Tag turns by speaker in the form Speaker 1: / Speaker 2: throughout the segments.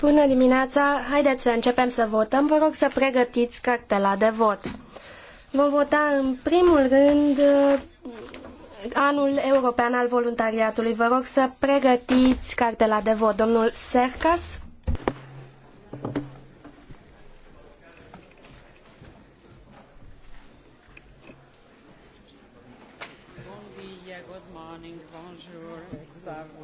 Speaker 1: Bună dimineața, haideți să începem să votăm. Vă rog să pregătiți cartela de vot. Vom vota în primul rând uh, anul european al voluntariatului. Vă rog să pregătiți cartela de vot. Domnul Sercas.
Speaker 2: good morning, bonjour,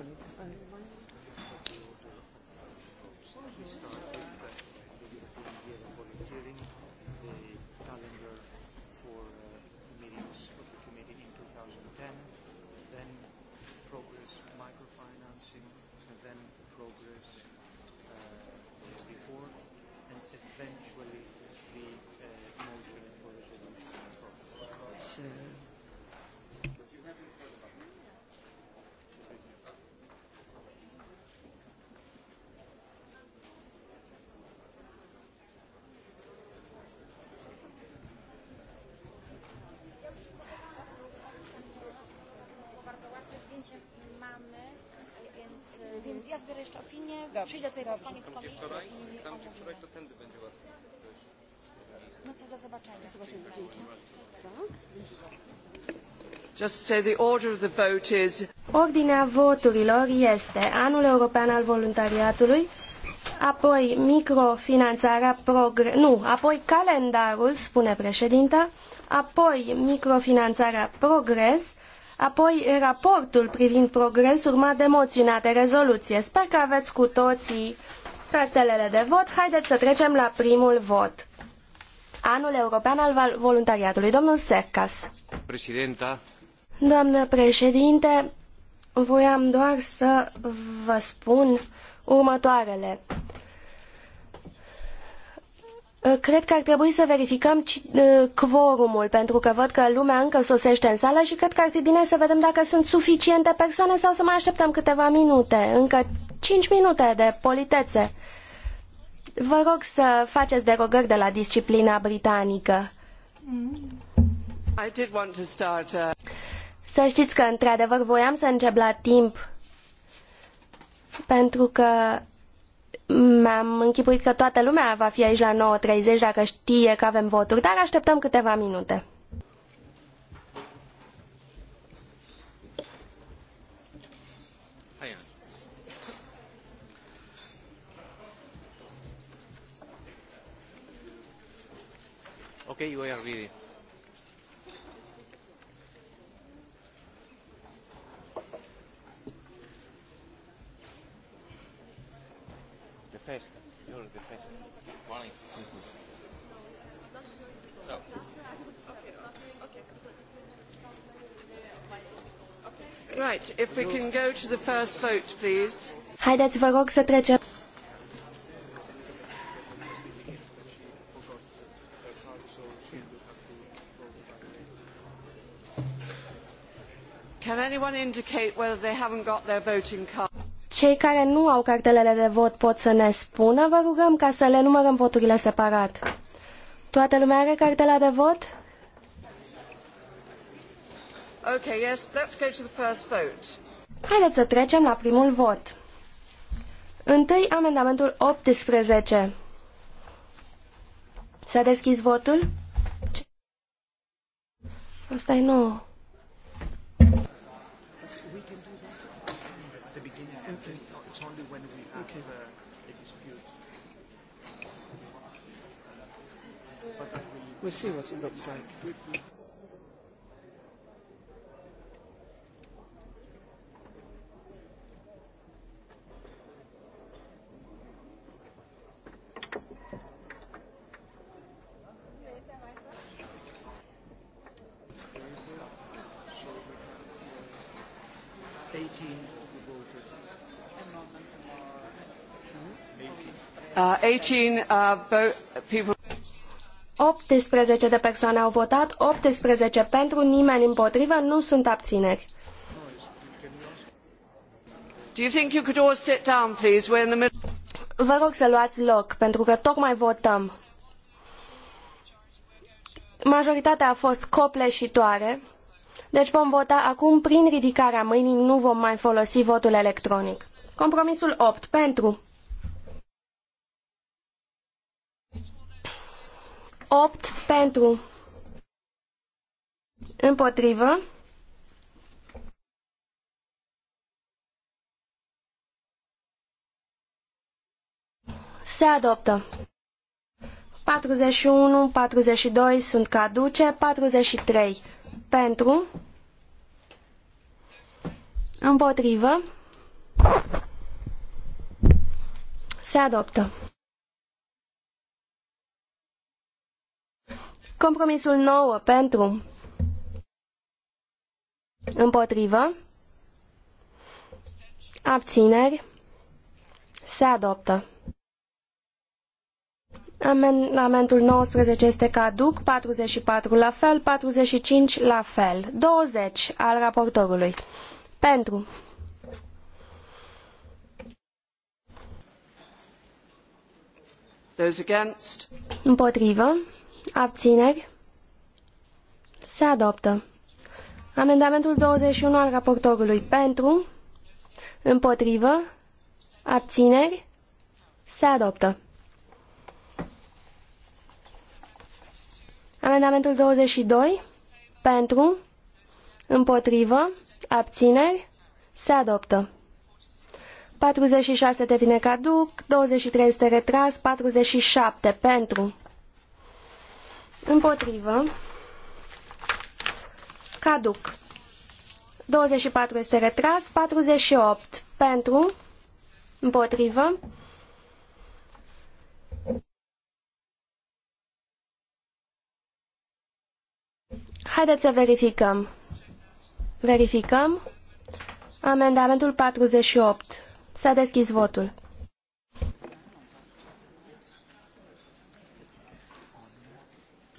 Speaker 1: Przyjdę tutaj pod koniec komisji i
Speaker 3: tam wczoraj, to tędy będzie No to do zobaczenia. Do zobaczenia. Dzięki.
Speaker 4: Just say the order of the vote is...
Speaker 1: Ordinea voturilor este anul european al voluntariatului, apoi microfinanțarea progr... nu, apoi calendarul, spune președinta, apoi microfinanțarea progres, Apoi, raportul privind progres urmat de moțiunea de rezoluție. Sper că aveți cu toții cartelele de vot. Haideți să trecem la primul vot. Anul European al Voluntariatului. Domnul Sercas.
Speaker 3: Președinta.
Speaker 1: Doamnă președinte, voiam doar să vă spun următoarele. Uh, cred că ar trebui să verificăm uh, quorumul, pentru că văd că lumea încă sosește în sală și cred că ar fi bine să vedem dacă sunt suficiente persoane sau să mai așteptăm câteva minute, încă cinci minute de politețe. Vă rog să faceți derogări de la disciplina britanică.
Speaker 4: Start, uh...
Speaker 1: Să știți că, într-adevăr, voiam să încep la timp, pentru că mi-am închipuit că toată lumea va fi aici la 9.30 dacă știe că avem voturi, dar așteptăm câteva minute.
Speaker 3: Okay, you are
Speaker 5: ready.
Speaker 4: Right, if we can go to the first vote, please.
Speaker 1: Haideți, vă rog, să trecem.
Speaker 4: Can anyone indicate whether they haven't got their voting card?
Speaker 1: Cei care nu au cartelele de vot pot să ne spună, vă rugăm ca să le numărăm voturile separat. Toată lumea are cartela de vot?
Speaker 4: Okay, yes, let's go to the first vote.
Speaker 1: Haideți să trecem la primul vot. Întâi, amendamentul 18. S-a deschis votul? Asta e nou.
Speaker 4: We'll see what it looks like. 18 uh,
Speaker 1: uh, de persoane au votat, 18 pentru, nimeni împotrivă, nu sunt abțineri. Vă rog să luați loc, pentru că tocmai votăm. Majoritatea a fost copleșitoare, deci vom vota acum prin ridicarea mâinii, nu vom mai folosi votul electronic. Compromisul opt Pentru. 8 pentru împotrivă. Se adoptă. 41, 42 sunt caduce, 43 pentru, împotrivă, se adoptă. Compromisul 9 pentru împotrivă abțineri se adoptă. Amendamentul 19 este caduc, 44 la fel, 45 la fel, 20 al raportorului. Pentru.
Speaker 4: Those against.
Speaker 1: Împotrivă. Abțineri? Se adoptă. Amendamentul 21 al raportorului pentru, împotrivă, abțineri, se adoptă. Amendamentul 22 pentru, împotrivă, abțineri, se adoptă. 46 devine caduc, 23 este retras, 47 pentru, Împotrivă. Caduc. 24 este retras. 48 pentru. Împotrivă. Haideți să verificăm. Verificăm. Amendamentul 48. S-a deschis votul.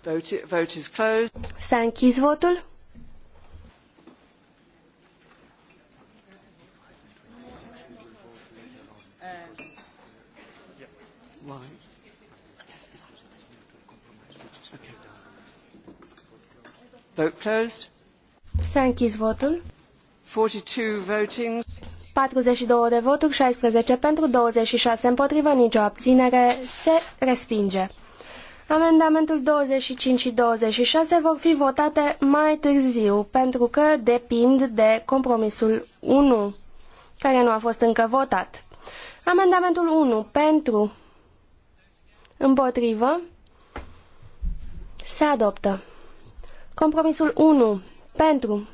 Speaker 4: Vote, vote
Speaker 1: is closed. S-a închis votul. Vote closed. S-a închis votul. 42
Speaker 4: voting.
Speaker 1: 42 de voturi, 16 pentru, 26 împotrivă, nicio abținere, se respinge. Amendamentul 25 și 26 vor fi votate mai târziu, pentru că depind de compromisul 1, care nu a fost încă votat. Amendamentul 1 pentru împotrivă se adoptă. Compromisul 1 pentru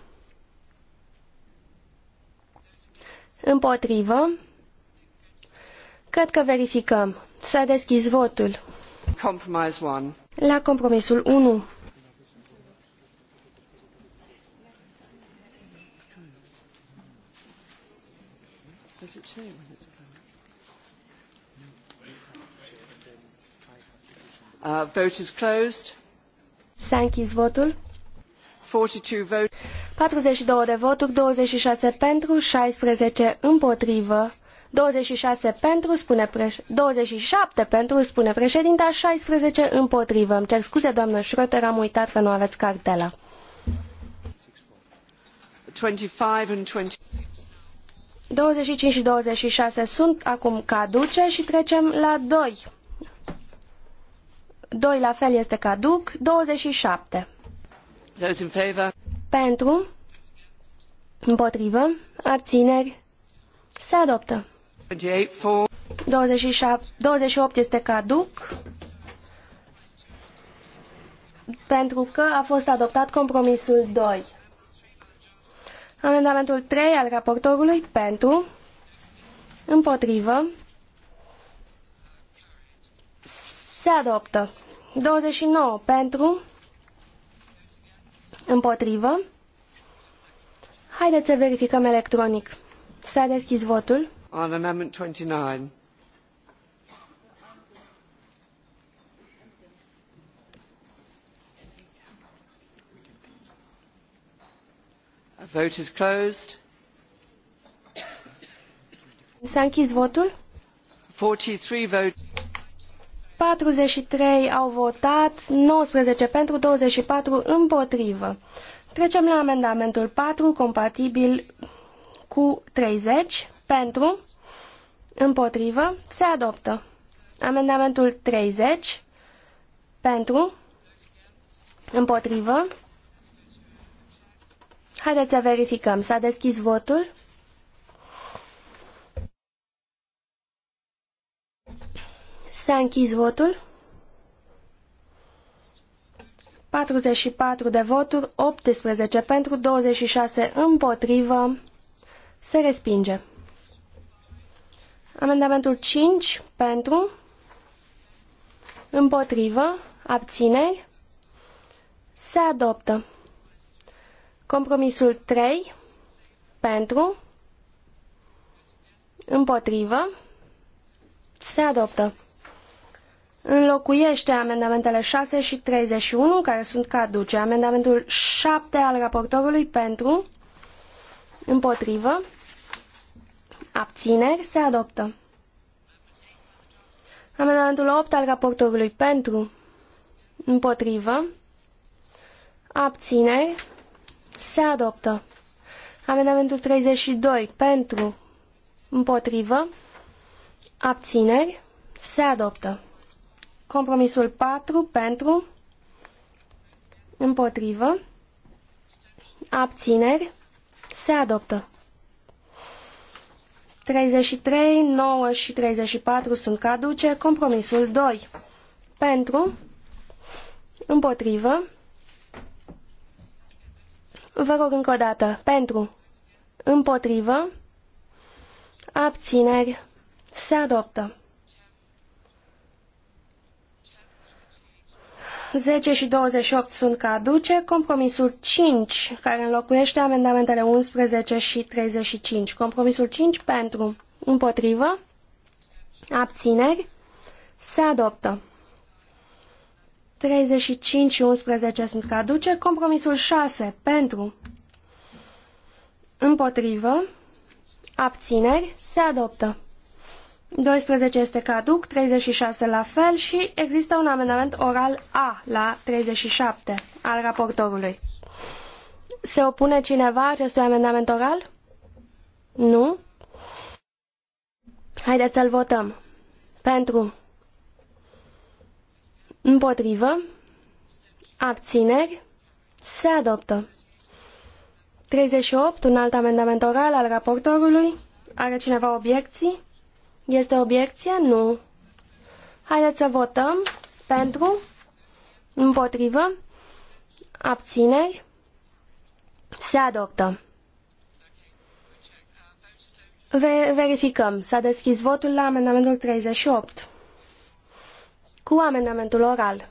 Speaker 1: împotrivă cred că verificăm. S-a deschis votul. La compromisul 1.
Speaker 4: Uh, vote is closed.
Speaker 1: S-a închis votul. 42 de voturi, 26 pentru, 16 împotrivă. 26 pentru, spune preș... 27 pentru, spune președinta, 16 împotrivă. Îmi cer scuze, doamnă Schroeter, am uitat că nu aveți cartela. 25 și 26 sunt acum caduce și trecem la 2. 2 la fel este caduc, 27.
Speaker 4: Those in favor.
Speaker 1: Pentru, împotrivă, abțineri, se adoptă.
Speaker 4: 28 for...
Speaker 1: este caduc pentru că a fost adoptat compromisul 2. Amendamentul 3 al raportorului pentru, împotrivă, se adoptă. 29 pentru, împotrivă. Haideți să verificăm electronic. S-a deschis votul
Speaker 4: on Amendment 29? A vote is closed.
Speaker 1: S-a închis votul.
Speaker 4: 43 votes.
Speaker 1: 43 au votat, 19 pentru, 24 împotrivă. Trecem la amendamentul 4, compatibil cu 30. Pentru, împotrivă, se adoptă. Amendamentul 30, pentru, împotrivă. Haideți să verificăm. S-a deschis votul. S-a închis votul. 44 de voturi, 18 pentru, 26 împotrivă. Se respinge. Amendamentul 5 pentru, împotrivă, abțineri, se adoptă. Compromisul 3 pentru, împotrivă, se adoptă. Înlocuiește amendamentele 6 și 31, care sunt caduce. Amendamentul 7 al raportorului pentru, împotrivă, Abțineri se adoptă. Amendamentul 8 al raportorului pentru, împotrivă, abțineri, se adoptă. Amendamentul 32 pentru, împotrivă, abțineri, se adoptă. Compromisul 4 pentru, împotrivă, abțineri, se adoptă. 33, 9 și 34 sunt caduce, compromisul 2. Pentru, împotrivă, vă rog încă o dată, pentru, împotrivă, abțineri, se adoptă. 10 și 28 sunt caduce, compromisul 5, care înlocuiește amendamentele 11 și 35. Compromisul 5 pentru, împotrivă, abțineri, se adoptă. 35 și 11 sunt caduce, compromisul 6 pentru, împotrivă, abțineri, se adoptă. 12 este caduc, 36 la fel și există un amendament oral A la 37 al raportorului. Se opune cineva acestui amendament oral? Nu? Haideți să-l votăm. Pentru. Împotrivă. Abțineri. Se adoptă. 38, un alt amendament oral al raportorului. Are cineva obiecții? Este o obiecție? Nu. Haideți să votăm pentru, împotrivă, abțineri, se adoptă. Verificăm. S-a deschis votul la amendamentul 38 cu amendamentul oral.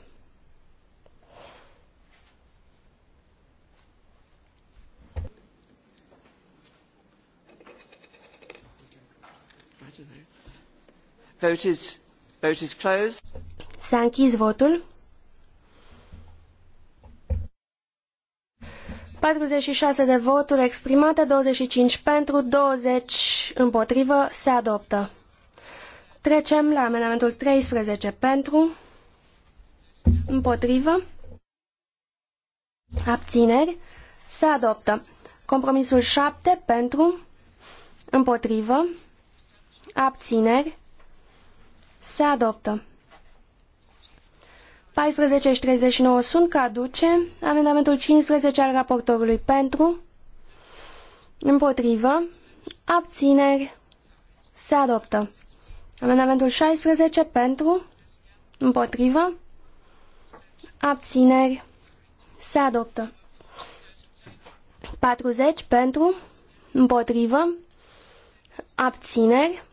Speaker 4: Vote is, vote is closed.
Speaker 1: S-a închis votul. 46 de voturi exprimate, 25 pentru, 20 împotrivă, se adoptă. Trecem la amendamentul 13 pentru, împotrivă, abțineri, se adoptă. Compromisul 7 pentru, împotrivă, abțineri, se adoptă. 14 și 39 sunt caduce. Amendamentul 15 al raportorului pentru. Împotrivă. Abțineri. Se adoptă. Amendamentul 16 pentru. Împotrivă. Abțineri. Se adoptă. 40 pentru. Împotrivă. Abțineri.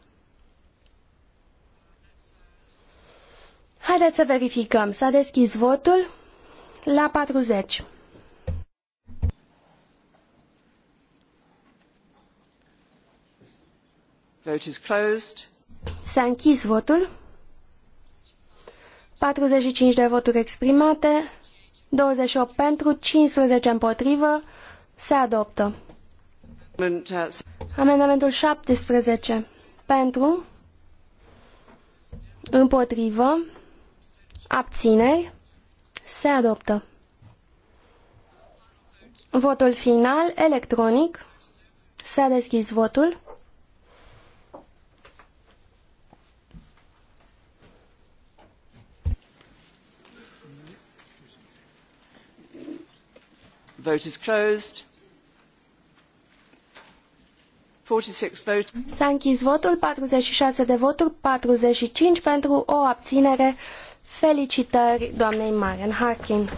Speaker 1: Haideți să verificăm. S-a deschis votul la 40.
Speaker 4: Vote is closed.
Speaker 1: S-a închis votul. 45 de voturi exprimate, 28 pentru, 15 împotrivă. Se adoptă. Uh, Amendamentul 17 pentru, împotrivă, Abțineri. Se adoptă. Votul final, electronic. S-a deschis votul.
Speaker 4: Vote is closed. 46 vote.
Speaker 1: S-a închis votul, 46 de voturi, 45 pentru o abținere. Felicitări doamnei Maren Harkin.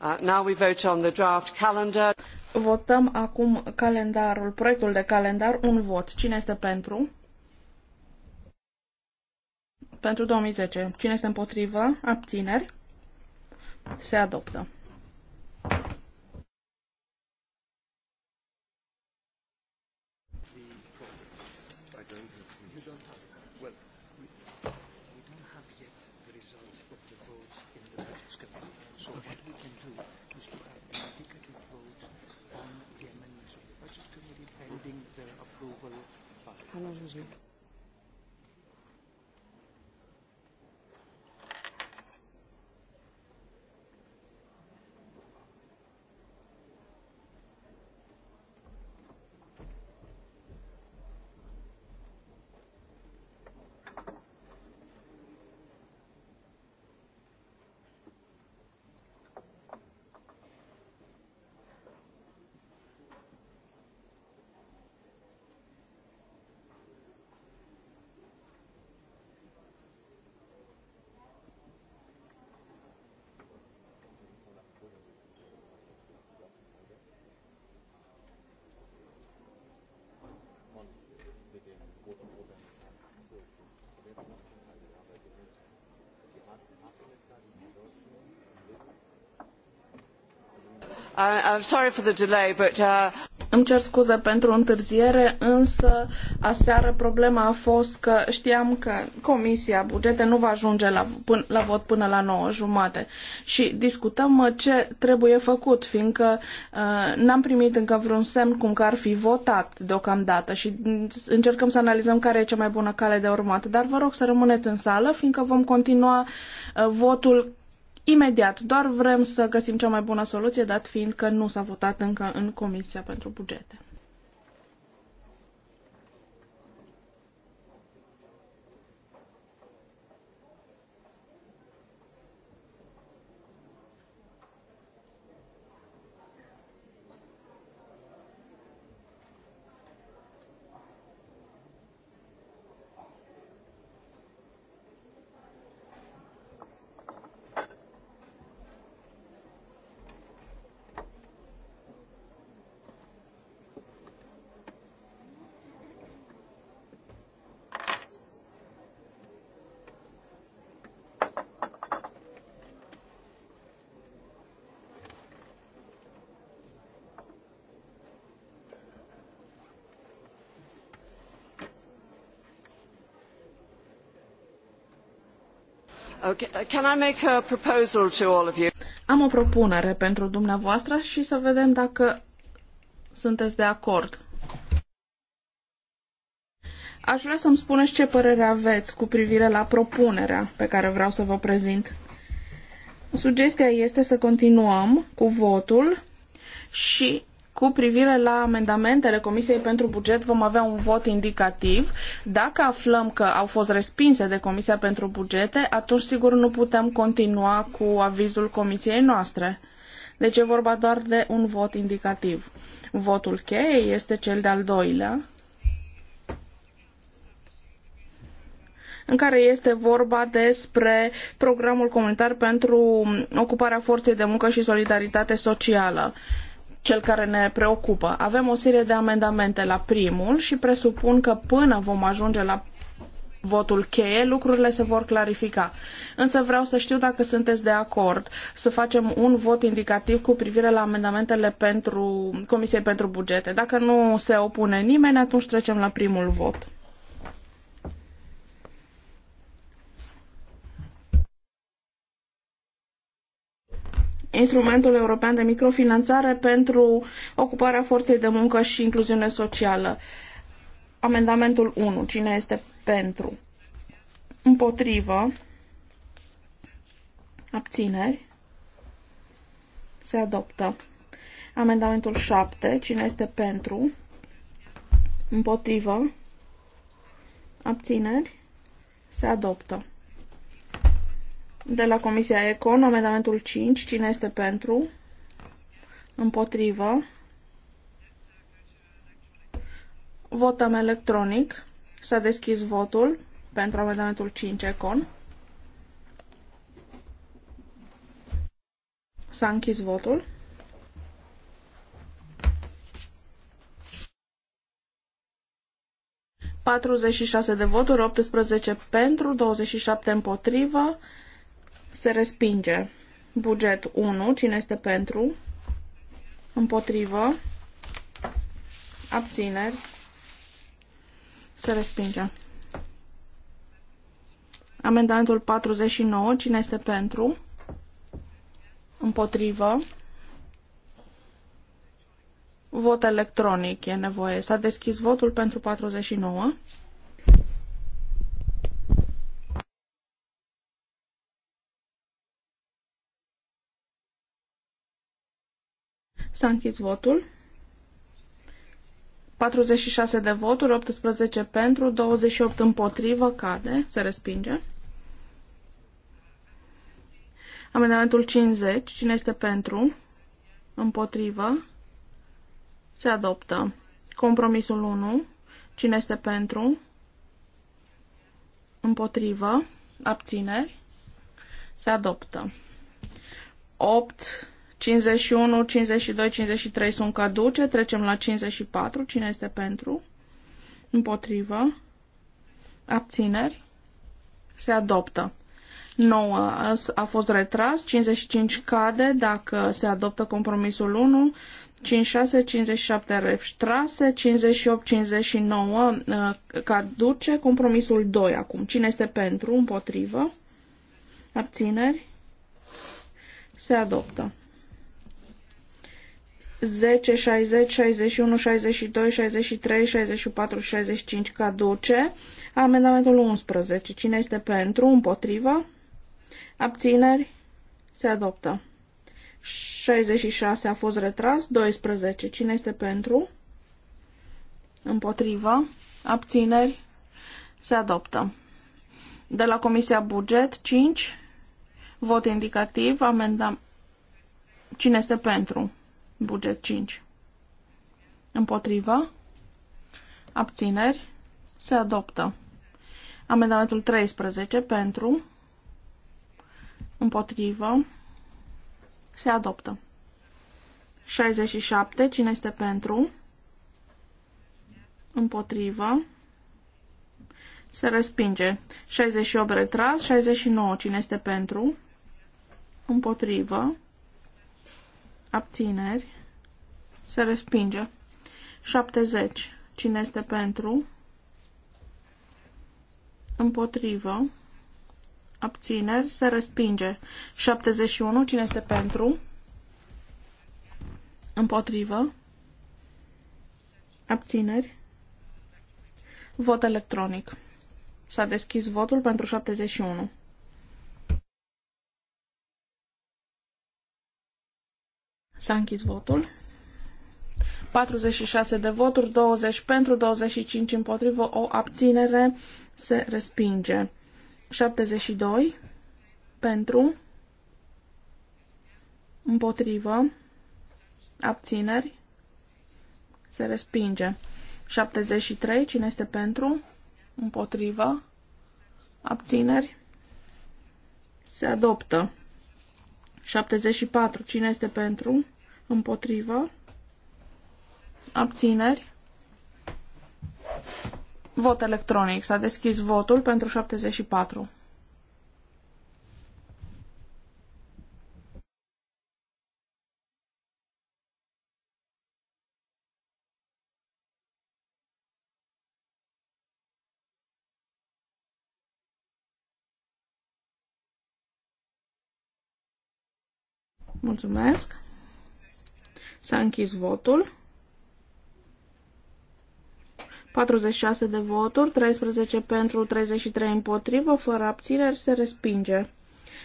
Speaker 4: Uh, now we vote on the draft calendar.
Speaker 2: Votăm acum calendarul, proiectul de calendar, un vot. Cine este pentru? Pentru 2010. Cine este împotrivă? Abțineri. Se adoptă.
Speaker 4: I'm sorry for the delay, but uh...
Speaker 2: Îmi cer scuze pentru întârziere, însă aseară problema a fost că știam că Comisia Bugete nu va ajunge la, la vot până la 9 jumate și discutăm ce trebuie făcut, fiindcă uh, n-am primit încă vreun semn cum că ar fi votat deocamdată și încercăm să analizăm care e cea mai bună cale de urmat. Dar vă rog să rămâneți în sală, fiindcă vom continua uh, votul imediat. Doar vrem să găsim cea mai bună soluție, dat fiind că nu s-a votat încă în Comisia pentru Bugete.
Speaker 4: Uh, can I make a proposal to all of you?
Speaker 2: Am o propunere pentru dumneavoastră și să vedem dacă sunteți de acord. Aș vrea să-mi spuneți ce părere aveți cu privire la propunerea pe care vreau să vă prezint. Sugestia este să continuăm cu votul și cu privire la amendamentele Comisiei pentru Buget vom avea un vot indicativ. Dacă aflăm că au fost respinse de Comisia pentru Bugete, atunci sigur nu putem continua cu avizul Comisiei noastre. Deci e vorba doar de un vot indicativ. Votul cheie este cel de-al doilea, în care este vorba despre programul comunitar pentru ocuparea forței de muncă și solidaritate socială cel care ne preocupă. Avem o serie de amendamente la primul și presupun că până vom ajunge la votul cheie, lucrurile se vor clarifica. Însă vreau să știu dacă sunteți de acord să facem un vot indicativ cu privire la amendamentele pentru Comisiei pentru Bugete. Dacă nu se opune nimeni, atunci trecem la primul vot. instrumentul european de microfinanțare pentru ocuparea forței de muncă și incluziune socială. Amendamentul 1. Cine este pentru? Împotrivă. Abțineri. Se adoptă. Amendamentul 7. Cine este pentru? Împotrivă. Abțineri. Se adoptă de la Comisia Econ, amendamentul 5. Cine este pentru? Împotrivă. Votăm electronic. S-a deschis votul pentru amendamentul 5 Econ. S-a închis votul. Patruzeci și șase de voturi, optsprezece pentru, 27 împotrivă. Se respinge. Buget 1. Cine este pentru? Împotrivă. Abțineri. Se respinge. Amendamentul 49. Cine este pentru? Împotrivă. Vot electronic e nevoie. S-a deschis votul pentru 49. S-a închis votul. 46 de voturi, 18 pentru, 28 împotrivă, cade, se respinge. Amendamentul 50, cine este pentru? Împotrivă. Se adoptă. Compromisul 1, cine este pentru? Împotrivă. Abțineri. Se adoptă. 8 51, 52, 53 sunt caduce. Trecem la 54. Cine este pentru? Împotrivă. Abțineri. Se adoptă. 9 a fost retras. 55 cade dacă se adoptă compromisul 1. 56, 57 retrase, 58, 59 uh, caduce, compromisul 2 acum. Cine este pentru, împotrivă, abțineri, se adoptă. 10, 60, 61, 62, 63, 64 și 65 caduce. Amendamentul 11. Cine este pentru? Împotriva? Abțineri? Se adoptă. 66 a fost retras. 12. Cine este pentru? Împotriva? Abțineri? Se adoptă. De la Comisia Buget 5. Vot indicativ. Amendam... Cine este pentru? Buget 5. Împotrivă. Abțineri. Se adoptă. Amendamentul 13 pentru. Împotrivă. Se adoptă. 67. Cine este pentru? Împotrivă. Se respinge. 68 retras. 69. Cine este pentru? Împotrivă. Abțineri. Se respinge. 70. Cine este pentru? Împotrivă. Abțineri. Se respinge. 71. Cine este pentru? Împotrivă. Abțineri. Vot electronic. S-a deschis votul pentru 71. S-a închis votul. 46 de voturi, 20 pentru, 25 împotrivă, o abținere se respinge. 72 pentru, împotrivă, abțineri, se respinge. 73, cine este pentru, împotrivă, abțineri, se adoptă. 74, cine este pentru, împotrivă, abțineri. Vot electronic. S-a deschis votul pentru 74. Mulțumesc. S-a închis votul. 46 de voturi, 13 pentru, 33 împotrivă, fără abțineri, se respinge.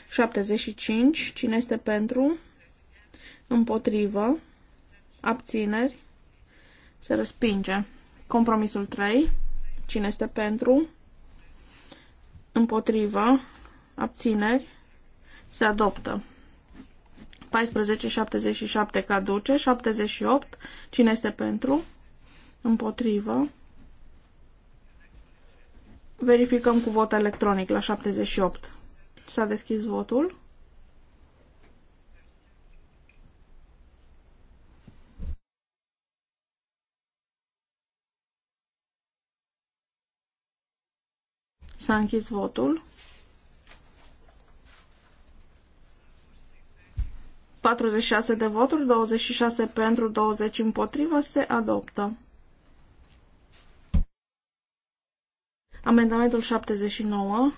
Speaker 2: 75. Cine este pentru? Împotrivă. Abțineri. Se respinge. Compromisul 3. Cine este pentru? Împotrivă. Abțineri. Se adoptă. 14, 77 caduce. 78. Cine este pentru? Împotrivă. Verificăm cu vot electronic la 78. S-a deschis votul. S-a închis votul. 46 de voturi, 26 pentru, 20 împotrivă, se adoptă. Amendamentul 79.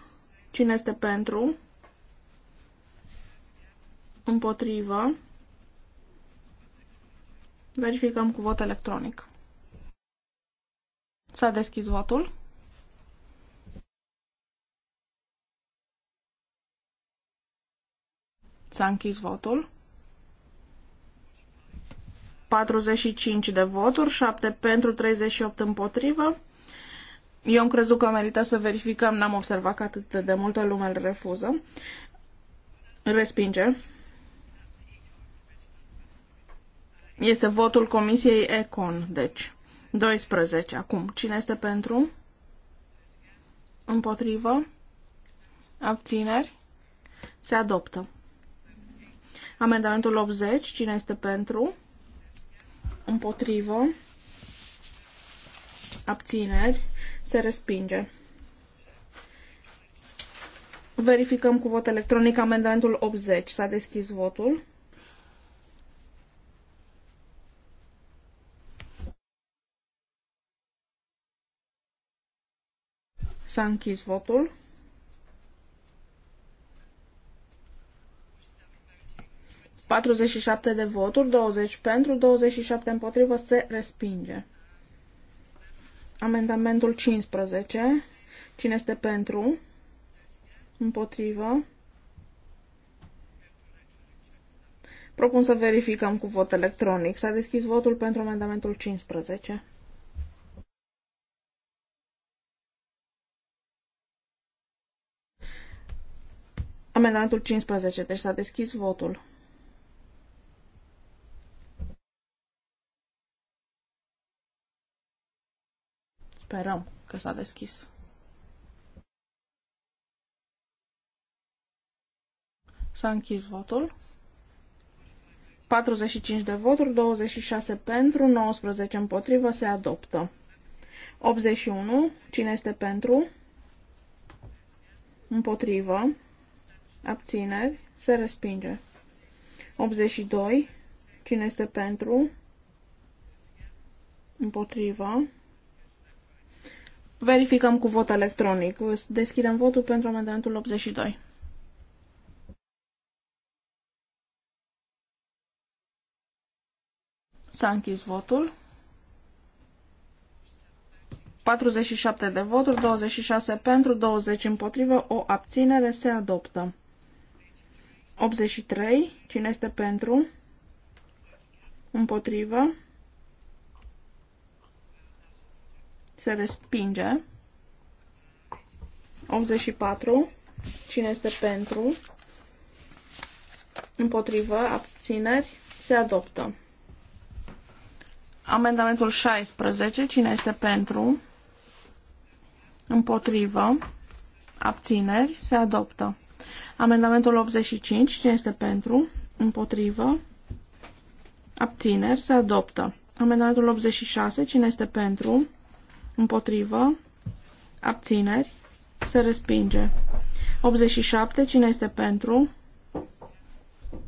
Speaker 2: Cine este pentru? Împotrivă. Verificăm cu vot electronic. S-a deschis votul. S-a închis votul. 45 de voturi, 7 pentru, 38 împotrivă. Eu am crezut că merită să verificăm, n-am observat că atât de multă lume îl refuză. Respinge. Este votul Comisiei Econ, deci. 12. Acum, cine este pentru? Împotrivă? Abțineri? Se adoptă. Amendamentul 80. Cine este pentru? Împotrivă? Abțineri? Se respinge. Verificăm cu vot electronic amendamentul 80. S-a deschis votul. S-a închis votul. Patruzeci și șapte de voturi, 20 pentru, 27 împotrivă, se respinge. Amendamentul 15. Cine este pentru? Împotrivă. Propun să verificăm cu vot electronic. S-a deschis votul pentru amendamentul 15. Amendamentul 15, deci s-a deschis votul. Sperăm că s-a deschis. S-a închis votul. 45 de voturi, 26 pentru, 19 împotrivă, se adoptă. 81. Cine este pentru? Împotrivă. Abțineri. Se respinge. 82. Cine este pentru? Împotrivă. Verificăm cu vot electronic. Deschidem votul pentru amendamentul 82. S-a închis votul. 47 de voturi, 26 pentru, 20 împotrivă, o abținere se adoptă. 83. Cine este pentru? Împotrivă. se respinge. 84. Cine este pentru? Împotrivă, abțineri, se adoptă. Amendamentul 16. Cine este pentru? Împotrivă, abțineri, se adoptă. Amendamentul 85. Cine este pentru? Împotrivă, abțineri, se adoptă. Amendamentul 86. Cine este pentru? împotrivă, abțineri, se respinge. 87, cine este pentru,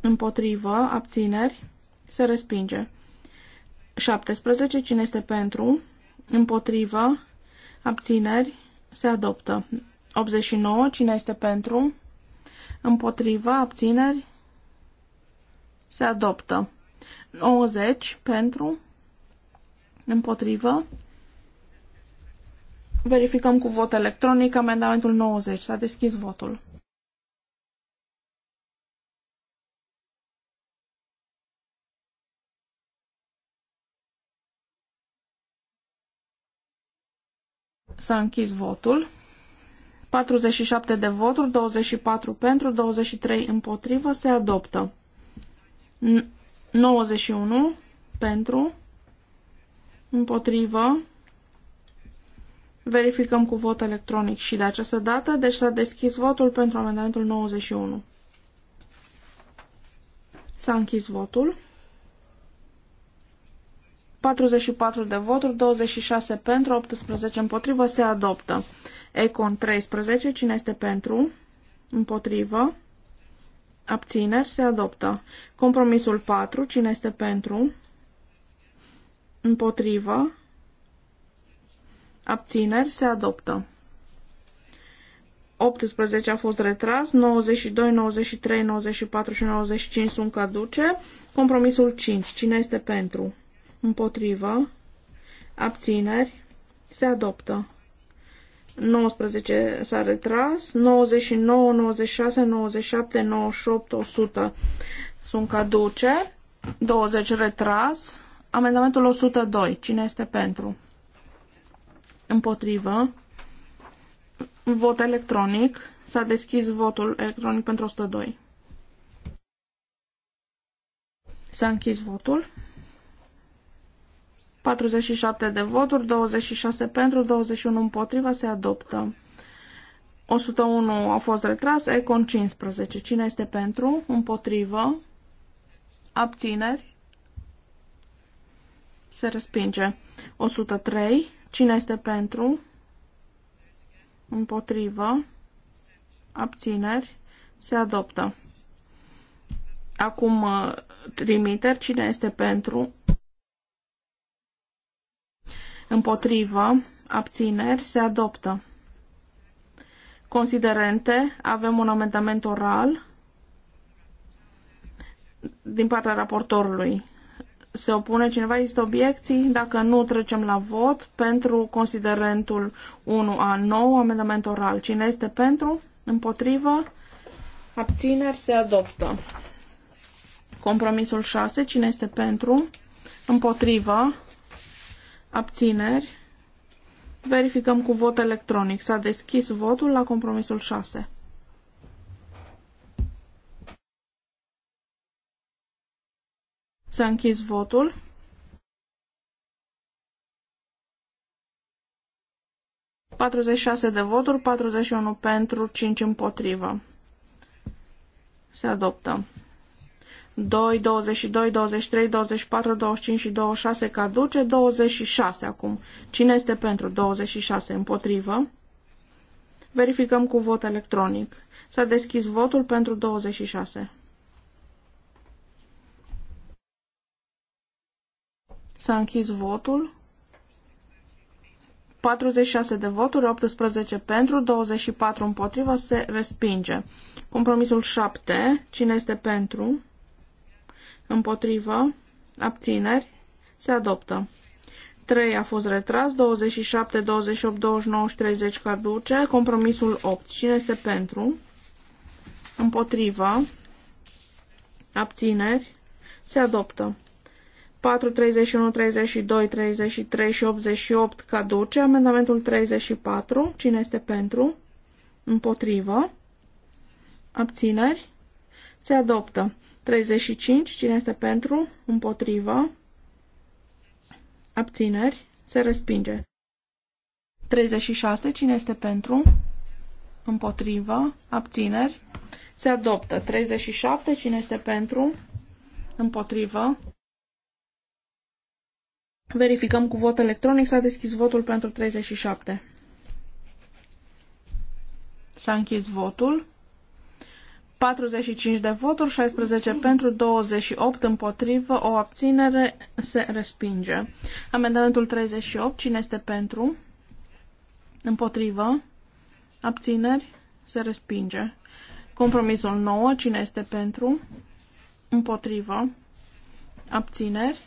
Speaker 2: împotrivă, abțineri, se respinge. 17, cine este pentru, împotrivă, abțineri, se adoptă. 89, cine este pentru, împotrivă, abțineri, se adoptă. 90 pentru, împotrivă, Verificăm cu vot electronic amendamentul 90. S-a deschis votul. S-a închis votul. 47 de voturi, 24 pentru, 23 împotrivă, se adoptă. 91 pentru, împotrivă, Verificăm cu vot electronic și de această dată, deci s-a deschis votul pentru amendamentul 91. S-a închis votul. 44 de voturi, 26 pentru, 18 împotrivă, se adoptă. Econ 13, cine este pentru? Împotrivă. Abțineri, se adoptă. Compromisul 4, cine este pentru? Împotrivă. Abțineri se adoptă. 18 a fost retras, 92, 93, 94 și 95 sunt caduce. Compromisul 5. Cine este pentru? Împotrivă. Abțineri. Se adoptă. 19 s-a retras, 99, 96, 97, 98, 100 sunt caduce, 20 retras, amendamentul 102, cine este pentru? Împotrivă. Vot electronic. S-a deschis votul electronic pentru 102. S-a închis votul. 47 de voturi, 26 pentru, 21 împotriva, se adoptă. 101 a fost retras, Econ 15. Cine este pentru? Împotrivă? Abțineri? Se respinge. 103 Cine este pentru? Împotrivă. Abțineri. Se adoptă. Acum uh, trimiteri. Cine este pentru? Împotrivă. Abțineri. Se adoptă. Considerente. Avem un amendament oral din partea raportorului se opune cineva? Există obiecții? Dacă nu, trecem la vot pentru considerentul 1A9, amendament oral. Cine este pentru? Împotrivă? Abțineri se adoptă. Compromisul 6. Cine este pentru? Împotrivă? Abțineri? Verificăm cu vot electronic. S-a deschis votul la compromisul 6. Să a închis votul. ...46 de voturi, 41 pentru, 5 împotrivă. Se adoptă. 2, 22, 23, 24, 25 și 26 caduce, 26 acum. Cine este pentru 26 împotrivă? Verificăm cu vot electronic. S-a deschis votul pentru 26. S-a închis votul. 46 de voturi, 18 pentru, 24 împotriva, se respinge. Compromisul 7, cine este pentru, împotrivă, abțineri, se adoptă. 3 a fost retras, 27, 28, 29 și 30 caduce, compromisul 8, cine este pentru, împotrivă, abțineri, se adoptă. 4, 31, 32, 33 și 88 caduce. Amendamentul 34. Cine este pentru? Împotrivă. Abțineri. Se adoptă. 35. Cine este pentru? Împotrivă. Abțineri. Se respinge. 36. Cine este pentru? Împotrivă. Abțineri. Se adoptă. 37. Cine este pentru? Împotrivă. Verificăm cu vot electronic. S-a deschis votul pentru 37. S-a închis votul. 45 de voturi, 16 pentru, 28 împotrivă, o abținere se respinge. Amendamentul 38, cine este pentru? Împotrivă, abțineri, se respinge. Compromisul 9, cine este pentru? Împotrivă, abțineri,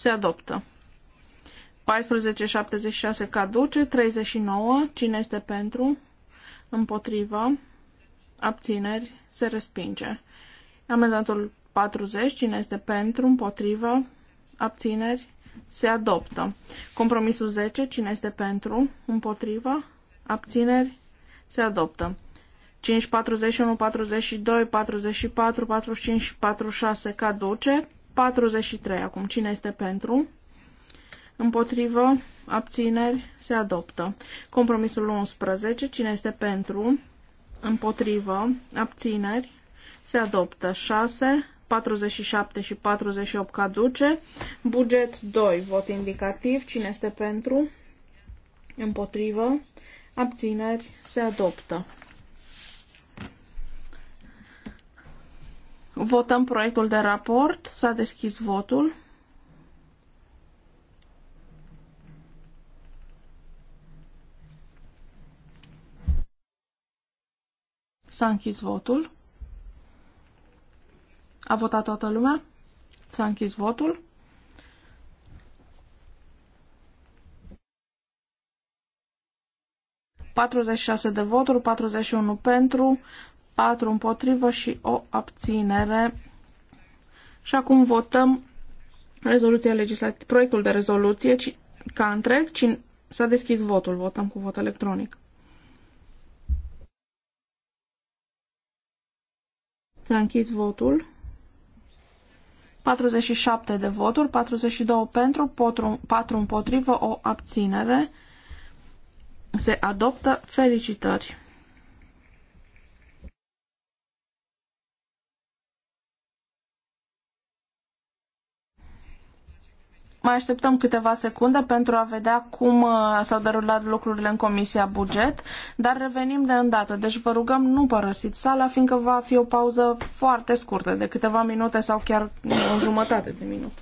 Speaker 2: se adoptă. 1476 caduce, 39, cine este pentru, împotriva, abțineri, se respinge. Amendatul 40, cine este pentru, împotriva, abțineri, se adoptă. Compromisul 10, cine este pentru, împotriva, abțineri, se adoptă. 5, 41, 42, 44, 45 și 46 caduce, 43. Acum, cine este pentru? Împotrivă, abțineri, se adoptă. Compromisul 11. Cine este pentru? Împotrivă, abțineri, se adoptă. 6. 47 și 48 caduce. Buget 2, vot indicativ. Cine este pentru? Împotrivă, abțineri, se adoptă. Votăm proiectul de raport. S-a deschis votul. S-a închis votul. A votat toată lumea? S-a închis votul. ...46 de voturi, 41 pentru, 4 împotrivă și o abținere. Și acum votăm rezoluția legislativă, proiectul de rezoluție ci, ca întreg. Cine, s-a deschis votul, votăm cu vot electronic. S-a închis votul. 47 de voturi, 42 pentru, 4 împotrivă, o abținere. Se adoptă felicitări. Mai așteptăm câteva secunde pentru a vedea cum uh, s-au derulat lucrurile în Comisia Buget, dar revenim de îndată. Deci vă rugăm nu părăsiți sala, fiindcă va fi o pauză foarte scurtă, de câteva minute sau chiar o jumătate de minut.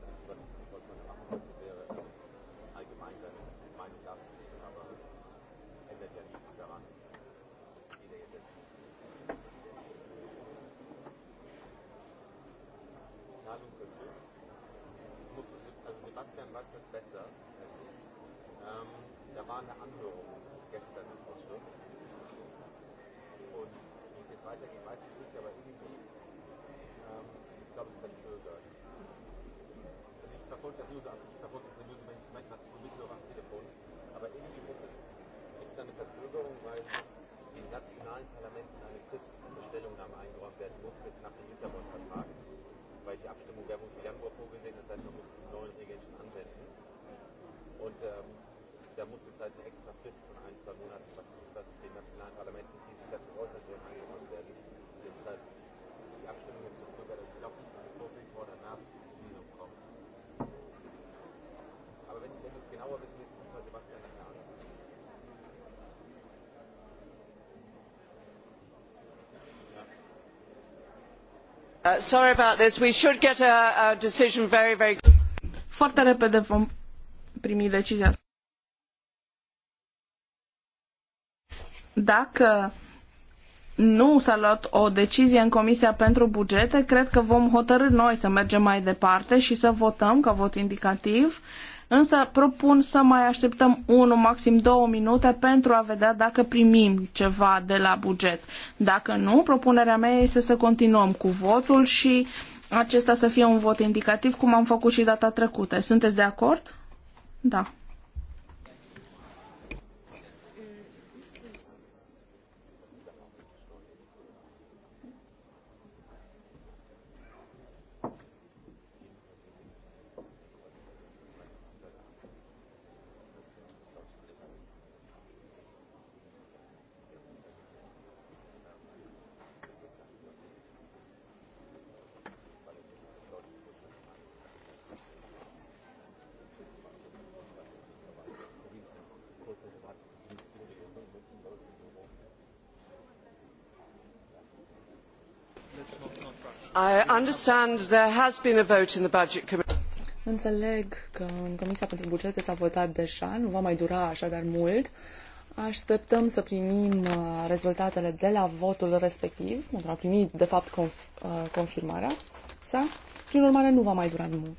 Speaker 6: alles Einzige, was, was man machen könnte, wäre allgemein seine Meinung darzulegen, aber ändert ja nichts daran, wie der jetzt ist. Zahlungsverzug. Das musst also Sebastian weiß das besser als ich. Ähm, da war eine Anhörung gestern im Ausschuss. Und wie es jetzt weitergeht, weiß ich nicht, aber irgendwie ähm, ist es, glaube ich, verzögert verfolge das News an, ich verfolge das News manchmal mithöre am Telefon, aber irgendwie muss es, gibt es eine Verzögerung, weil den nationalen Parlamenten eine Frist zur Stellungnahme eingeräumt werden muss, jetzt nach dem Lissabon-Vertrag, weil die Abstimmung wäre wohl für Januar vorgesehen, das heißt, man muss diese neuen Regeln schon anwenden. Und ähm, da muss jetzt halt eine extra Frist von ein, zwei Monaten, was, was den nationalen Parlamenten dieses Jahr zu äußern werden, eingeräumt werden. Deshalb ist die Abstimmung jetzt verzögert. Also ich nicht, dass es vor oder März genauer wissen jetzt nicht mal Sebastian
Speaker 4: Kahn. Uh, sorry about this. We should get a, a decision very, very.
Speaker 2: Foarte repede vom primi decizia. Dacă nu s-a luat o decizie în Comisia pentru Bugete, cred că vom hotărâ noi să mergem mai departe și să votăm ca vot indicativ uh, Însă propun să mai așteptăm unu, maxim două minute pentru a vedea dacă primim ceva de la buget. Dacă nu, propunerea mea este să continuăm cu votul și acesta să fie un vot indicativ, cum am făcut și data trecută. Sunteți de acord? Da.
Speaker 7: Înțeleg că în Comisia pentru Bugete s-a votat deja, nu va mai dura așadar mult. Așteptăm să primim uh, rezultatele de la votul respectiv, pentru a primi, de fapt, conf- uh, confirmarea sa. Prin urmare, nu va mai dura mult.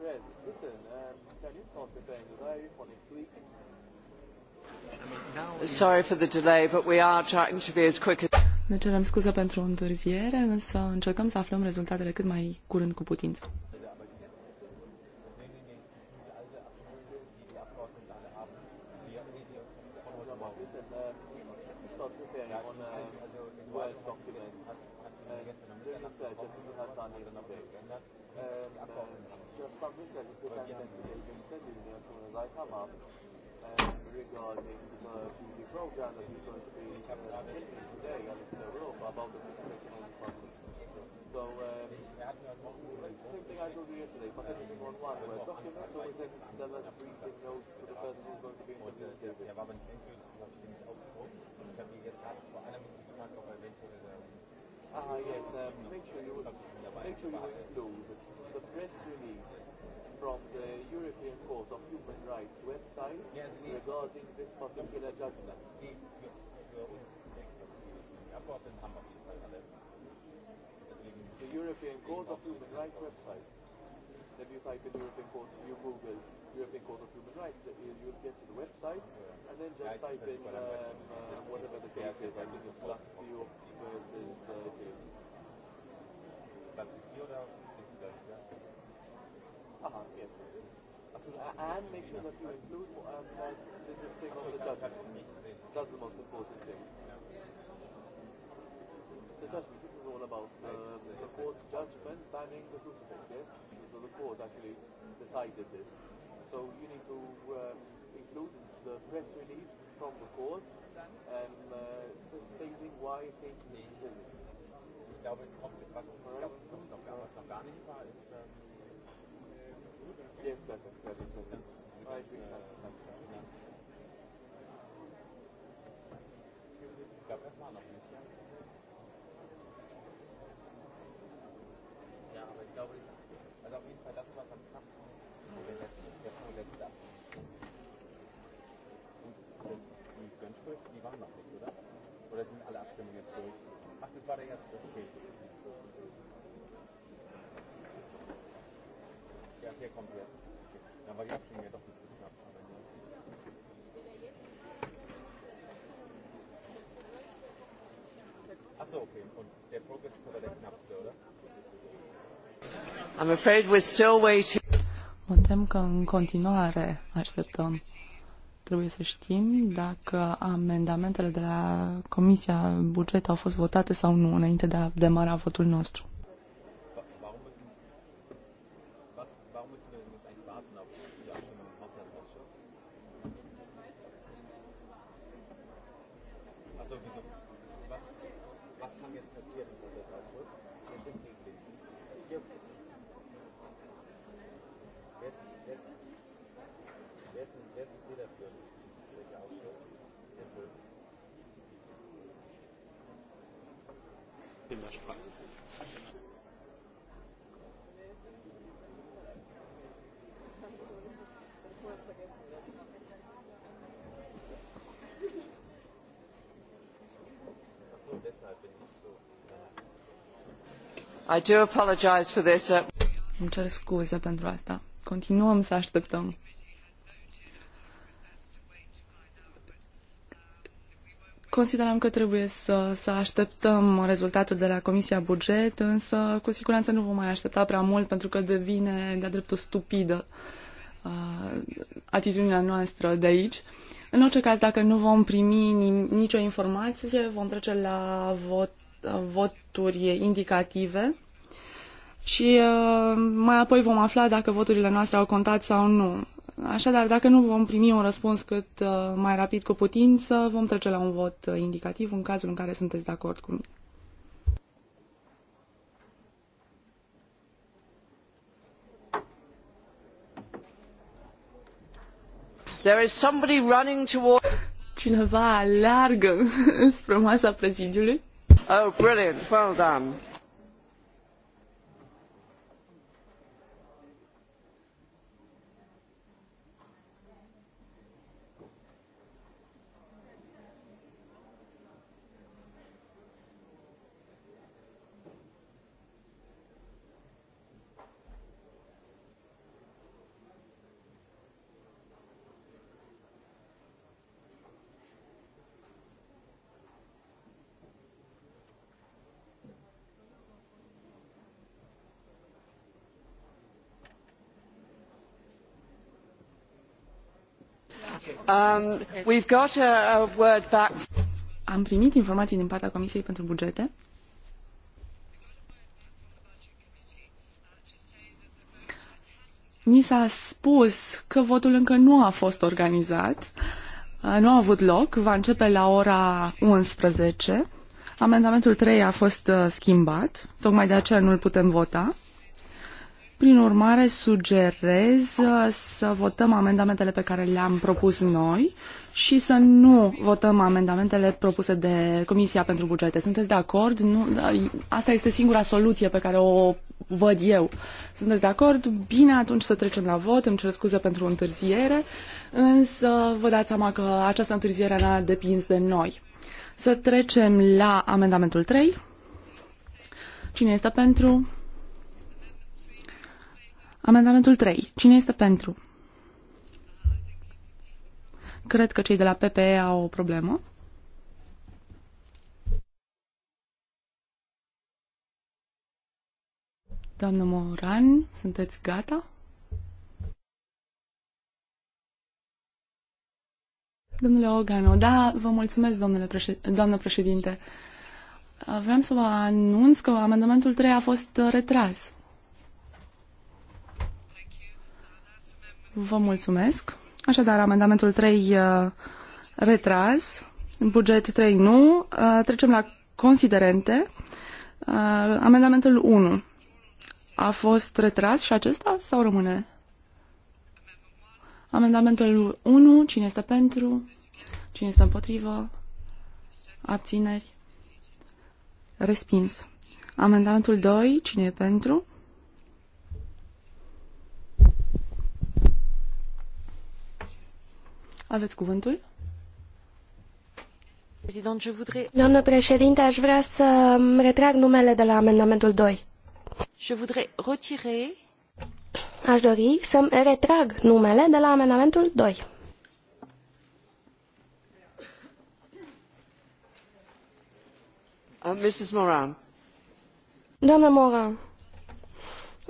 Speaker 3: Fred, listen, um, can you start for next
Speaker 4: week? Sorry for the delay, but we are trying to be as quick as...
Speaker 7: Ne cerem scuze pentru întârziere, însă încercăm să aflăm rezultatele cât mai curând cu putință
Speaker 3: established a defense entity instead in there as as I come up regarding the TV program that is going to be uh, today and in the room about the situation in
Speaker 6: So eh, same thing I told you yesterday, but everything on one word document, so we send briefing notes to the person who's going to be äh, interviewed. Er ähm,
Speaker 3: ah, yes, um, make sure you make sure you include the press
Speaker 6: release from the
Speaker 3: European Court of Human Rights website yes, we, regarding this particular judgment. the European Court of Human Rights website. If you type in European Court, you Google European Court of Human Rights, uh, you'll get to the website, and then just type in um, uh, whatever the case is. I think it's
Speaker 6: Lazio versus uh, But it's Uh -huh, yes. and make sure that
Speaker 3: you include um, that uh, the, the thing of the That's the most important thing. The judgment, is all about um, the court judgment banning the crucifix, yes? So the court actually decided this. So you need to um, include the press release from the court
Speaker 6: and uh, stating why it came to Ich glaube, es kommt, was, ich glaube, was, noch, gar nicht war, ist, ähm, Yes, that is, that is, that
Speaker 4: I'm afraid we're still waiting.
Speaker 7: Mă tem că în continuare așteptăm. Trebuie să știm dacă amendamentele de la Comisia Buget au fost votate sau nu înainte de a demara votul nostru.
Speaker 4: I do apologize for this. Uh,
Speaker 7: Îmi cer scuze pentru asta. Continuăm să așteptăm. Considerăm că trebuie să, să așteptăm rezultatul de la Comisia Buget, însă cu siguranță nu vom mai aștepta prea mult pentru că devine de-a dreptul stupidă uh, atitudinea noastră de aici. În orice caz, dacă nu vom primi nicio informație, vom trece la vot voturi indicative și uh, mai apoi vom afla dacă voturile noastre au contat sau nu. Așadar, dacă nu vom primi un răspuns cât uh, mai rapid cu putință, vom trece la un vot uh, indicativ în cazul în care sunteți de acord cu mine.
Speaker 4: There is somebody running towards... Cineva alargă spre masa prezidiului. Oh, brilliant. Well done.
Speaker 5: Um,
Speaker 7: Am primit informații din partea Comisiei pentru Bugete. Ni s-a spus că votul încă nu a fost organizat, uh, nu a avut loc, va începe la ora 11. Amendamentul 3 a fost uh, schimbat, tocmai de aceea nu îl putem vota. Prin urmare, sugerez uh, să votăm amendamentele pe care le-am propus noi și să nu votăm amendamentele propuse de Comisia pentru Bugete. Sunteți de acord? Nu, da, asta este singura soluție pe care o văd eu. Sunteți de acord? Bine, atunci să trecem la vot. Îmi cer scuze pentru întârziere, însă vă dați seama că această întârziere n-a depins de noi. Să trecem la amendamentul 3. Cine este pentru? Amendamentul 3. Cine este pentru? Cred că cei de la PPE au o problemă. Doamnă Moran, sunteți gata? Domnule Ogano, da, vă mulțumesc, domnule președ... doamnă președinte. Vreau să vă anunț că amendamentul 3 a fost retras. Vă mulțumesc. Așadar, amendamentul 3 uh, retras, buget 3 nu. Uh, trecem la considerente. Uh, amendamentul 1 a fost retras și acesta sau rămâne? Amendamentul 1, cine este pentru? Cine este împotrivă? Abțineri? Respins. Amendamentul 2, cine e pentru?
Speaker 1: Doamnă președinte, aș vrea să retrag numele de la amendamentul 2. Aș dori să retrag numele de la amendamentul 2.
Speaker 4: Uh, Mrs. Moran.
Speaker 1: Doamnă Moran,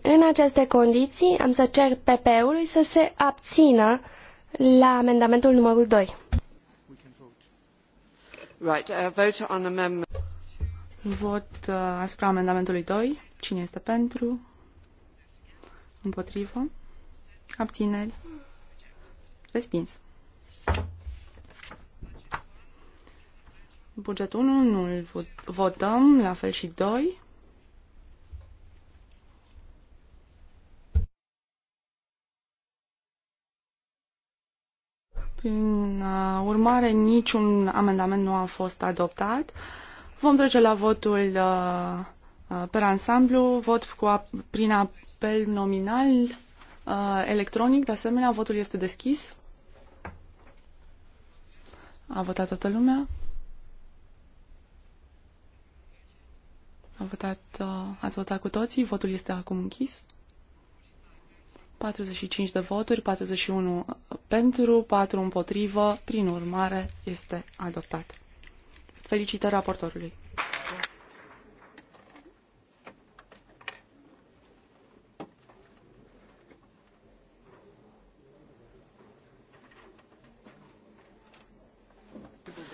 Speaker 1: în aceste condiții am să cer PP-ului să se abțină la amendamentul numărul 2.
Speaker 7: Right, uh, vote on amendment. Vot uh, asupra amendamentului 2. Cine este pentru? Împotrivă? Abțineri? Respins. Bugetul 1 nu îl votăm, la fel și 2. Prin uh, urmare, niciun amendament nu a fost adoptat. Vom trece la votul uh, uh, pe ansamblu, vot cu prin apel nominal electronic. De asemenea, votul este deschis. A votat toată lumea. A votat, ați votat cu toții, votul este acum închis. 45 de voturi, 41 pentru, 4 împotrivă, prin urmare este adoptat. Felicitări raportorului!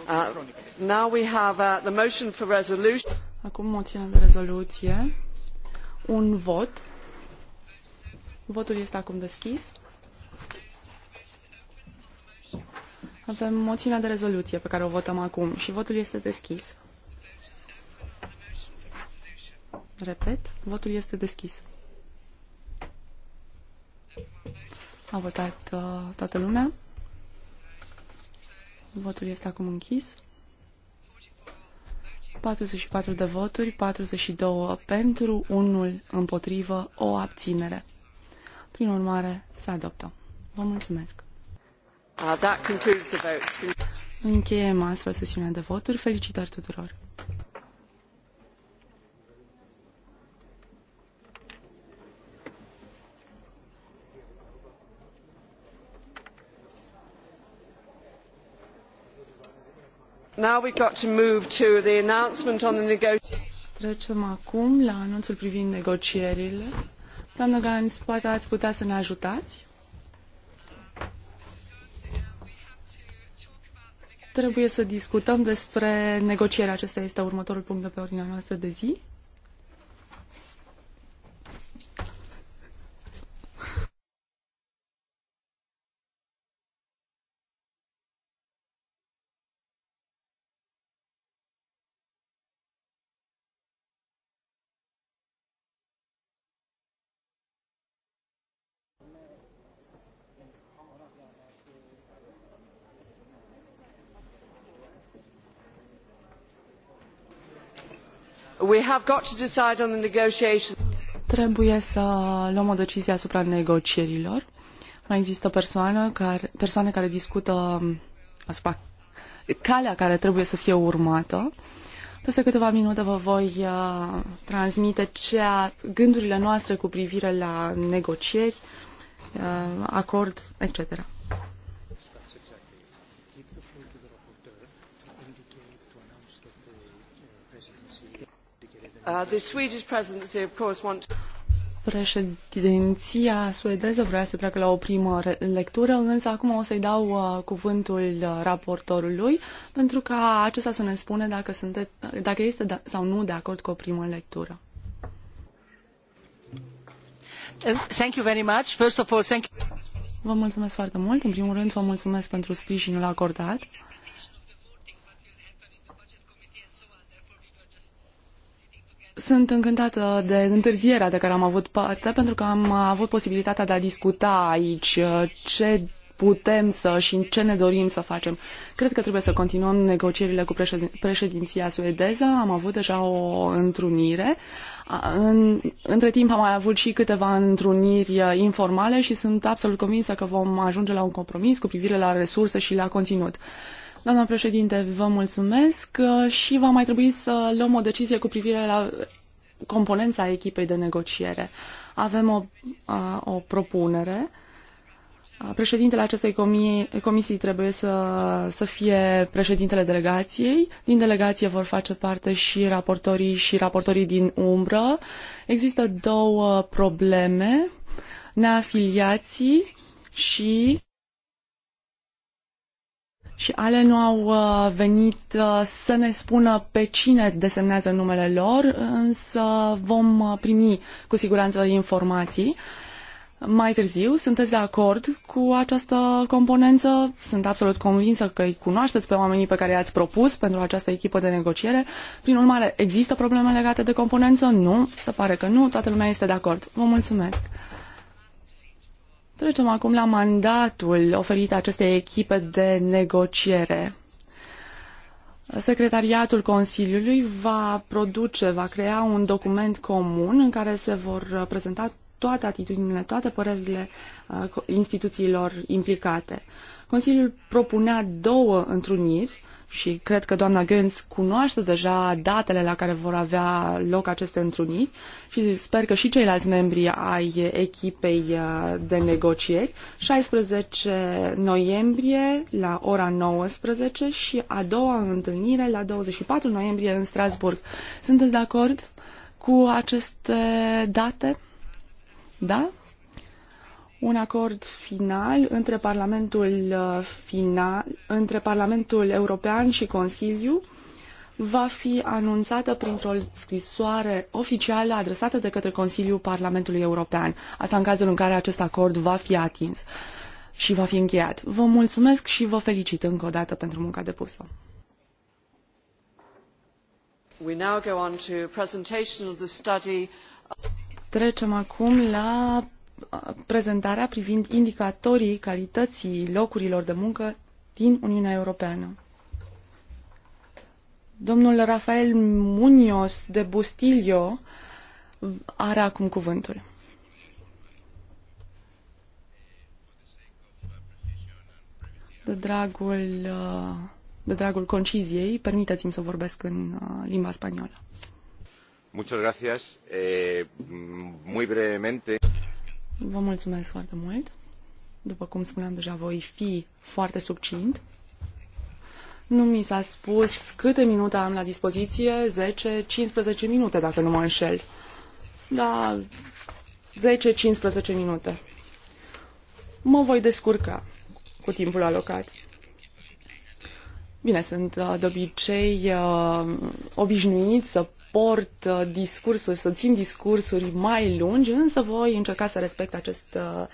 Speaker 5: Uh,
Speaker 4: now we have uh, the motion for resolution.
Speaker 7: Acum moțiunea de rezoluție. Un vot Votul este acum deschis. Avem moțiunea de rezoluție pe care o votăm acum și votul este deschis. Repet, votul este deschis. A votat uh, toată lumea. Votul este acum închis. 44 de voturi, 42 pentru, 1 împotrivă, o abținere. Prin urmare, se adoptă. Vă mulțumesc.
Speaker 4: Uh, that concludes the votes.
Speaker 7: Încheiem astfel sesiunea de voturi. Felicitări tuturor!
Speaker 4: Now we've got to move to
Speaker 7: the announcement
Speaker 4: on the negotiations.
Speaker 7: Trecem acum la anunțul privind negocierile. Doamnă Gans, poate ați putea să ne ajutați? Trebuie să discutăm despre negocierea Acesta este următorul punct de pe ordinea noastră de zi. Trebuie să luăm o decizie asupra negocierilor. Mai există persoane care, persoane care discută um, asupra calea care trebuie să fie urmată. Peste câteva minute vă voi uh, transmite gândurile noastre cu privire la negocieri, uh, acord, etc.
Speaker 5: Uh,
Speaker 7: Președinția suedeză vrea să treacă la o primă lectură, însă acum o să-i dau uh, cuvântul uh, raportorului pentru ca acesta să ne spune dacă, sunte, dacă este da- sau nu de acord cu o primă lectură.
Speaker 8: Uh, thank you very much. First of all, thank you.
Speaker 7: Vă mulțumesc foarte mult. În primul rând, vă mulțumesc pentru sprijinul acordat. Sunt încântată de întârzierea de care am avut parte, pentru că am avut posibilitatea de a discuta aici uh, ce putem să și în ce ne dorim să facem. Cred că trebuie să continuăm negocierile cu președinția suedeză. Am avut deja o întrunire. În, între timp am mai avut și câteva întruniri uh, informale și sunt absolut convinsă că vom ajunge la un compromis cu privire la resurse și la conținut. Uh, Doamna președinte, vă mulțumesc uh, și va mai trebui să luăm o decizie cu privire la componența echipei de negociere. Avem o, uh, o propunere. Uh, președintele acestei comii, comisii trebuie să, să fie președintele delegației. Din delegație vor face parte și raportorii și raportorii din umbră. Există două probleme, neafiliații și și ale nu au uh, venit uh, să ne spună pe cine desemnează numele lor, însă vom uh, primi cu siguranță informații. Mai târziu, sunteți de acord cu această componență? Sunt absolut convinsă că îi cunoașteți pe oamenii pe care i-ați propus pentru această echipă de negociere. Prin urmare, există probleme legate de componență? Nu, se pare că nu, toată lumea este de acord. Vă mulțumesc! Trecem acum la mandatul oferit acestei echipe de negociere. Secretariatul Consiliului va produce, va crea un document comun în care se vor prezenta toate atitudinile, toate părerile uh, instituțiilor implicate. Consiliul propunea două întruniri și cred că doamna Gens cunoaște deja datele la care vor avea loc aceste întruniri și sper că și ceilalți membri ai echipei uh, de negocieri. 16 noiembrie la ora 19 și a doua întâlnire la 24 noiembrie în Strasburg. Sunteți de acord cu aceste date? Da? un acord final între Parlamentul, uh, final, între Parlamentul European și Consiliu va fi anunțată printr-o scrisoare oficială adresată de către Consiliul Parlamentului European. Asta în cazul în care acest acord va fi atins și va fi încheiat. Vă mulțumesc și vă felicit încă o dată pentru munca depusă.
Speaker 4: We now go on to presentation of the study.
Speaker 7: Trecem acum la prezentarea privind indicatorii calității locurilor de muncă din Uniunea Europeană. Domnul Rafael Munoz de Bustilio are acum cuvântul. De dragul, de dragul conciziei, permiteți-mi să vorbesc în uh, limba spaniolă.
Speaker 6: Muchas gracias. Eh, muy brevemente.
Speaker 7: Vă mulțumesc foarte mult. După cum spuneam deja, voi fi foarte succint. Nu mi s-a spus câte minute am la dispoziție, 10-15 minute, dacă nu mă înșel. Da, 10-15 minute. Mă voi descurca cu timpul alocat. Bine, sunt uh, de obicei uh, obișnuit să port uh, discursuri, să țin discursuri mai lungi, însă voi încerca să respect acest uh,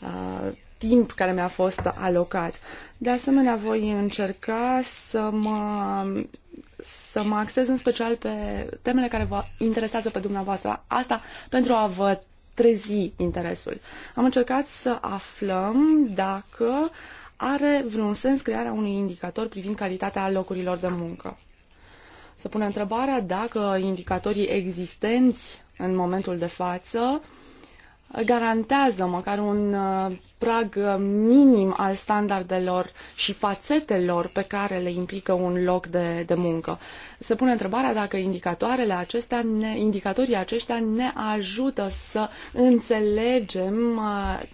Speaker 7: uh, timp care mi-a fost alocat. De asemenea, voi încerca să mă, să mă axez în special pe temele care vă interesează pe dumneavoastră. Asta pentru a vă trezi interesul. Am încercat să aflăm dacă are vreun sens crearea unui indicator privind calitatea locurilor de muncă. Se pune întrebarea dacă indicatorii existenți în momentul de față garantează măcar un uh, prag minim al standardelor și fațetelor pe care le implică un loc de, de muncă. Se pune întrebarea dacă indicatoarele acestea ne, indicatorii aceștia ne ajută să înțelegem uh,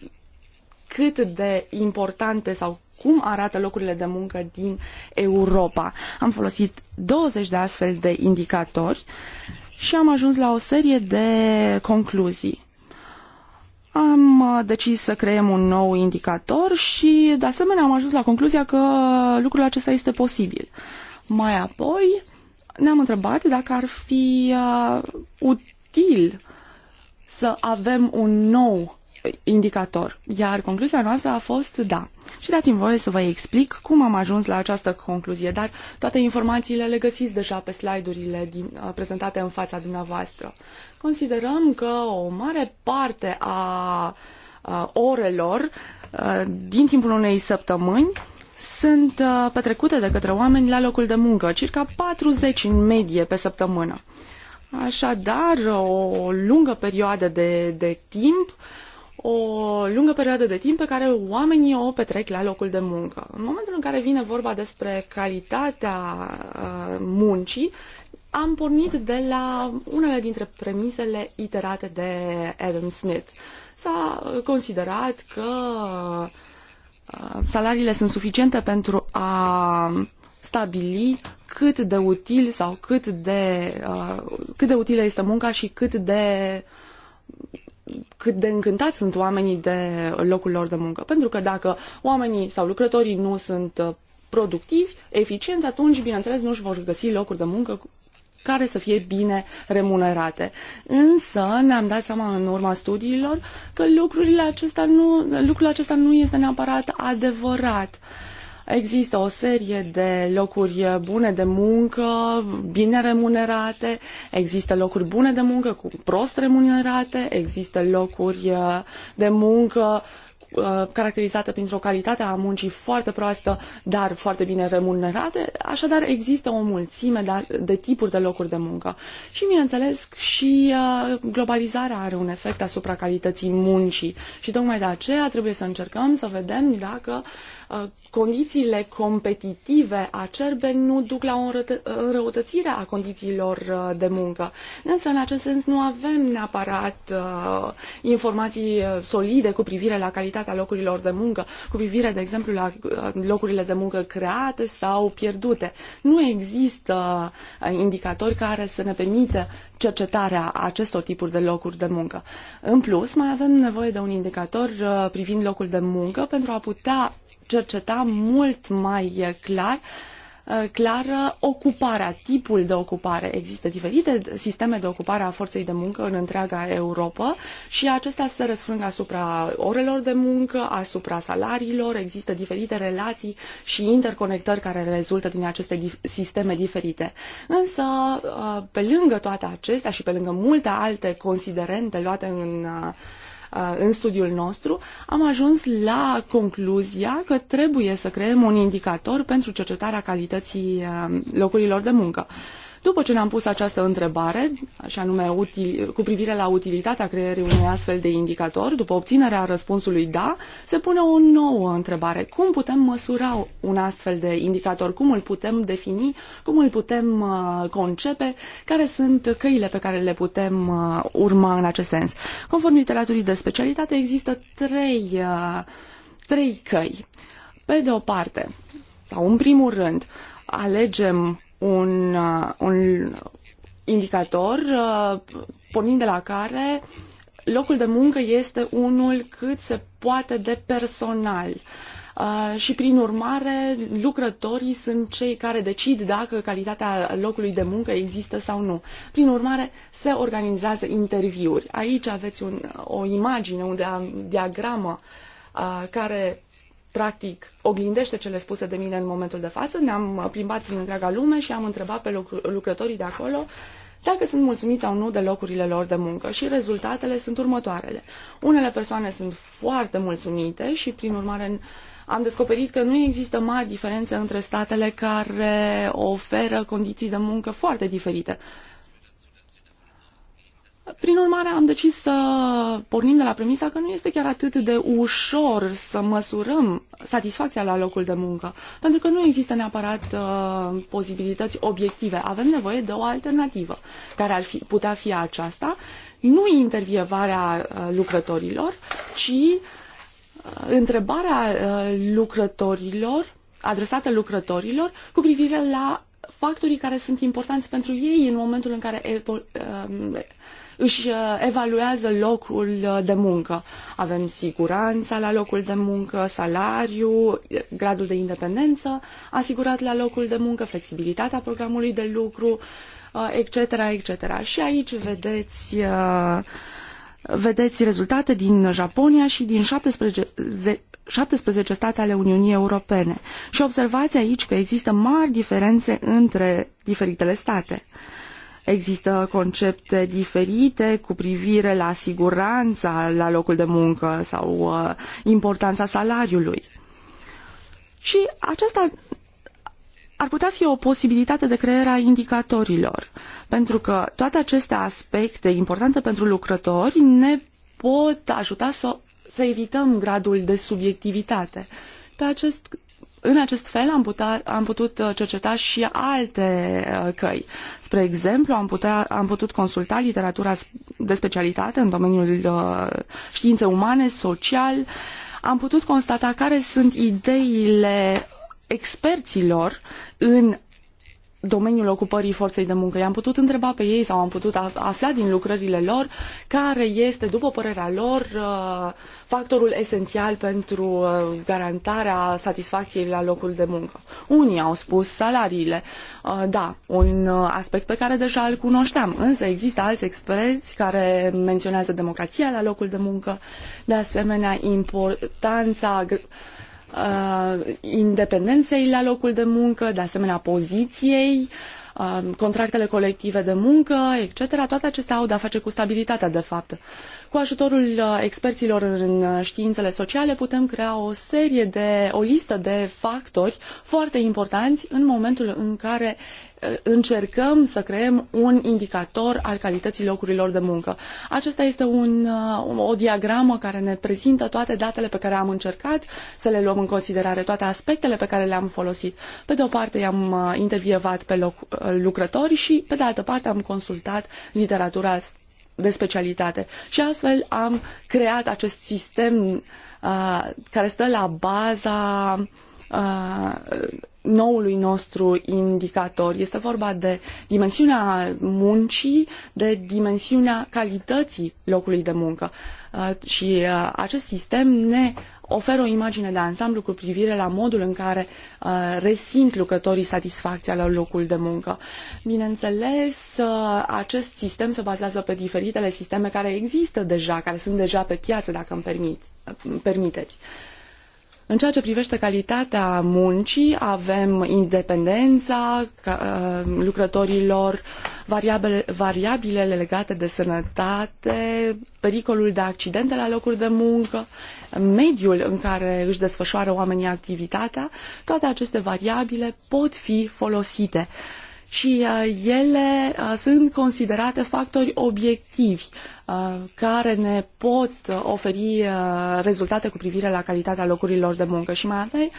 Speaker 7: cât de importante sau cum arată locurile de muncă din Europa. Am folosit 20 de astfel de indicatori și am ajuns la o serie de concluzii. Am uh, decis să creăm un nou indicator și, de asemenea, am ajuns la concluzia că lucrul acesta este posibil. Mai apoi ne-am întrebat dacă ar fi uh, util să avem un nou indicator, iar concluzia noastră a fost da. Și dați-mi voie să vă explic cum am ajuns la această concluzie, dar toate informațiile le găsiți deja pe slide-urile din, uh, prezentate în fața dumneavoastră. Considerăm că o mare parte a, a uh, orelor a, uh, din timpul unei săptămâni sunt a, petrecute de către oameni la locul de muncă, circa 40 în medie pe săptămână. Așadar, o lungă perioadă de, de timp uh, o lungă perioadă de timp pe care oamenii o petrec la locul de muncă. În momentul în care vine vorba despre calitatea uh, muncii, am pornit de la unele dintre premisele iterate de Adam Smith. S-a considerat că uh, salariile sunt suficiente pentru a stabili cât de util sau cât de, uh, cât de utilă este munca și cât de cât de încântați sunt oamenii de locul lor de muncă. Pentru că dacă oamenii sau lucrătorii nu sunt uh, productivi, eficienți, atunci, bineînțeles, nu își vor găsi locuri de muncă care să fie bine remunerate. Însă ne-am dat seama în urma studiilor că lucrurile acestea nu, lucrul acesta nu este neapărat adevărat. Uh, Există o serie de locuri bune de muncă, bine remunerate, există locuri bune de muncă cu prost remunerate, există locuri uh, de muncă uh, caracterizată printr-o calitate a muncii foarte proastă, dar foarte bine remunerate. Așadar, există o mulțime de, de tipuri de locuri de muncă. Și, bineînțeles, și uh, globalizarea are un efect asupra calității muncii. Și tocmai de aceea trebuie să încercăm să vedem dacă Uh, condițiile competitive acerbe nu duc la o înrăutățire a condițiilor uh, de muncă. Însă, în acest sens, nu avem neapărat uh, informații solide cu privire la calitatea locurilor de muncă, cu privire, de exemplu, la locurile de muncă create sau pierdute. Nu există indicatori care să ne permită cercetarea acestor tipuri de locuri de muncă. În plus, mai avem nevoie de un indicator privind locul de muncă pentru a putea cerceta mult mai clar eh, clară ocuparea, tipul de ocupare. Există diferite sisteme de ocupare a forței de muncă în întreaga Europa și acestea se răsfrâng asupra orelor de muncă, asupra salariilor, există diferite relații și interconectări care rezultă din aceste dif- sisteme diferite. Însă, eh, pe lângă toate acestea și pe lângă multe alte considerente luate în eh, Uh, în studiul nostru, am ajuns la concluzia că trebuie să creăm un indicator pentru cercetarea calității uh, locurilor de muncă. După ce ne-am pus această întrebare, și anume util, cu privire la utilitatea creierii unui astfel de indicator, după obținerea răspunsului da, se pune o nouă întrebare. Cum putem măsura un astfel de indicator? Cum îl putem defini? Cum îl putem uh, concepe? Care sunt căile pe care le putem uh, urma în acest sens? Conform literaturii de specialitate, există trei, uh, trei căi. Pe de o parte, sau în primul rând, alegem un, uh, un indicator uh, pornind de la care locul de muncă este unul cât se poate de personal. Uh, și prin urmare, lucrătorii sunt cei care decid dacă calitatea locului de muncă există sau nu. Prin urmare, se organizează interviuri. Aici aveți un, o imagine, un diagramă care practic oglindește cele spuse de mine în momentul de față. Ne-am uh, plimbat prin întreaga lume și am întrebat pe lucrătorii de acolo dacă sunt mulțumiți sau nu de locurile lor de muncă și rezultatele sunt următoarele. Unele persoane sunt foarte mulțumite și prin urmare am descoperit că nu există mari diferențe între statele care oferă condiții de muncă foarte diferite. Prin urmare, am decis să pornim de la premisa că nu este chiar atât de ușor să măsurăm satisfacția la locul de muncă, pentru că nu există neapărat uh, posibilități obiective. Avem nevoie de o alternativă, care ar fi, putea fi aceasta, nu intervievarea uh, lucrătorilor, ci uh, întrebarea uh, lucrătorilor, adresată lucrătorilor, cu privire la factorii care sunt importanți pentru ei în momentul în care evol- uh, își uh, evaluează locul uh, de muncă. Avem siguranța la locul de muncă, salariu, gradul de independență asigurat la locul de muncă, flexibilitatea programului de lucru, etc. Uh, etc. Și aici vedeți vedeți rezultate din Japonia și din 17, 17 state ale Uniunii Europene. Și observați aici că există mari diferențe între diferitele state. Uh, Există concepte diferite cu privire la siguranța la locul de muncă sau uh, importanța salariului. Și aceasta ar putea fi o posibilitate de creare a indicatorilor, pentru că toate aceste aspecte importante pentru lucrători ne pot ajuta să, să evităm gradul de subiectivitate. Pe acest în acest fel am, putea, am putut uh, cerceta și alte uh, căi. Spre exemplu, am, putea, am putut consulta literatura de specialitate în domeniul uh, științe umane, social. Am putut constata care sunt ideile experților în domeniul ocupării forței de muncă. I-am putut întreba pe ei sau am putut afla din lucrările lor care este, după părerea lor, uh, factorul esențial pentru uh, garantarea satisfacției la locul de muncă. Unii au spus salariile, uh, da, un uh, aspect pe care deja îl cunoșteam, însă există alți experți care menționează democrația la locul de muncă, de asemenea importanța independenței la locul de muncă, de asemenea poziției, contractele colective de muncă, etc. Toate acestea au de-a face cu stabilitatea, de fapt. Cu ajutorul uh, experților în uh, științele sociale putem crea o serie de, o listă de factori foarte importanți în momentul în care uh, încercăm să creăm un indicator al calității locurilor de muncă. Acesta este un, o diagramă care ne prezintă toate datele pe care am încercat să le luăm în considerare, toate aspectele pe care le-am folosit. Pe de o parte i-am intervievat pe loc, lucrători și pe de altă parte am consultat literatura de specialitate. Și astfel am creat acest sistem uh, care stă la baza uh, noului nostru indicator. Este vorba de dimensiunea muncii, de dimensiunea calității locului de muncă. Uh, și uh, acest sistem ne oferă o imagine de ansamblu cu privire la modul în care uh, resimt lucrătorii satisfacția la locul de muncă. Bineînțeles, acest sistem se bazează pe diferitele sisteme care există deja, care sunt deja pe piață, dacă îmi permiteți. În ceea ce privește calitatea muncii, avem independența ă, lucrătorilor, variabilele legate de sănătate, pericolul de accidente la locuri de muncă, mediul în care își desfășoară oamenii activitatea, toate aceste variabile pot fi folosite și ă, ele ă, sunt considerate factori obiectivi Uh, care ne pot oferi uh, rezultate cu privire la calitatea locurilor de muncă și mai avem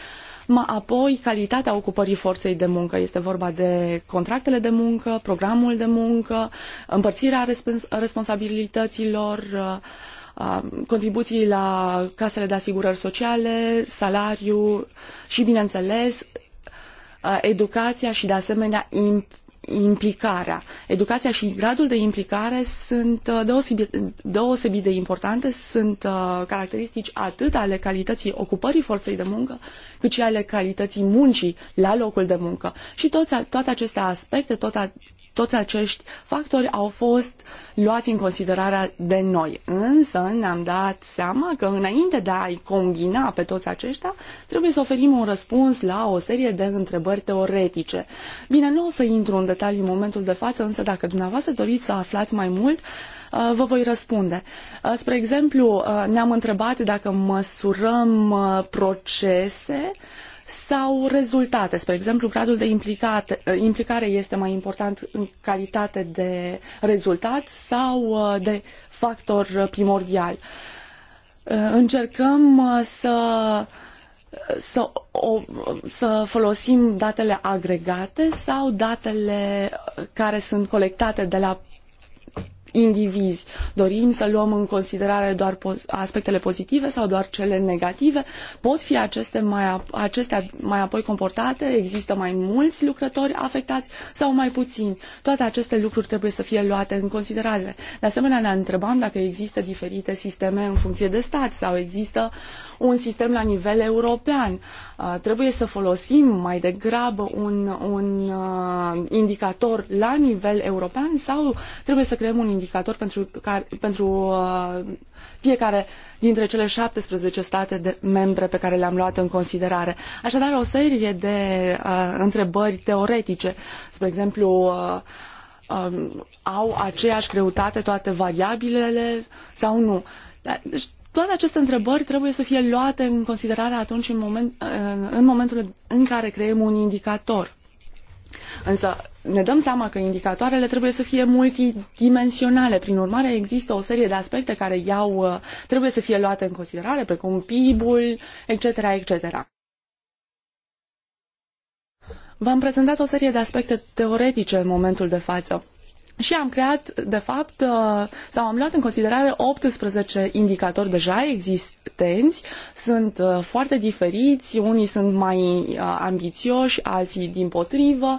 Speaker 7: mai apoi calitatea ocupării forței de muncă. Este vorba de contractele de muncă, programul de muncă, împărțirea respons responsabilităților, uh, contribuții la casele de asigurări sociale, salariu și, bineînțeles, educația și, de asemenea, implicarea. Educația și gradul de implicare sunt uh, deosebit, deosebit de importante, sunt uh, caracteristici atât ale calității ocupării forței de muncă, cât și ale calității muncii la locul de muncă. Și toți, toate aceste aspecte, toate toți acești factori au fost luați în considerare de noi. Însă ne-am dat seama că înainte de a-i combina pe toți aceștia, trebuie să oferim un răspuns la o serie de întrebări teoretice. Bine, nu o să intru în detalii în momentul de față, însă dacă dumneavoastră doriți să aflați mai mult, uh, vă voi răspunde. Uh, spre exemplu, uh, ne-am întrebat dacă măsurăm procese, sau rezultate. Spre exemplu, gradul de eh, implicare este mai important în calitate de rezultat sau eh, de factor primordial. Eh, încercăm să să, o, să folosim datele agregate sau datele care sunt colectate de la indivizi. Dorim să luăm în considerare doar aspectele pozitive sau doar cele negative? Pot fi aceste mai, acestea mai apoi comportate? Există mai mulți lucrători afectați sau mai puțini? Toate aceste lucruri trebuie să fie luate în considerare. De asemenea, ne întrebam dacă există diferite sisteme în funcție de stat sau există un sistem la nivel european. Trebuie să folosim mai degrabă un, un indicator la nivel european sau trebuie să creăm un indicator pentru, care, pentru uh, fiecare dintre cele 17 state de, membre pe care le-am luat în considerare. Așadar, o serie de uh, întrebări teoretice, spre exemplu, uh, um, au aceeași greutate toate variabilele sau nu. Deci, toate aceste întrebări trebuie să fie luate în considerare atunci în, moment, uh, în momentul în care creăm un indicator. Însă ne dăm seama că indicatoarele trebuie să fie multidimensionale. Prin urmare, există o serie de aspecte care iau, uh, trebuie să fie luate în considerare, precum PIB-ul, etc., etc. V-am prezentat o serie de aspecte teoretice în momentul de față. Și am creat, de fapt, uh, sau am luat în considerare 18 indicatori deja existenți, sunt uh, foarte diferiți, unii sunt mai uh, ambițioși, alții din potrivă,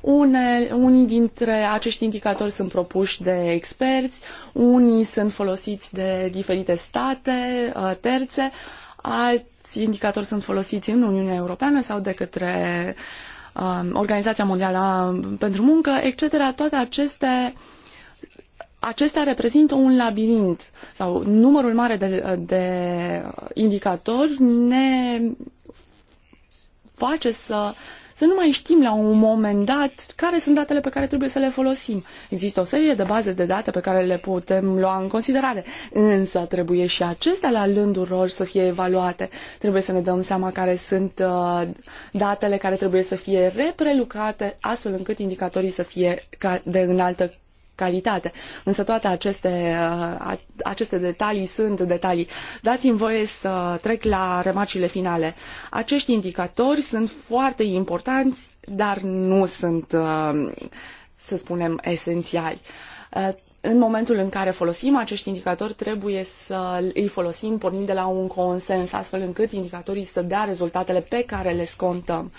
Speaker 7: une, unii dintre acești indicatori sunt propuși de experți, unii sunt folosiți de diferite state terțe, alți indicatori sunt folosiți în Uniunea Europeană sau de către uh, Um, Organizația Mondială pentru Muncă, etc. Toate aceste acestea reprezintă un labirint sau numărul mare de, de indicatori ne face să să nu mai știm la un moment dat care sunt datele pe care trebuie să le folosim. Există o serie de baze de date pe care le putem lua în considerare, însă trebuie și acestea la rândul lor să fie evaluate. Trebuie să ne dăm seama care sunt uh, datele care trebuie să fie reprelucrate astfel încât indicatorii să fie de înaltă calitate. Însă toate aceste, uh, aceste detalii sunt detalii. Dați-mi voie să trec la remarcile finale. Acești indicatori sunt foarte importanți, dar nu sunt, uh, să spunem, esențiali uh, în momentul în care folosim acești indicatori, trebuie să îi folosim pornind de la un consens, astfel încât indicatorii să dea rezultatele pe care le scontăm. Uh,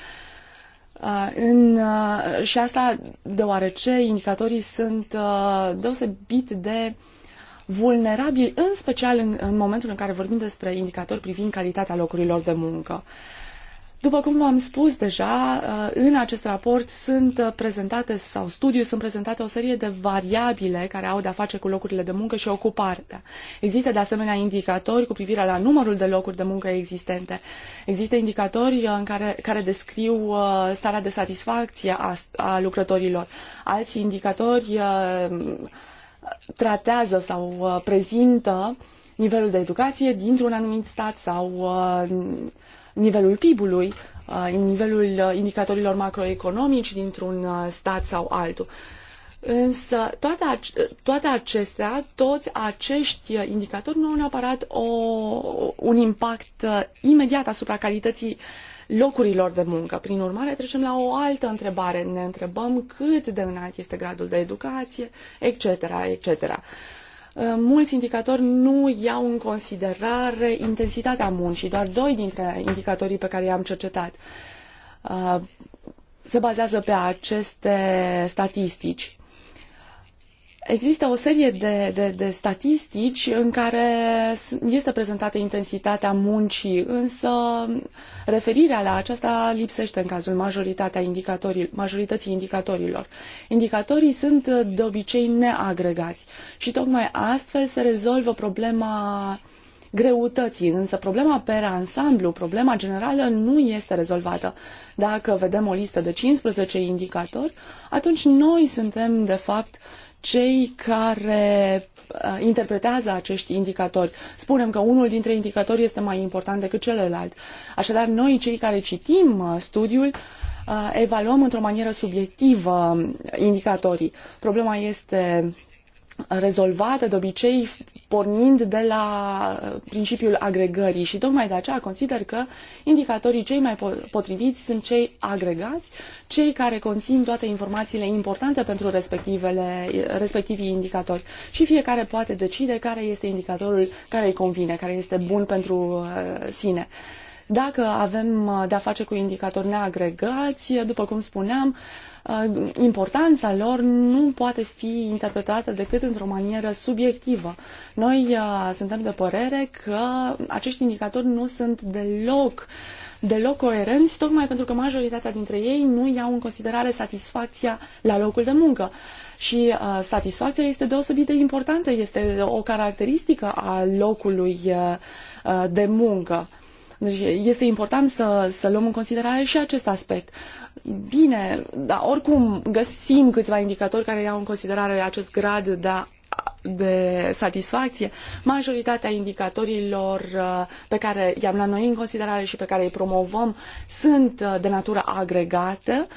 Speaker 7: Uh, în, uh, și asta deoarece indicatorii sunt uh, deosebit de vulnerabili, în special în, în momentul în care vorbim despre indicatori privind calitatea locurilor de muncă. Uh, după cum v-am spus deja, uh, în acest raport sunt uh, prezentate sau studiu sunt prezentate o serie de variabile care au de-a face cu locurile de muncă și ocuparea. Există de asemenea indicatori cu privire la numărul de locuri de muncă existente. Există indicatori uh, în care, care descriu starea de satisfacție a, a lucrătorilor. Alți indicatori tratează sau prezintă nivelul de educație dintr-un anumit stat sau uh, nivelul PIB-ului, uh, nivelul uh, indicatorilor macroeconomici dintr-un uh, stat sau altul. Însă toate, toate acestea, toți acești indicatori nu au neapărat o, un impact imediat asupra calității locurilor de muncă. Prin urmare, trecem la o altă întrebare. Ne întrebăm cât de înalt este gradul de educație, etc., etc. Uh, mulți indicatori nu iau în considerare intensitatea muncii, doar doi dintre indicatorii pe care i-am cercetat uh, se bazează pe aceste statistici. Există o serie de, de, de statistici în care este prezentată intensitatea muncii, însă referirea la aceasta lipsește în cazul majoritatea indicatorii, majorității indicatorilor. Indicatorii sunt de obicei neagregați și tocmai astfel se rezolvă problema greutății, însă problema pe ansamblu, problema generală nu este rezolvată. Dacă vedem o listă de 15 indicatori, atunci noi suntem, de fapt, cei care uh, interpretează acești indicatori. Spunem că unul dintre indicatori este mai important decât celălalt. Așadar, noi, cei care citim uh, studiul, uh, evaluăm într-o manieră subiectivă indicatorii. Problema este rezolvată de obicei pornind de la uh, principiul agregării și tocmai de aceea consider că indicatorii cei mai potriviți sunt cei agregați, cei care conțin toate informațiile importante pentru respectivele, respectivii indicatori și fiecare poate decide care este indicatorul care îi convine, care este bun pentru uh, sine. Uh, dacă avem uh, de-a face cu indicatori neagregați, după cum spuneam, uh, importanța lor nu poate fi interpretată decât într-o manieră subiectivă. Noi uh, suntem de părere că acești indicatori nu sunt deloc deloc coerenți, tocmai pentru că majoritatea dintre ei nu iau în considerare satisfacția la locul de muncă. Și uh, satisfacția este deosebit de importantă, este o caracteristică a locului uh, de muncă. Deci este important să, să luăm în considerare și acest aspect. Bine, dar oricum găsim câțiva indicatori care iau în considerare acest grad de a de satisfacție, majoritatea indicatorilor uh, pe care i-am luat noi în considerare și pe care îi promovăm sunt uh, de natură agregată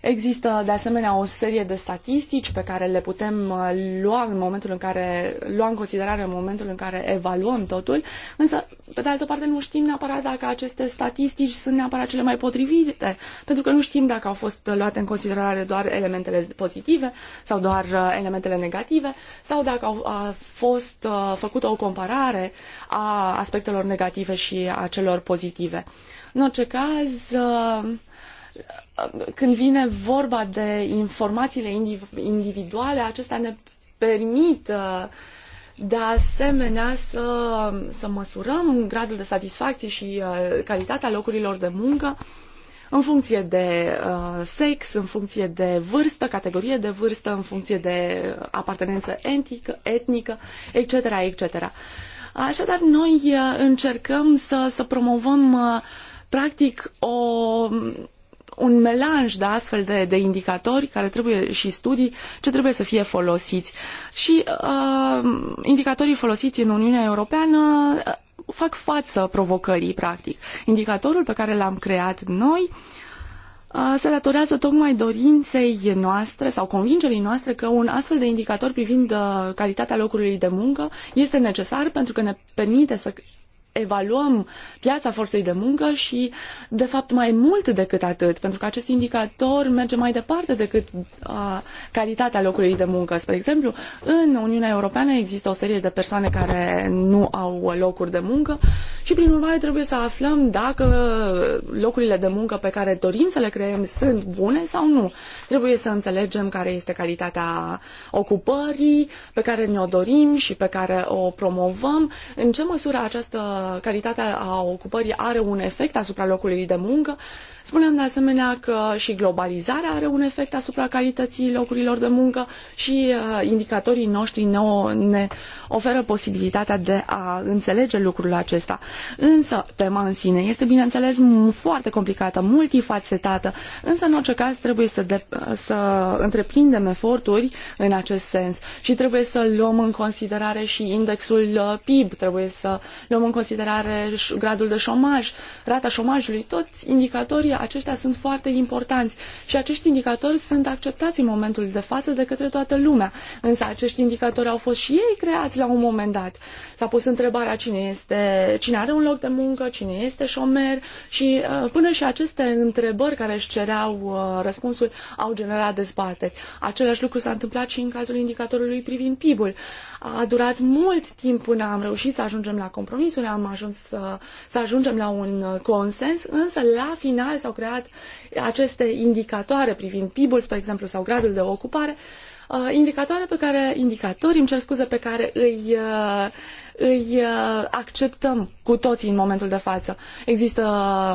Speaker 7: Există de asemenea o serie de statistici pe care le putem uh, lua în momentul în care lua în considerare în momentul în care evaluăm totul, însă pe de altă parte nu știm neapărat dacă aceste statistici sunt neapărat cele mai potrivite, pentru că nu știm dacă au fost luate în considerare doar elementele pozitive sau doar uh, elementele negative sau dacă au, a fost uh, făcută o comparare a aspectelor negative și a celor pozitive. În orice caz, când vine vorba de informațiile individuale, acestea ne permit uh, de asemenea să, să măsurăm gradul de satisfacție și uh, calitatea locurilor de muncă în funcție de uh, sex, în funcție de vârstă, categorie de vârstă, în funcție de apartenență etică, etnică, etc., etc. Așadar, noi uh, încercăm să, să promovăm uh, practic o un melanj de astfel de, de indicatori care trebuie și studii ce trebuie să fie folosiți. Și uh, indicatorii folosiți în Uniunea Europeană uh, fac față provocării, practic. Indicatorul pe care l-am creat noi uh, se datorează tocmai dorinței noastre sau convingerii noastre că un astfel de indicator privind uh, calitatea locului de muncă este necesar pentru că ne permite să evaluăm piața forței de muncă și, de fapt, mai mult decât atât, pentru că acest indicator merge mai departe decât a, calitatea locului de muncă. Spre exemplu, în Uniunea Europeană există o serie de persoane care nu au locuri de muncă și, prin urmare, trebuie să aflăm dacă locurile de muncă pe care dorim să le creăm sunt bune sau nu. Trebuie să înțelegem care este calitatea ocupării pe care ne-o dorim și pe care o promovăm, în ce măsură această calitatea a ocupării are un efect asupra locului de muncă, Spuneam de asemenea că și globalizarea are un efect asupra calității locurilor de muncă și uh, indicatorii noștri ne, oferă posibilitatea de a înțelege lucrul acesta. Însă, tema în sine este, bineînțeles, foarte complicată, multifacetată, însă, în orice caz, trebuie să, de, uh, să întreprindem eforturi în acest sens și trebuie să luăm în considerare și indexul uh, PIB, trebuie să luăm în considerare gradul de șomaj, rata șomajului, toți indicatorii aceștia sunt foarte importanți și acești indicatori sunt acceptați în momentul de față de către toată lumea. Însă acești indicatori au fost și ei creați la un moment dat. S-a pus întrebarea cine, este, cine are un loc de muncă, cine este șomer și uh, până și aceste întrebări care își cereau uh, răspunsul au generat dezbateri. Același lucru s-a întâmplat și în cazul indicatorului privind PIB-ul. A durat mult timp până am reușit să ajungem la compromisuri, am ajuns să, să ajungem la un consens, însă la final s-au creat aceste indicatoare privind PIB-ul, spre exemplu, sau gradul de ocupare, uh, indicatoare pe care, indicatori, îmi cer scuze, pe care îi, uh, îi uh, acceptăm cu toții în momentul de față. Există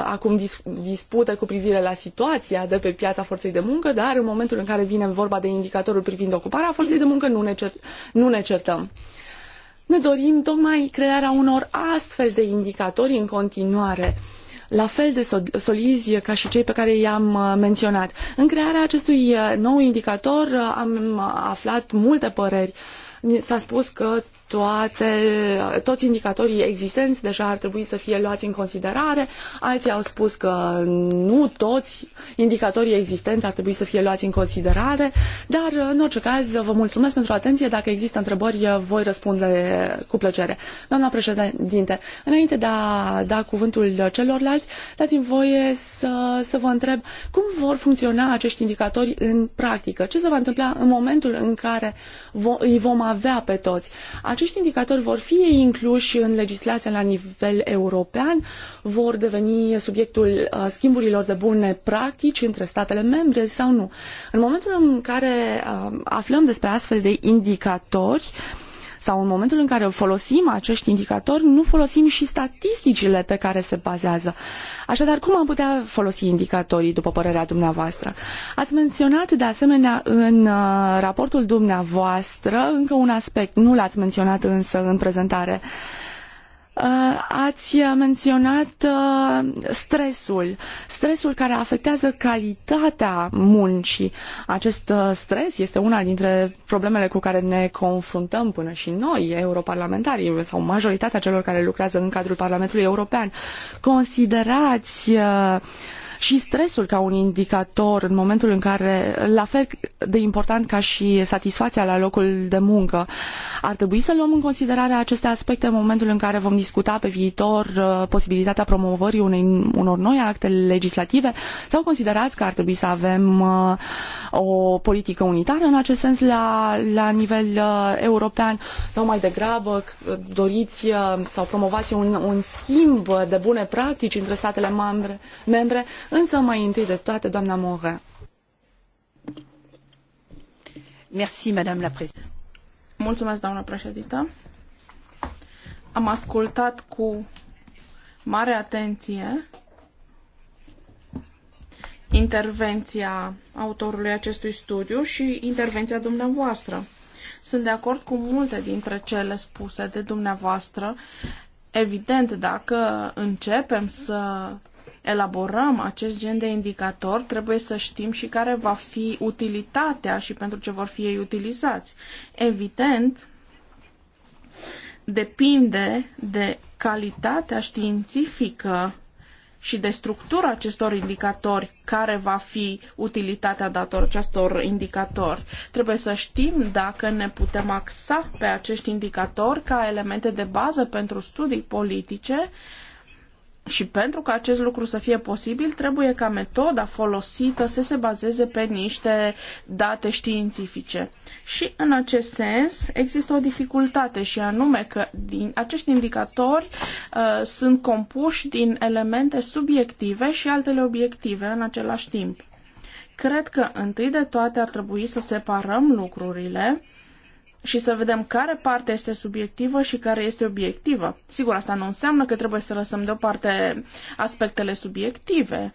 Speaker 7: acum dis- dispute cu privire la situația de pe piața forței de muncă, dar în momentul în care vine vorba de indicatorul privind ocuparea forței de muncă, nu ne, cer- nu ne certăm. Ne dorim tocmai crearea unor astfel de indicatori în continuare. Uh, la fel de solizi ca și cei pe care i-am uh, menționat. În crearea acestui uh, nou indicator uh, am aflat multe păreri. S-a spus că toate, toți indicatorii existenți deja ar trebui să fie luați în considerare, alții au spus că nu toți indicatorii existenți ar trebui să fie luați în considerare, dar în orice caz vă mulțumesc pentru atenție, dacă există întrebări voi răspunde cu plăcere. Doamna președinte, înainte de a da cuvântul celorlalți, dați-mi voie să, să vă întreb cum vor funcționa acești indicatori în practică, ce se va întâmpla în momentul în care vo- îi vom avea pe toți acești indicatori vor fi incluși în legislația la nivel european, vor deveni subiectul uh, schimburilor de bune practici între statele membre sau nu. În momentul în care uh, aflăm despre astfel de indicatori, sau în momentul în care folosim acești indicatori, nu folosim și statisticile pe care se bazează. Așadar, cum am putea folosi indicatorii, după părerea dumneavoastră? Ați menționat, de asemenea, în uh, raportul dumneavoastră încă un aspect, nu l-ați menționat însă în prezentare. Uh, Uh, ați menționat uh, stresul, stresul care afectează calitatea muncii. Acest uh, stres este una dintre problemele cu care ne confruntăm până și noi, europarlamentarii sau majoritatea celor care lucrează în cadrul Parlamentului European. Considerați și stresul ca un indicator în momentul în care, la fel de important ca și satisfacția la locul de muncă, ar trebui să luăm în considerare aceste aspecte în momentul în care vom discuta pe viitor uh, posibilitatea promovării unei, unor noi acte legislative sau considerați că ar trebui să avem uh, o politică unitară în acest sens la, la nivel uh, european sau mai degrabă doriți sau promovați un, un schimb de bune practici între statele membre, membre însă mai întâi de toate doamna Morin.
Speaker 2: Merci, Madame la Președinte. Mulțumesc, doamna președintă. Am ascultat cu mare atenție intervenția autorului acestui studiu și intervenția dumneavoastră. Sunt de acord cu multe dintre cele spuse de dumneavoastră. Evident, dacă începem să elaborăm acest gen de indicator, trebuie să știm și care va fi utilitatea și pentru ce vor fi ei utilizați. Evident, depinde de calitatea științifică și de structura acestor indicatori, care va fi utilitatea dator acestor indicatori. Trebuie să știm dacă ne putem axa pe acești indicatori ca elemente de bază pentru studii politice și pentru ca acest lucru să fie posibil, trebuie ca metoda folosită să se bazeze pe niște date științifice. Și în acest sens există o dificultate și anume că din acești indicatori uh, sunt compuși din elemente subiective și altele obiective în același timp. Cred că întâi de toate ar trebui să separăm lucrurile și să vedem care parte este subiectivă și care este obiectivă. Sigur, asta nu înseamnă că trebuie să lăsăm deoparte aspectele subiective,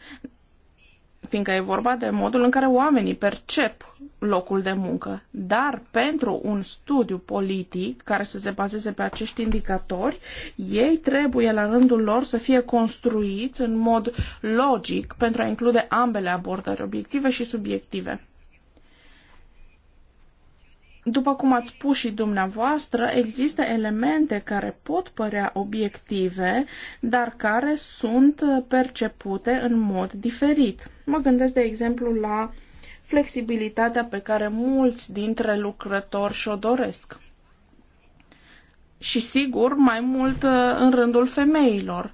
Speaker 2: fiindcă e vorba de modul în care oamenii percep locul de muncă. Dar pentru un studiu politic care să se bazeze pe acești indicatori, ei trebuie la rândul lor să fie construiți în mod logic pentru a include ambele abordări, obiective și subiective. După cum ați spus și dumneavoastră, există elemente care pot părea obiective, dar care sunt percepute în mod diferit. Mă gândesc, de exemplu, la flexibilitatea pe care mulți dintre lucrători și-o doresc. Și sigur, mai mult uh, în rândul femeilor.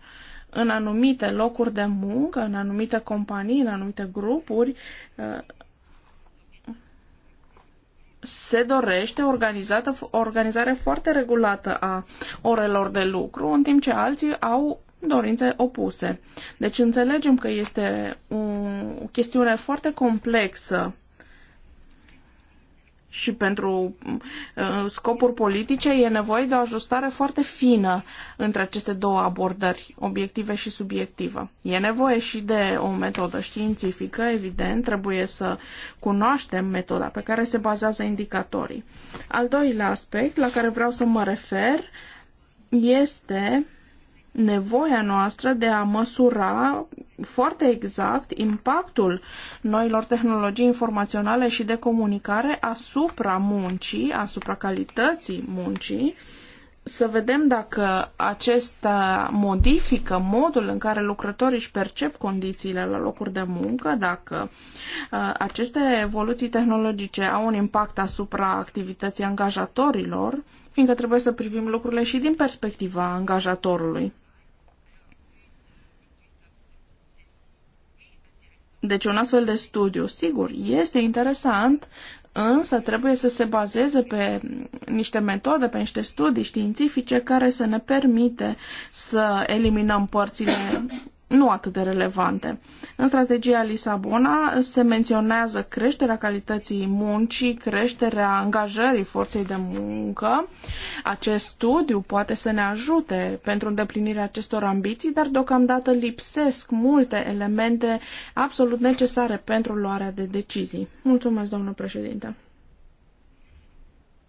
Speaker 2: În anumite locuri de muncă, în anumite companii, în anumite grupuri, uh, se dorește organizată, o organizare foarte regulată a orelor de lucru, în timp ce alții au dorințe opuse. Deci înțelegem că este o chestiune foarte complexă și pentru uh, scopuri politice e nevoie de o ajustare foarte fină între aceste două abordări, obiective și subiectivă. E nevoie și de o metodă științifică, evident, trebuie să cunoaștem metoda pe care se bazează indicatorii. Al doilea aspect la care vreau să mă refer este nevoia noastră de a măsura foarte exact impactul noilor tehnologii informaționale și de comunicare asupra muncii, asupra calității muncii, să vedem dacă acesta modifică modul în care lucrătorii își percep condițiile la locuri de muncă, dacă uh, aceste evoluții tehnologice au un impact asupra activității angajatorilor, fiindcă trebuie să privim lucrurile și din perspectiva angajatorului. Deci un astfel de studiu, sigur, este interesant, însă trebuie să se bazeze pe niște metode, pe niște studii științifice care să ne permite să eliminăm părțile nu atât de relevante. În strategia Lisabona se menționează creșterea calității muncii, creșterea angajării forței de muncă. Acest studiu poate să ne ajute pentru îndeplinirea acestor ambiții, dar deocamdată lipsesc multe elemente absolut necesare pentru luarea de decizii. Mulțumesc, domnul președinte.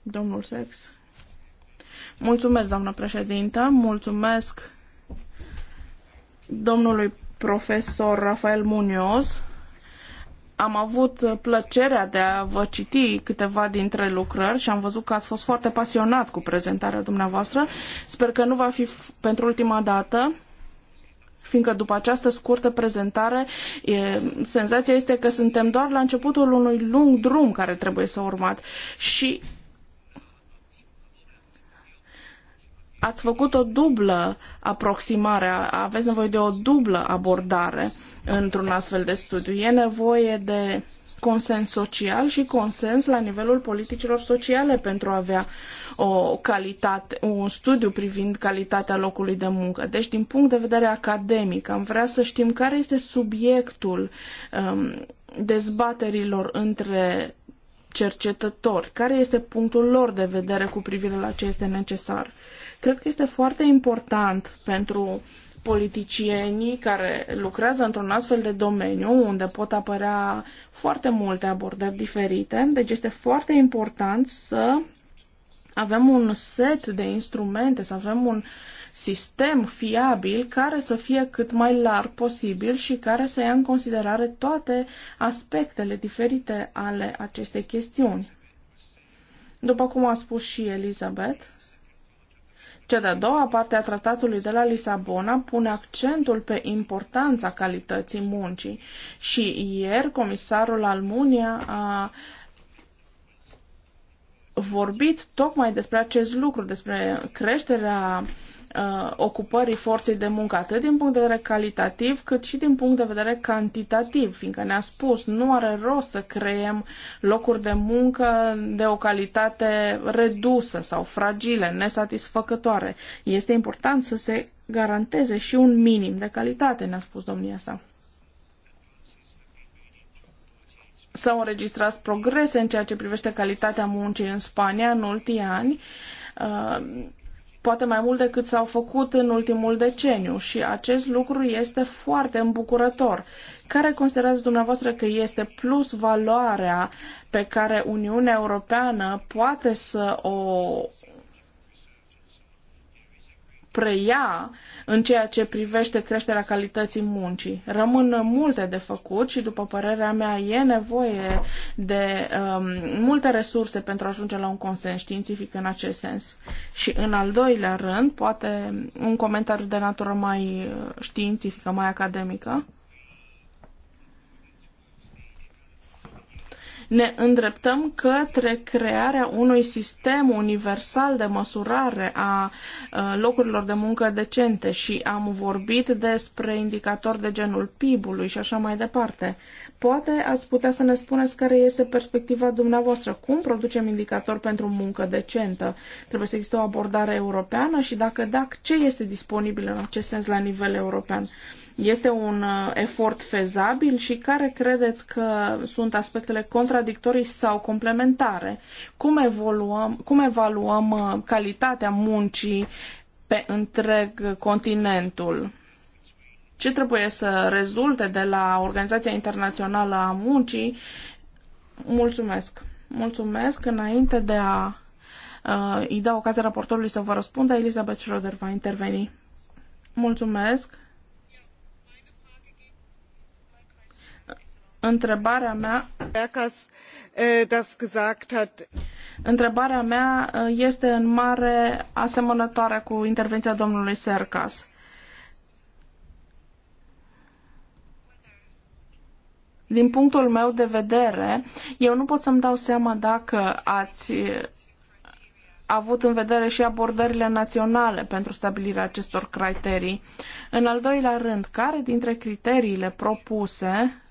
Speaker 2: Domnul Sex. Mulțumesc, doamnă președintă, mulțumesc domnului profesor Rafael Munoz. Am avut plăcerea de a vă citi câteva dintre lucrări și am văzut că ați fost foarte pasionat cu prezentarea dumneavoastră. Sper că nu va fi pentru ultima dată fiindcă după această scurtă prezentare, e, senzația este că suntem doar la începutul unui lung drum care trebuie să urmat. Și ați făcut o dublă aproximare, aveți nevoie de o dublă abordare într-un astfel de studiu. E nevoie de consens social și consens la nivelul politicilor sociale pentru a avea o calitate, un studiu privind calitatea locului de muncă. Deci, din punct de vedere academic, am vrea să știm care este subiectul um, dezbaterilor între cercetători, care este punctul lor de vedere cu privire la ce este necesar. Cred că este foarte important pentru politicienii care lucrează într-un astfel de domeniu unde pot apărea foarte multe abordări diferite. Deci este foarte important să avem un set de instrumente, să avem un sistem fiabil care să fie cât mai larg posibil și care să ia în considerare toate aspectele diferite ale acestei chestiuni. După cum a spus și Elizabeth, cea de-a doua parte a tratatului de la Lisabona pune accentul pe importanța calității muncii și ieri comisarul Almunia a vorbit tocmai despre acest lucru, despre creșterea uh, uh, ocupării forței de muncă, atât din punct de vedere calitativ, cât și din punct de vedere cantitativ, fiindcă ne-a spus, nu are rost să creăm locuri de muncă de o calitate redusă sau fragile, nesatisfăcătoare. Este important să se garanteze și un minim de calitate, ne-a spus domnia sa. S-au înregistrat progrese în ceea ce privește calitatea muncii în Spania în ultimii ani, uh, poate mai mult decât s-au făcut în ultimul deceniu și acest lucru este foarte îmbucurător. Care considerați dumneavoastră că este plus valoarea pe care Uniunea Europeană poate să o preia în ceea ce privește creșterea calității muncii. Rămân multe de făcut și, după părerea mea, e nevoie de um, multe resurse pentru a ajunge la un consens științific în acest sens. Și, în al doilea rând, poate un comentariu de natură mai uh, științifică, mai academică. ne îndreptăm către crearea unui sistem universal de măsurare a uh, locurilor de muncă decente și am vorbit despre indicatori de genul PIB-ului și așa mai departe. Poate ați putea să ne spuneți care este perspectiva dumneavoastră, cum producem indicatori pentru muncă decentă. Trebuie să existe o abordare europeană și dacă da, ce este disponibil în acest sens la nivel european. Este un uh, efort fezabil și care credeți că sunt aspectele contradictorii sau complementare? Cum, evoluăm, cum evaluăm uh, calitatea muncii pe întreg continentul? Ce trebuie să rezulte de la Organizația Internațională a Muncii? Mulțumesc! Mulțumesc înainte de a uh, îi da ocazia raportorului să vă răspundă, Elizabeth Schroeder va interveni. Mulțumesc. Întrebarea mea eh, Întrebarea mea eh, este în mare asemănătoare cu intervenția domnului Sercas. Din punctul meu de vedere, eu nu pot să-mi dau seama dacă ați eh, avut în vedere și abordările naționale pentru stabilirea acestor criterii. În al doilea rând, care dintre criteriile propuse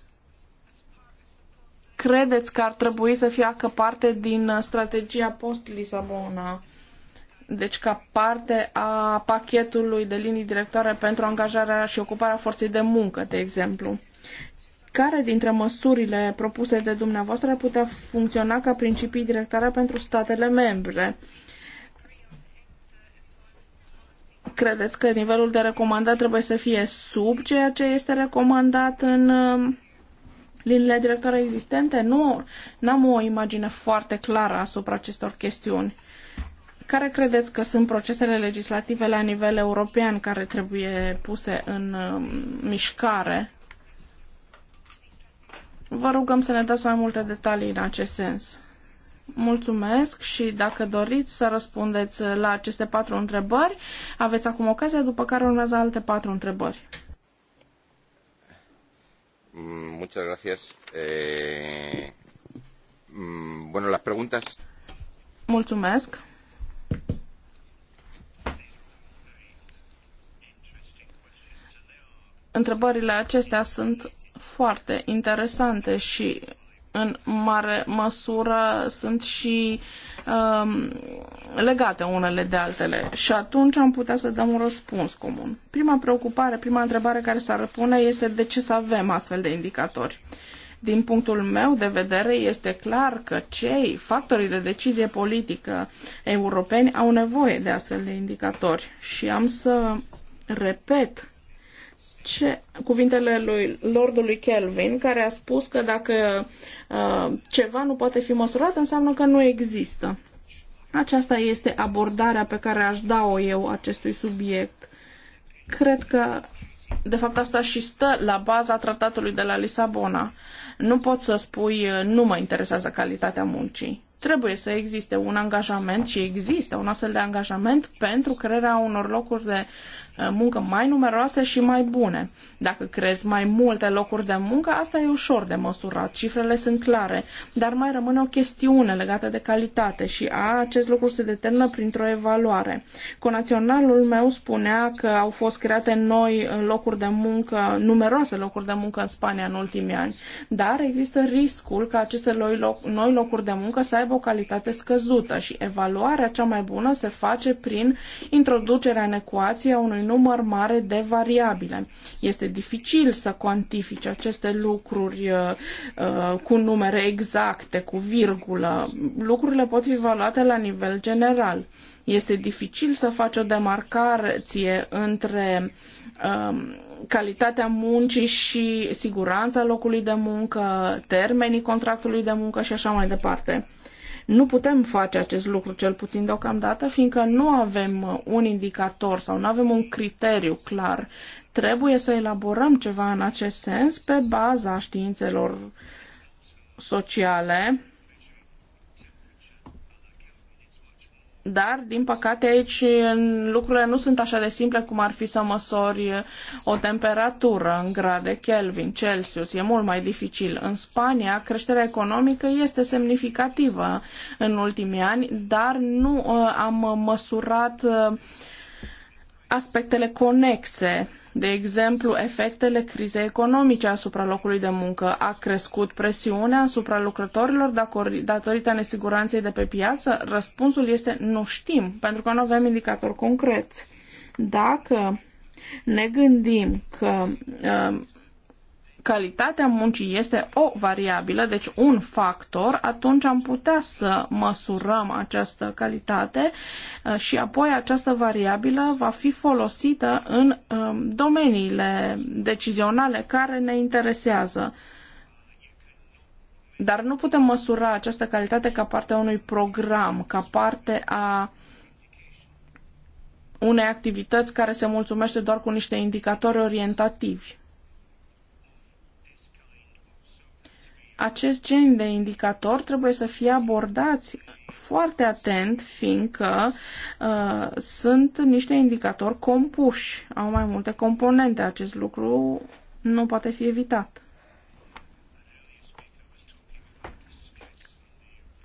Speaker 2: credeți că ar trebui să fie acă parte din strategia post-Lisabona? Deci ca parte a pachetului de linii directoare pentru angajarea și ocuparea forței de muncă, de exemplu. Care dintre măsurile propuse de dumneavoastră ar putea funcționa ca principii directoare pentru statele membre? Credeți că nivelul de recomandat trebuie să fie sub ceea ce este recomandat în liniile directoare existente? Nu, n-am o imagine foarte clară asupra acestor chestiuni. Care credeți că sunt procesele legislative la nivel european care trebuie puse în um, mișcare? Vă rugăm să ne dați mai multe detalii în acest sens. Mulțumesc și dacă doriți să răspundeți la aceste patru întrebări, aveți acum ocazia, după care urmează alte patru întrebări.
Speaker 6: Mm, muchas gracias. Eh, mm, bueno, las preguntas.
Speaker 2: Întrebările acestea sunt foarte interesante și în mare măsură sunt și um, legate unele de altele și atunci am putea să dăm un răspuns comun. Prima preocupare, prima întrebare care s-ar pune este de ce să avem astfel de indicatori. Din punctul meu de vedere, este clar că cei factorii de decizie politică europeni au nevoie de astfel de indicatori și am să repet ce, cuvintele lui Lordului Kelvin, care a spus că dacă uh, ceva nu poate fi măsurat, înseamnă că nu există. Aceasta este abordarea pe care aș da-o eu acestui subiect. Cred că, de fapt, asta și stă la baza tratatului de la Lisabona. Nu pot să spui, uh, nu mă interesează calitatea muncii trebuie să existe un angajament și există un astfel de angajament pentru crearea unor locuri de Eh, muncă mai numeroase și mai bune. Dacă crezi mai multe locuri de muncă, asta e ușor de măsurat, cifrele sunt clare, dar mai rămâne o chestiune legată de calitate și a, acest lucru se determină printr-o evaluare. Conaționalul meu spunea că au fost create noi locuri de muncă, numeroase locuri de muncă în Spania în ultimii ani, dar există riscul ca aceste noi locuri de muncă să aibă o calitate scăzută și evaluarea cea mai bună se face prin introducerea în ecuație a unui număr mare de variabile. Este dificil să cuantifici aceste lucruri uh, uh cu numere exacte, cu virgulă. Lucrurile pot fi valoate la nivel general. Este dificil să faci o demarcație între um, calitatea muncii și siguranța locului de muncă, termenii contractului de muncă și așa mai departe. Nu putem face acest lucru, cel puțin deocamdată, fiindcă nu avem uh, un indicator sau nu avem un criteriu clar. Trebuie să elaborăm ceva în acest sens pe baza științelor sociale, Dar, din păcate, aici lucrurile nu sunt așa de simple cum ar fi să măsori uh, o temperatură în grade Kelvin, Celsius. E mult mai dificil. În Spania, creșterea economică este semnificativă în ultimii ani, dar nu uh, am măsurat uh, aspectele conexe de exemplu, efectele crizei economice asupra locului de muncă. A crescut presiunea asupra lucrătorilor datorită nesiguranței de pe piață? Răspunsul este nu știm, pentru că nu avem indicatori concreți. Dacă ne gândim că uh, calitatea muncii este o variabilă, deci un factor, atunci am putea să măsurăm această calitate uh, și apoi această variabilă va fi folosită în um, domeniile decizionale care ne interesează. Dar nu putem măsura această calitate ca parte a unui program, ca parte a unei activități care se mulțumește doar cu niște indicatori orientativi. acest gen de indicator trebuie să fie abordați foarte atent, fiindcă uh, sunt niște indicatori compuși, au mai multe componente. Acest lucru nu poate fi evitat.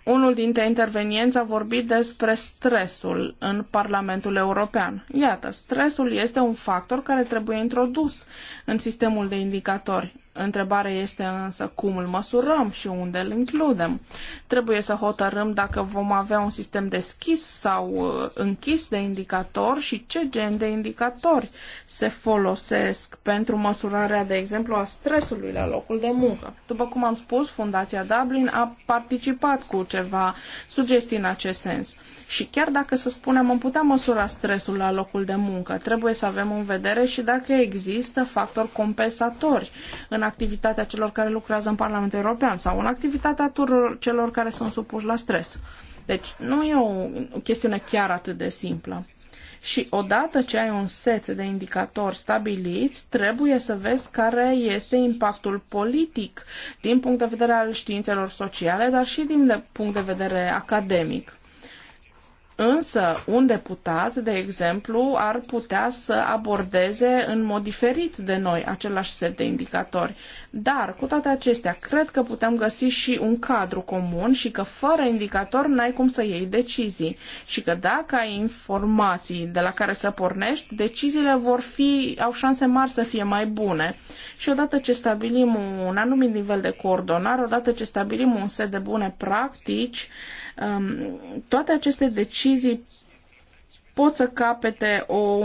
Speaker 2: Unul dintre intervenienți a vorbit despre stresul în Parlamentul European. Iată, stresul este un factor care trebuie introdus în sistemul de indicatori. Întrebarea este însă cum îl măsurăm și unde îl includem. Trebuie să hotărâm dacă vom avea un sistem deschis sau uh, închis de indicatori și ce gen de indicatori se folosesc pentru măsurarea, de exemplu, a stresului la locul de muncă. După cum am spus, Fundația Dublin a participat cu ceva sugestii în acest sens. Și chiar dacă, să spunem, am putea măsura stresul la locul de muncă, trebuie să avem în vedere și dacă există factori compensatori în activitatea celor care lucrează în Parlamentul European sau în activitatea celor care sunt supuși la stres. Deci nu e o chestiune chiar atât de simplă. Și odată ce ai un set de indicatori stabiliți, trebuie să vezi care este impactul politic din punct de vedere al științelor sociale, dar și din punct de vedere academic. Însă, un deputat, de exemplu, ar putea să abordeze în mod diferit de noi același set de indicatori. Dar, cu toate acestea, cred că putem găsi și un cadru comun și că fără indicator n-ai cum să iei decizii. Și că dacă ai informații de la care să pornești, deciziile vor fi, au șanse mari să fie mai bune. Și odată ce stabilim un anumit nivel de coordonare, odată ce stabilim un set de bune practici, Um, toate aceste decizii pot să capete o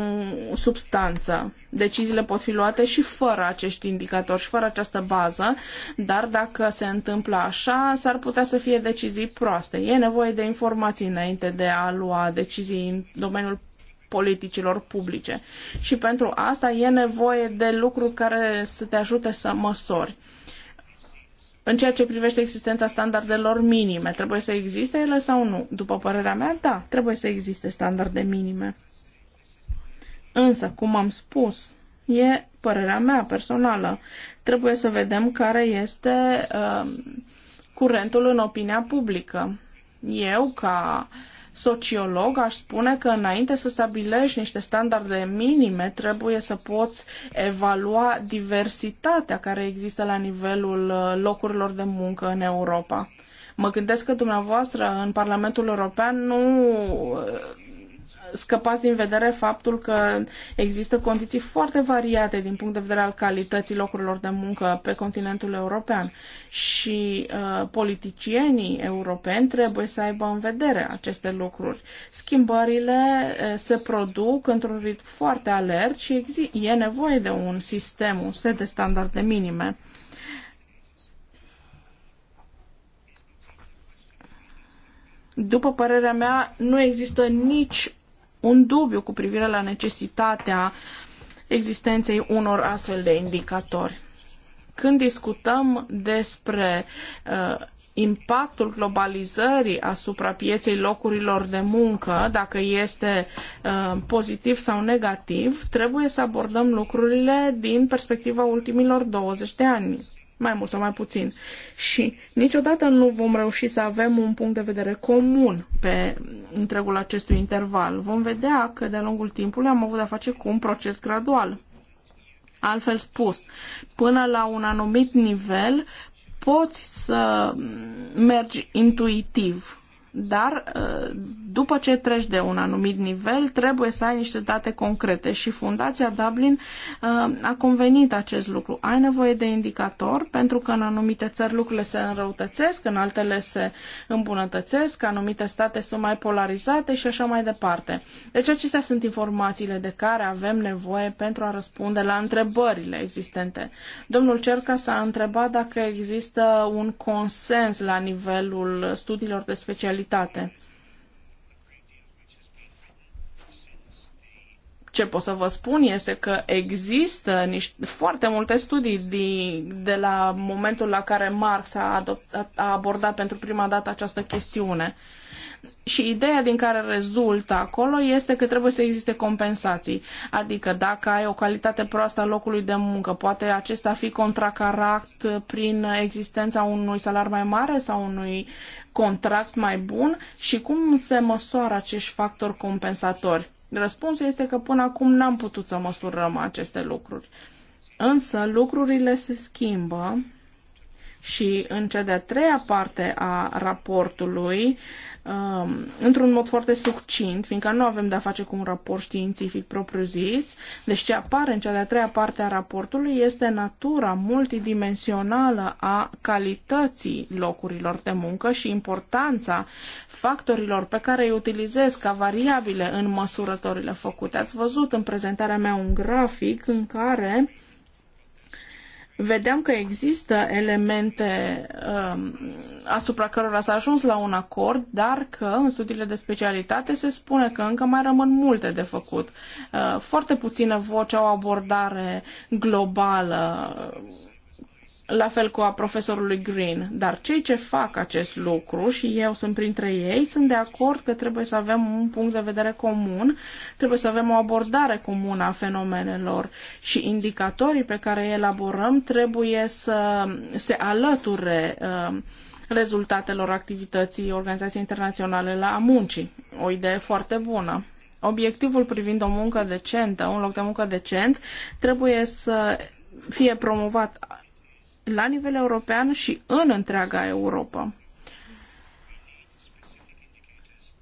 Speaker 2: substanță. Deciziile pot fi luate și fără acești indicatori și fără această bază, dar dacă se întâmplă așa, s-ar putea să fie decizii proaste. E nevoie de informații înainte de a lua decizii în domeniul politicilor publice. Și pentru asta e nevoie de lucruri care să te ajute să măsori. În ceea ce privește existența standardelor minime, trebuie să existe ele sau nu? După părerea mea, da, trebuie să existe standarde minime. Însă, cum am spus, e părerea mea personală. Trebuie să vedem care este uh, curentul în opinia publică. Eu, ca uh, sociolog, aș spune că înainte să stabilești niște standarde minime, trebuie să poți evalua diversitatea care există la nivelul uh, locurilor de muncă în Europa. Mă gândesc că dumneavoastră în Parlamentul European nu uh, scăpați din vedere faptul că există condiții foarte variate din punct de vedere al calității locurilor de muncă pe continentul european și uh, politicienii europeni trebuie să aibă în vedere aceste lucruri. Schimbările uh, se produc într-un ritm foarte alert și e nevoie de un sistem, un set de standarde minime. După părerea mea, nu există nici un dubiu cu privire la necesitatea existenței unor astfel de indicatori. Când discutăm despre uh, impactul globalizării asupra pieței locurilor de muncă, dacă este uh, pozitiv sau negativ, trebuie să abordăm lucrurile din perspectiva ultimilor 20 de ani mai mult sau mai puțin. Și niciodată nu vom reuși să avem un punct de vedere comun pe întregul acestui interval. Vom vedea că de-a lungul timpului am avut de-a face cu un proces gradual. Altfel spus, până la un anumit nivel poți să mergi intuitiv, dar ă, după ce treci de un anumit nivel, trebuie să ai niște date concrete și Fundația Dublin uh, a convenit acest lucru. Ai nevoie de indicator pentru că în anumite țări lucrurile se înrăutățesc, în altele se îmbunătățesc, anumite state sunt mai polarizate și așa mai departe. Deci acestea sunt informațiile de care avem nevoie pentru a răspunde la întrebările existente. Domnul Cerca s-a întrebat dacă există un consens la nivelul studiilor de specialitate. Ce pot să vă spun este că există niște, foarte multe studii de, de la momentul la care Marx a, adoptat, a abordat pentru prima dată această chestiune. Și ideea din care rezultă acolo este că trebuie să existe compensații. Adică dacă ai o calitate proastă a locului de muncă, poate acesta fi contracarat prin existența unui salar mai mare sau unui contract mai bun și cum se măsoară acești factori compensatori. Răspunsul este că până acum n-am putut să măsurăm aceste lucruri. Însă lucrurile se schimbă și în cea de-a treia parte a raportului Um, într-un mod foarte succint, fiindcă nu avem de-a face cu un raport științific propriu-zis. Deci ce apare în cea de-a treia parte a raportului este natura multidimensională a calității locurilor de muncă și importanța factorilor pe care îi utilizez ca variabile în măsurătorile făcute. Ați văzut în prezentarea mea un grafic în care vedeam că există elemente um, asupra cărora s-a ajuns la un acord, dar că în studiile de specialitate se spune că încă mai rămân multe de făcut. Uh, foarte puține voce, au abordare globală la fel cu a profesorului Green. Dar cei ce fac acest lucru, și eu sunt printre ei, sunt de acord că trebuie să avem un punct de vedere comun, trebuie să avem o abordare comună a fenomenelor și indicatorii pe care îi elaborăm trebuie să se alăture uh, rezultatelor activității Organizației Internaționale la Muncii. O idee foarte bună. Obiectivul privind o muncă decentă, un loc de muncă decent, trebuie să fie promovat la nivel european și în întreaga Europa.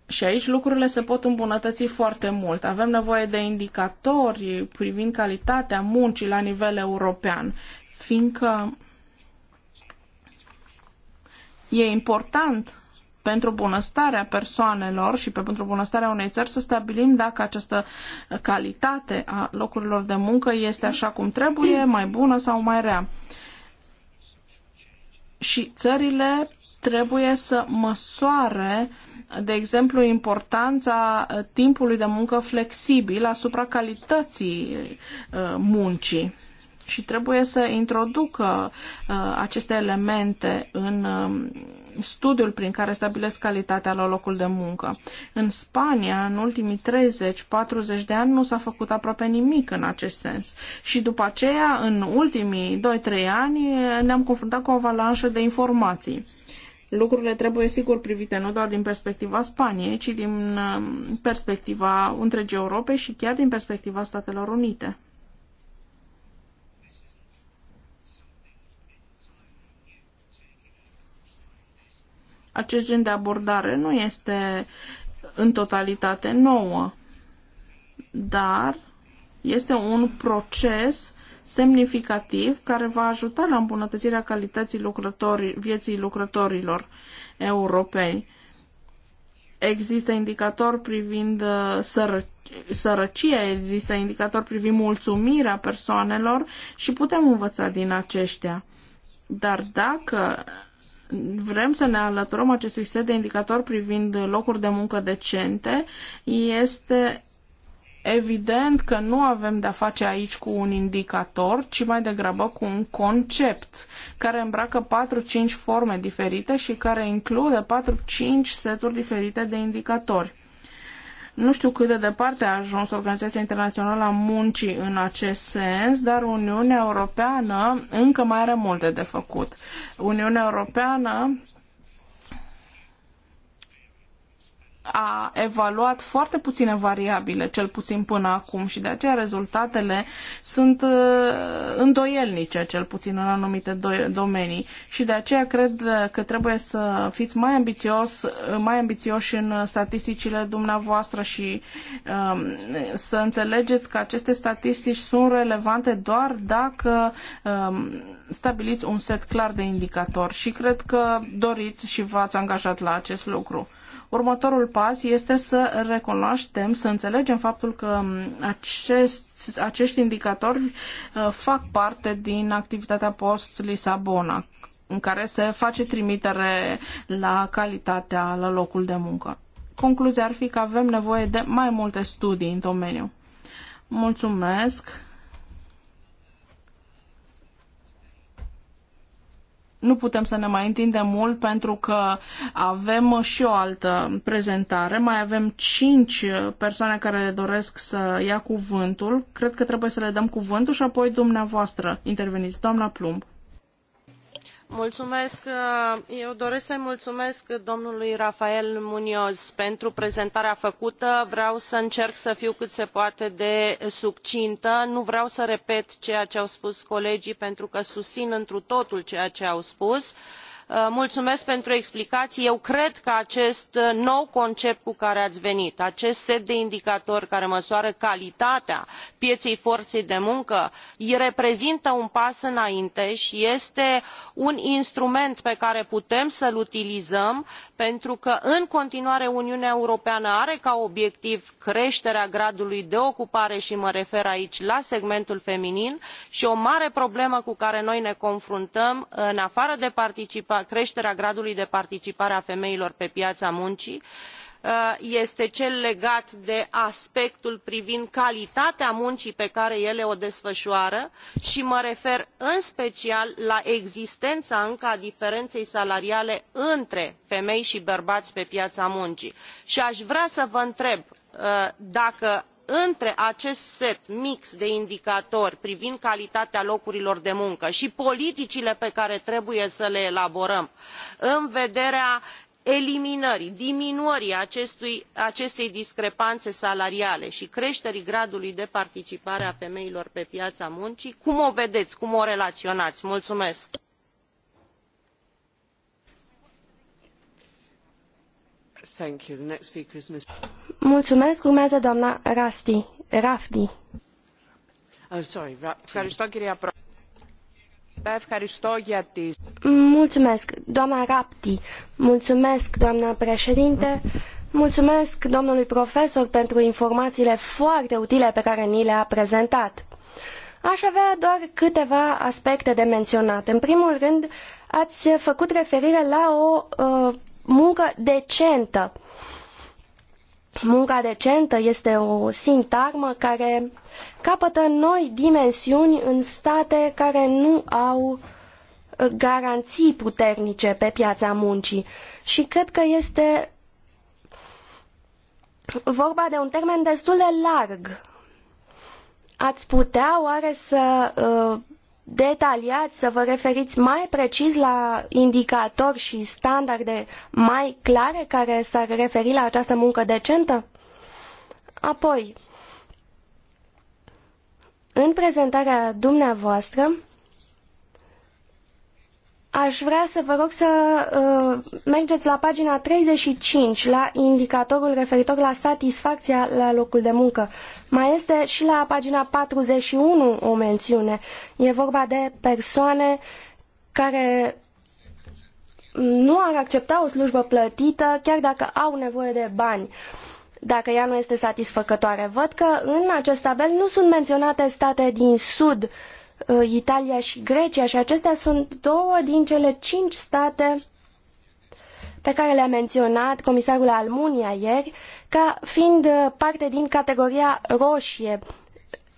Speaker 2: Și aici lucrurile se pot îmbunătăți foarte mult. Avem nevoie de indicatori privind calitatea muncii la nivel european, fiindcă e important pentru bunăstarea persoanelor și pentru bunăstarea unei țări să stabilim dacă această calitate a locurilor de muncă este așa cum trebuie, mai bună sau mai rea și țările trebuie să măsoare, de exemplu, importanța timpului de muncă flexibil asupra calității uh, muncii. Și trebuie să introducă uh, aceste elemente în um, studiul prin care stabilesc calitatea la locul de muncă. În Spania, în ultimii 30-40 de ani, nu s-a făcut aproape nimic în acest sens. Și după aceea, în ultimii 2-3 ani, ne-am confruntat cu o avalanșă de informații. Lucrurile trebuie sigur privite nu doar din perspectiva Spaniei, ci din um, perspectiva întregii Europe și chiar din perspectiva Statelor Unite. Acest gen de abordare nu este în totalitate nouă, dar este un proces semnificativ care va ajuta la îmbunătățirea calității lucrători, vieții lucrătorilor europeni. Există indicatori privind uh, sără, sărăcia, există indicatori privind mulțumirea persoanelor și putem învăța din aceștia. Dar dacă vrem să ne alăturăm acestui set de indicatori privind locuri de muncă decente, este evident că nu avem de-a face aici cu un indicator, ci mai degrabă cu un concept care îmbracă 4-5 forme diferite și care include 4-5 seturi diferite de indicatori. Nu știu cât de departe a ajuns Organizația Internațională a Muncii în acest sens, dar Uniunea Europeană încă mai are multe de făcut. Uniunea Europeană a evaluat foarte puține variabile, cel puțin până acum, și de aceea rezultatele sunt uh, îndoielnice, cel puțin în anumite domenii. Și de aceea cred că trebuie să fiți mai ambițios, mai ambițioși în statisticile dumneavoastră și um, să înțelegeți că aceste statistici sunt relevante doar dacă um, stabiliți un set clar de indicatori. Și cred că doriți și v-ați angajat la acest lucru. Următorul pas este să recunoaștem, să înțelegem faptul că acest, acești indicatori uh, fac parte din activitatea post-Lisabona, în care se face trimitere la calitatea la locul de muncă. Concluzia ar fi că avem nevoie de mai multe studii în domeniu. Mulțumesc! Nu putem să ne mai întindem mult pentru că avem și o altă prezentare. Mai avem cinci persoane care doresc să ia cuvântul. Cred că trebuie să le dăm cuvântul și apoi dumneavoastră interveniți. Doamna Plumb.
Speaker 8: Mulțumesc. Uh, eu doresc să îi mulumesc domnului rafael munoz pentru prezentarea făcută vreau să încerc să fiu cât se poate de succintă nu vreau să repet ceea ce au spus colegii pentru că susin întru totul ceea ce au spus i Uh, mulțumesc pentru explicații eu cred că acest uh, nou concept cu care ați venit acest set de indicatori care măsoară calitatea pieței forței de muncă reprezintă un pas înainte și este un instrument pe care putem să l utilizăm pentru că în continuare uniunea europeană are ca obiectiv creșterea gradului de ocupare și mă refer aici la segmentul feminin și o mare problemă cu care noi ne confruntăm în afară de participare creșterea gradului de participare a femeilor pe piața muncii uh, este cel legat de aspectul privind calitatea muncii pe care ele o desfăoară și mă refer în special la existența încă a diferenței salariale între femei și bărbați pe piața muncii și aș vrea să vă întreb uh, dacă între acest set mix de indicatori privind calitatea locurilor de muncă i politicile pe care trebuie să le elaborăm în vederea eliminării diminuării acestui, acestei discrepane salariale i creterii gradului de participare a femeilor pe piaa muncii cum o vedei cum o relaionai? Thank
Speaker 4: you. The next speaker is Ms.
Speaker 1: Mulțumesc. Urmează doamna Rasti, Rafti. Oh, Mulțumesc, doamna Rapti. Mulțumesc, doamna președinte. Mulțumesc domnului profesor pentru informațiile foarte utile pe care ni le-a prezentat. Aș avea doar câteva aspecte de menționat. În primul rând, ați făcut referire la o uh, muncă decentă. Munca decentă este o sintagmă care capătă noi dimensiuni în state care nu au uh, garanții puternice pe piața muncii și cred că este vorba de un termen destul de larg. Ați putea oare să uh, detaliat, să vă referiți mai precis la indicatori și standarde mai clare care s-ar referi la această muncă decentă? Apoi, în prezentarea dumneavoastră, Aș vrea să vă rog să uh, mergeți la pagina 35, la indicatorul referitor la satisfacția la locul de muncă. Mai este și la pagina 41 o mențiune. E vorba de persoane care nu ar accepta o slujbă plătită chiar dacă au nevoie de bani dacă ea nu este satisfăcătoare. Văd că în acest tabel nu sunt menționate state din sud uh, Uh, Italia și Grecia și acestea sunt două din cele cinci state pe care le-a menționat comisarul Almunia ieri ca fiind uh, parte din categoria roșie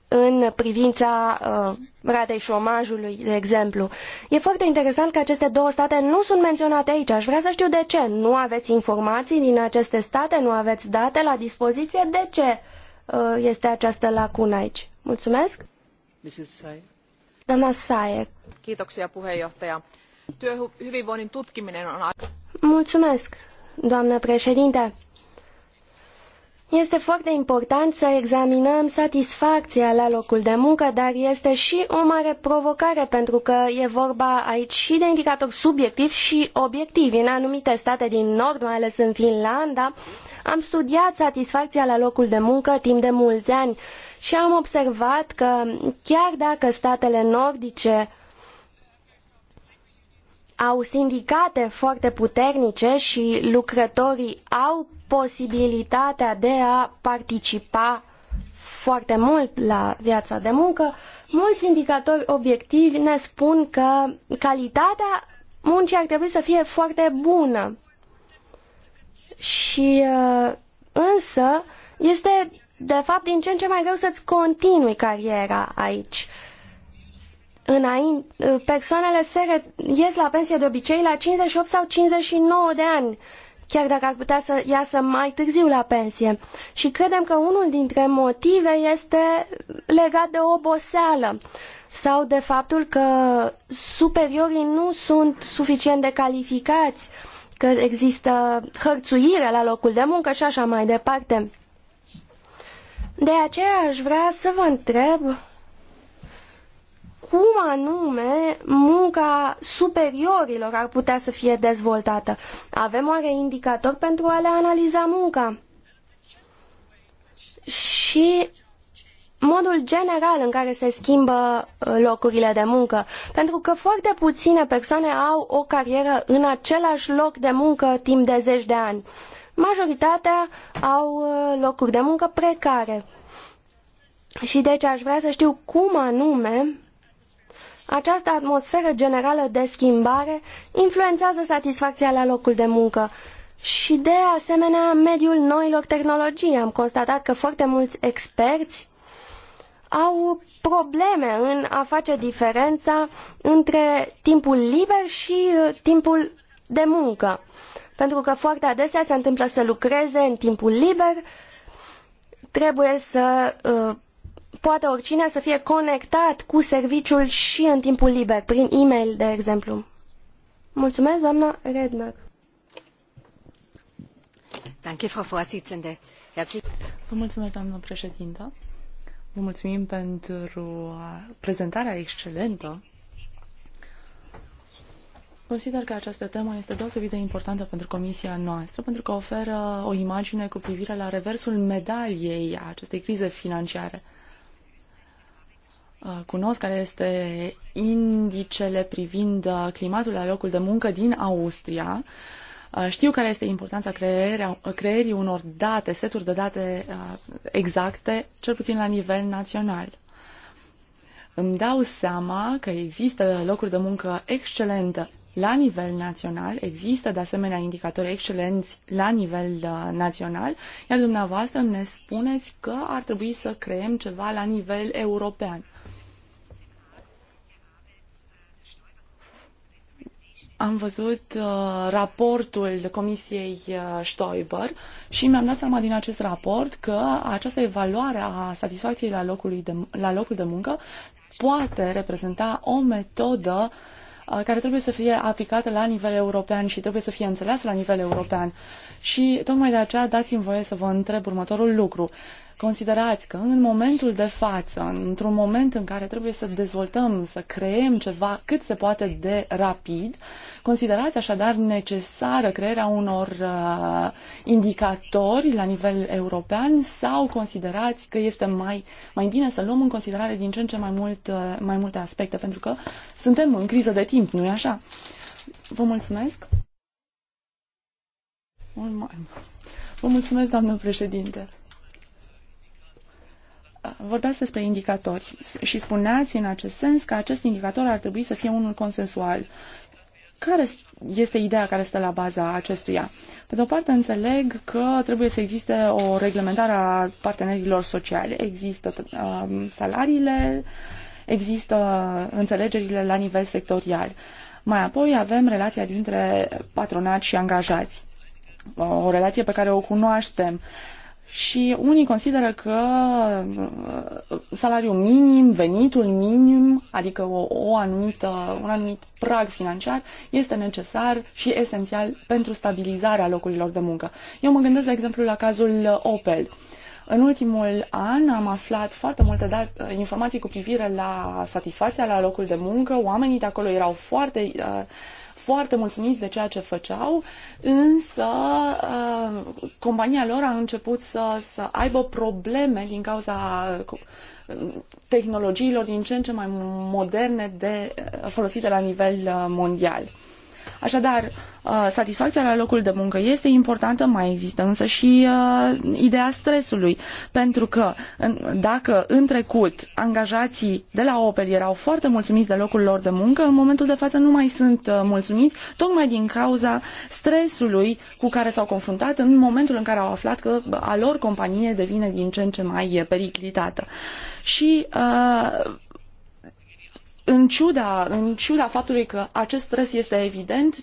Speaker 1: în privința uh, ratei șomajului, de exemplu. E foarte interesant că aceste două state nu sunt menționate aici. Aș vrea să știu de ce. Nu aveți informații din aceste state, nu aveți date la dispoziție. De ce uh, este această lacună aici? Mulțumesc. Mrs. Doamna Saie.
Speaker 2: Kiitoksia, puheenjohtaja. Työhyvinvoinnin tutkiminen on...
Speaker 1: Mulțumesc, doamnă președinte. Este foarte important să examinăm satisfacția la locul de muncă, dar este și o mare provocare pentru că e vorba aici și de indicatori subiectivi și obiectivi. În anumite state din nord, mai ales în Finlanda, am studiat satisfacția la locul de muncă timp de mulți ani și am observat că chiar dacă statele nordice au sindicate foarte puternice și lucrătorii au posibilitatea de a participa foarte mult la viața de muncă, mulți indicatori obiectivi ne spun că calitatea muncii ar trebui să fie foarte bună. Și uh, însă este de fapt din ce în ce mai greu să-ți continui cariera aici. Înainte, uh, persoanele se re- ies la pensie de obicei la 58 sau 59 de ani chiar dacă ar putea să iasă mai târziu la pensie. Și credem că unul dintre motive este legat de oboseală sau de faptul că superiorii nu sunt suficient de calificați, că există hărțuire la locul de muncă și așa mai departe. De aceea aș vrea să vă întreb cum anume munca superiorilor ar putea să fie dezvoltată? Avem oare indicatori pentru a le analiza munca? Și modul general în care se schimbă uh, locurile de muncă, pentru că foarte puține persoane au o carieră în același loc de muncă timp de zeci de ani. Majoritatea au uh, locuri de muncă precare. Și deci aș vrea să știu cum anume această atmosferă generală de schimbare influențează satisfacția la locul de muncă și, de asemenea, mediul noilor tehnologii. Am constatat că foarte mulți experți au probleme în a face diferența între timpul liber și uh, timpul de muncă. Pentru că foarte adesea se întâmplă să lucreze în timpul liber, trebuie să uh, poate oricine să fie conectat cu serviciul și în timpul liber, prin e-mail, de exemplu. Mulțumesc, doamna Redner.
Speaker 8: Danke, Frau Vorsitzende.
Speaker 7: Vă mulțumesc, doamnă președintă. Vă mulțumim pentru prezentarea excelentă. Consider că această temă este deosebit de importantă pentru comisia noastră, pentru că oferă o imagine cu privire la reversul medaliei a acestei crize financiare. Uh, cunosc, care este indicele privind uh, climatul la locul de muncă din Austria. Uh, știu care este importanța creierii unor date, seturi de date exacte, cel puțin la nivel național. Îmi dau seama că există locuri de muncă excelente la nivel național, există de asemenea indicatori excelenți la nivel național, iar dumneavoastră ne spuneți că ar trebui să creăm ceva la nivel european. am văzut uh, raportul Comisiei uh, Stoiber și mi-am dat seama din acest raport că această evaluare a satisfacției la, locului de, la locul de muncă poate reprezenta o metodă uh, care trebuie să fie aplicată la nivel european și trebuie să fie înțeleasă la nivel european. Și tocmai de aceea dați-mi voie să vă întreb următorul lucru. Considerați că în momentul de față, într-un moment în care trebuie să dezvoltăm, să creăm ceva cât se poate de rapid, considerați așadar necesară crearea unor uh, indicatori la nivel european sau considerați că este mai, mai bine să luăm în considerare din ce în ce mai, mult, uh, mai multe aspecte, pentru că suntem în criză de timp, nu-i așa? Vă mulțumesc! Vă mulțumesc, doamnă președinte! vorbeați despre indicatori și spuneați în acest sens că acest indicator ar trebui să fie unul consensual. Care este ideea care stă la baza acestuia? Pe de o parte, înțeleg că trebuie să existe o reglementare a partenerilor sociale. Există uh, salariile, există înțelegerile la nivel sectorial. Mai apoi avem relația dintre patronat și angajați, o relație pe care o cunoaștem. Uh, și unii consideră că uh, salariul minim, venitul minim, adică o, o anumită, un anumit prag financiar, este necesar și esențial pentru stabilizarea locurilor de muncă. Eu mă gândesc, de exemplu, la cazul Opel. În ultimul an am aflat foarte multe dat- uh, informații cu privire la satisfacția la locul de muncă. Oamenii de acolo erau foarte uh, foarte mulțumiți de ceea ce făceau, însă uh, compania lor a început să, să aibă probleme din cauza uh, tehnologiilor din ce în ce mai moderne de uh, folosite la nivel mondial. Așadar, uh, satisfacția la locul de muncă este importantă, mai există însă și uh, ideea stresului, pentru că dacă în trecut angajații de la Opel erau foarte mulțumiți de locul lor de muncă, în momentul de față nu mai sunt uh, mulțumiți, tocmai din cauza stresului cu care s-au confruntat în momentul în care au aflat că a lor companie devine din ce în ce mai periclitată. Și uh, în ciuda, în ciuda faptului că acest stres este evident,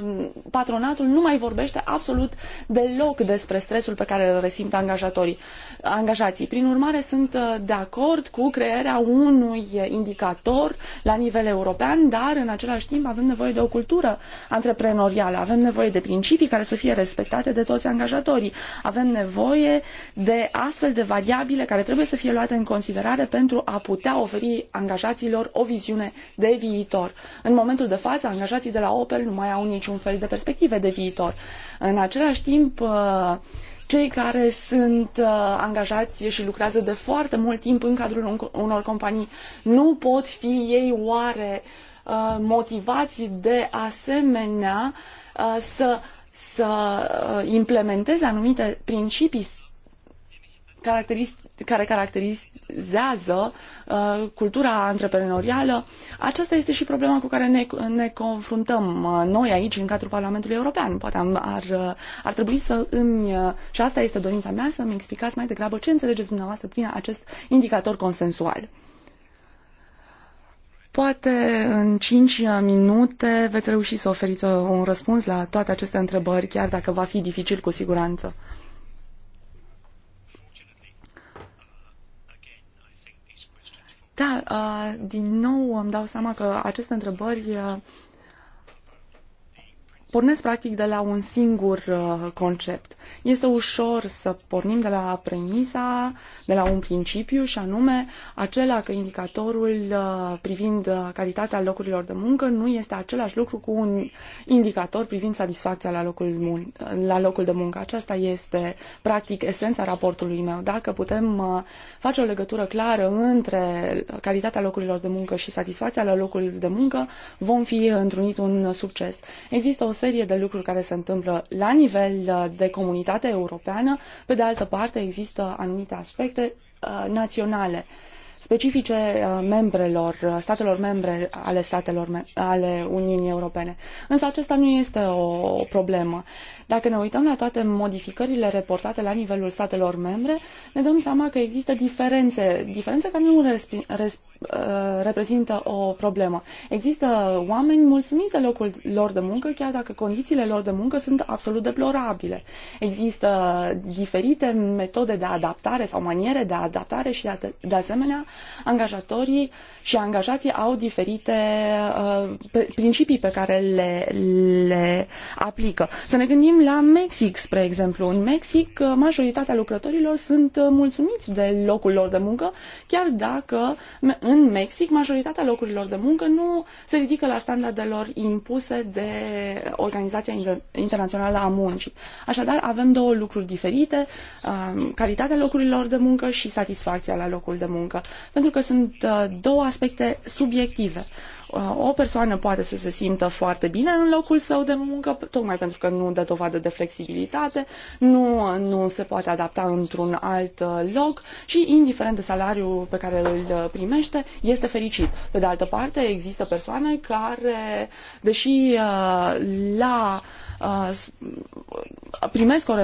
Speaker 7: Um, patronatul nu mai vorbește absolut deloc despre stresul pe care îl resimt angajatorii, angajații. Prin urmare, sunt uh, de acord cu crearea unui indicator la nivel european, dar în același timp avem nevoie de o cultură antreprenorială, avem nevoie de principii care să fie respectate de toți angajatorii, avem nevoie de astfel de variabile care trebuie să fie luate în considerare pentru a putea oferi angajaților o viziune de viitor. În momentul de față, angajații de la Opel nu mai au niciun fel de perspective de viitor. În același timp, uh, cei care sunt uh, angajați și lucrează de foarte mult timp în cadrul unor companii nu pot fi ei oare uh, motivați de asemenea să, să implementeze anumite principii care caracteriz, favorizează uh, cultura antreprenorială. Aceasta este și problema cu care ne, ne confruntăm uh, noi aici în cadrul Parlamentului European. Poate am, ar, ar trebui să îmi, uh, și asta este dorința mea, să-mi explicați mai degrabă ce înțelegeți dumneavoastră prin acest indicator consensual. Poate în 5 minute veți reuși să oferiți un răspuns la toate aceste întrebări, chiar dacă va fi dificil cu siguranță. Da, uh, din nou îmi dau seama că aceste întrebări uh, pornesc practic de la un singur uh, concept. Este ușor să pornim de la premisa, de la un principiu și anume acela că indicatorul uh, privind uh, calitatea locurilor de muncă nu este același lucru cu un indicator privind satisfacția la locul, la locul de muncă. Aceasta este practic esența raportului meu. Dacă putem face o legătură clară între calitatea locurilor de muncă și satisfacția la locul de muncă, vom fi întrunit un succes. Există o serie serie de lucruri care se întâmplă la nivel uh, de comunitate europeană, pe de altă parte există anumite aspecte uh, naționale specifice uh, membrelor, statelor membre ale statelor me ale Uniunii Europene. Însă acesta nu este o problemă. Dacă ne uităm la toate modificările reportate la nivelul statelor membre, ne dăm seama că există diferențe, diferențe care nu Uh, reprezintă o problemă. Există oameni mulțumiți de locul lor de muncă, chiar dacă condițiile lor de muncă sunt absolut deplorabile. Există diferite metode de adaptare sau maniere de adaptare și de, asemenea angajatorii și angajații au diferite uh, principii pe care le, le aplică. Să ne gândim la Mexic, spre exemplu. În Mexic, uh, majoritatea lucrătorilor sunt uh, mulțumiți de locul lor de muncă, chiar dacă în în Mexic, majoritatea locurilor de muncă nu se ridică la standardelor impuse de Organizația Internațională a Muncii. Așadar, avem două lucruri diferite, um, calitatea locurilor de muncă și satisfacția la locul de muncă, pentru că sunt uh, două aspecte subiective. O persoană poate să se simtă foarte bine în locul său de muncă, tocmai pentru că nu dă dovadă de flexibilitate, nu, nu se poate adapta într-un alt uh, loc și, indiferent de salariul pe care îl uh, primește, este fericit. Pe de altă parte, există persoane care, deși uh, la Uh, primesc o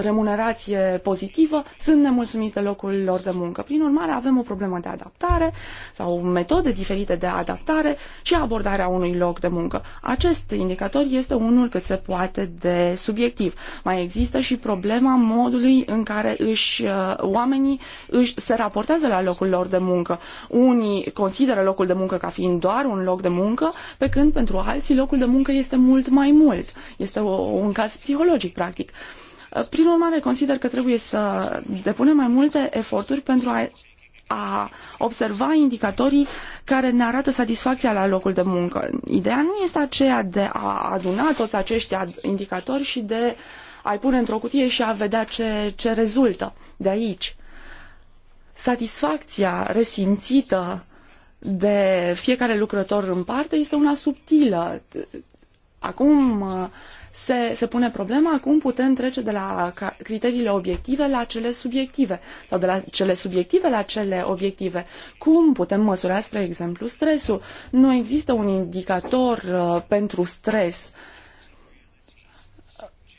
Speaker 7: remunerație pozitivă, sunt nemulțumiți de locul lor de muncă. Prin urmare, avem o problemă de adaptare sau metode diferite de adaptare și abordarea unui loc de muncă. Acest indicator este unul cât se poate de subiectiv. Mai există și problema modului în care își, uh, oamenii își se raportează la locul lor de muncă. Unii consideră locul de muncă ca fiind doar un loc de muncă, pe când pentru alții locul de muncă este mult mai mult. Este este o, un caz psihologic, practic. Uh, prin urmare, consider că trebuie să depunem mai multe eforturi pentru a, a observa indicatorii care ne arată satisfacția la locul de muncă. Ideea nu este aceea de a aduna toți acești indicatori și de a-i pune într-o cutie și a vedea ce, ce rezultă de aici. Satisfacția resimțită de fiecare lucrător în parte este una subtilă. Acum, uh, se, se pune problema cum putem trece de la criteriile obiective la cele subiective sau de la cele subiective la cele obiective. Cum putem măsura, spre exemplu, stresul? Nu există un indicator uh, pentru stres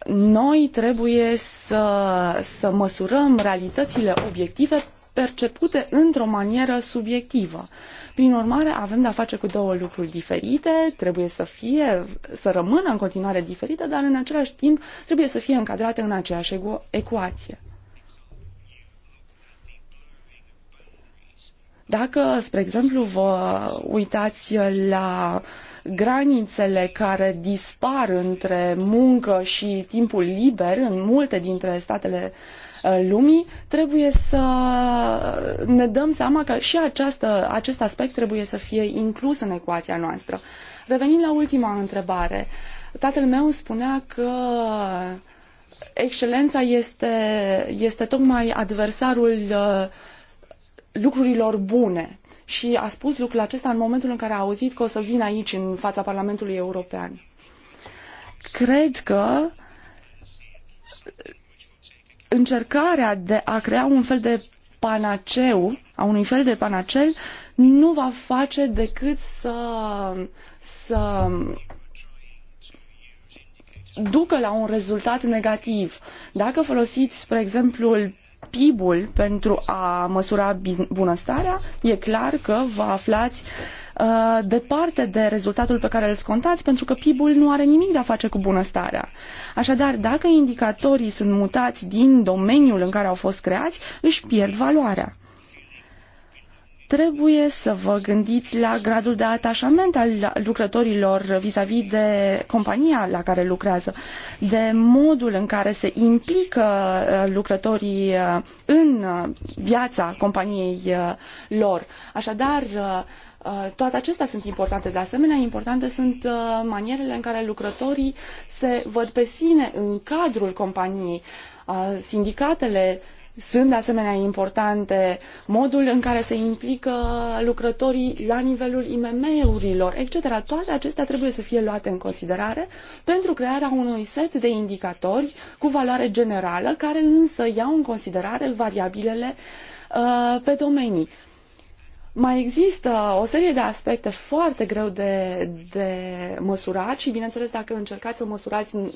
Speaker 7: noi trebuie să, să măsurăm realitățile obiective percepute într-o manieră subiectivă. Uh, prin urmare, avem de-a face cu două lucruri diferite, trebuie să fie, să rămână în continuare diferite, dar în același timp trebuie să fie încadrate în aceeași ecuație. Dacă, spre exemplu, vă uitați la granițele care dispar între muncă și timpul liber în multe dintre statele uh, Uh, lumii, trebuie să ne dăm seama că și această, acest aspect trebuie să fie inclus în ecuația noastră. Revenind la ultima întrebare, tatăl meu spunea că excelența este, este tocmai adversarul uh, lucrurilor bune. Și a spus lucrul acesta în momentul în care a auzit că o să vin aici, în fața Parlamentului European. Cred că încercarea de a crea un fel de panaceu, a unui fel de panacel, nu va face decât să, să ducă la un rezultat negativ. Dacă folosiți, spre exemplu, PIB-ul pentru a măsura bunăstarea, e clar că vă aflați uh, Uh, departe de rezultatul pe care îl scontați, pentru că PIB-ul nu are nimic de a face cu bunăstarea. Așadar, dacă indicatorii sunt mutați din domeniul în care au fost creați, își pierd valoarea trebuie să vă gândiți la gradul de atașament al lucrătorilor vis-a-vis -vis de compania la care lucrează, de modul în care se implică uh, lucrătorii uh, în viața companiei lor. Așadar, Uh, toate acestea sunt importante. De asemenea, importante sunt uh, manierele în care lucrătorii se văd pe sine în cadrul companiei. Uh, sindicatele sunt de asemenea importante modul în care se implică lucrătorii la nivelul IMM-urilor, etc. Toate acestea trebuie să fie luate în considerare pentru crearea unui set de indicatori cu valoare generală, care însă iau în considerare variabilele uh, pe domenii. Mai există o serie de aspecte foarte greu de, de măsurat și, bineînțeles, dacă încercați să măsurați uh,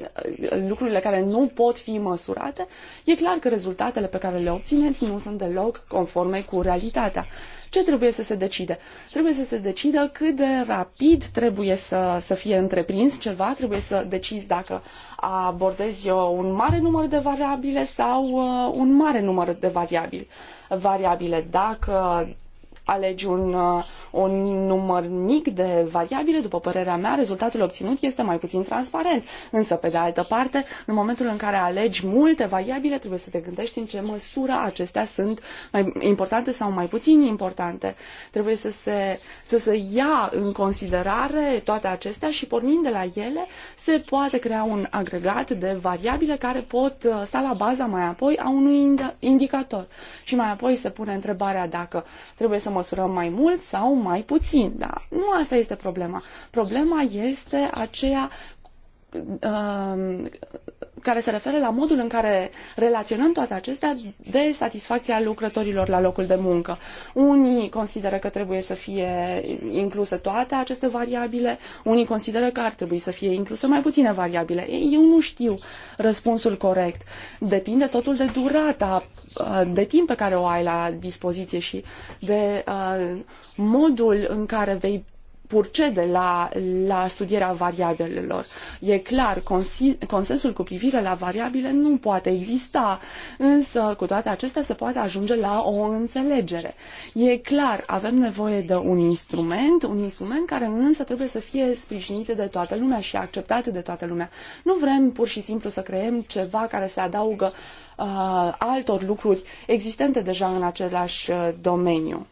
Speaker 7: lucrurile care nu pot fi măsurate, e clar că rezultatele pe care le obțineți nu sunt deloc conforme cu realitatea. Ce trebuie să se decide? Trebuie să se decidă cât de rapid trebuie să, să fie întreprins ceva, trebuie să decizi dacă abordezi un mare număr de variabile sau uh, un mare număr de variabile. variabile. Dacă alegi un uh, un număr mic de variabile, după părerea mea, rezultatul obținut este mai puțin transparent. Însă, pe de altă parte, în momentul în care alegi multe variabile, trebuie să te gândești în ce măsură acestea sunt mai importante sau mai puțin importante. Trebuie să se, să se ia în considerare toate acestea și pornind de la ele, se poate crea un agregat de variabile care pot uh, sta la baza mai apoi a unui indicator. Și mai apoi se pune întrebarea dacă trebuie să măsurăm mai mult sau mai puțin, da. Nu asta este problema. Problema este aceea um, care se referă la modul în care relaționăm toate acestea de satisfacția lucrătorilor la locul de muncă. Unii consideră că trebuie să fie incluse toate aceste variabile, unii consideră că ar trebui să fie incluse mai puține variabile. Eu nu știu răspunsul corect. Depinde totul de durata, uh, de timp pe care o ai la dispoziție și de uh, modul în care vei purcede la, la studierea variabilelor. E clar, consensul cu privire la variabile nu poate exista, însă cu toate acestea se poate ajunge la o înțelegere. E clar, avem nevoie de un instrument, un instrument care însă trebuie să fie sprijinit de toată lumea și acceptat de toată lumea. Nu vrem pur și simplu să creăm ceva care se adaugă uh, altor lucruri existente deja în același uh, domeniu.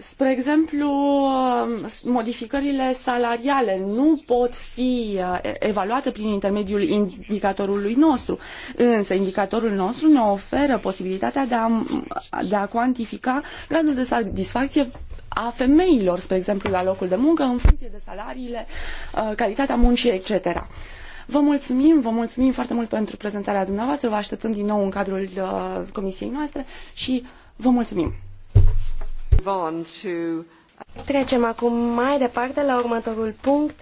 Speaker 7: Spre exemplu, um, modificările salariale nu pot fi uh, evaluate prin intermediul indicatorului nostru, însă indicatorul nostru ne oferă posibilitatea de a, de a cuantifica gradul de satisfacție a femeilor, spre exemplu, la locul de muncă, în funcție de salariile, uh, calitatea muncii, etc. Vă mulțumim, vă mulțumim foarte mult pentru prezentarea dumneavoastră, vă așteptăm din nou în cadrul uh, comisiei noastre
Speaker 1: și vă mulțumim! Uh, Trecem acum mai departe la următorul punct,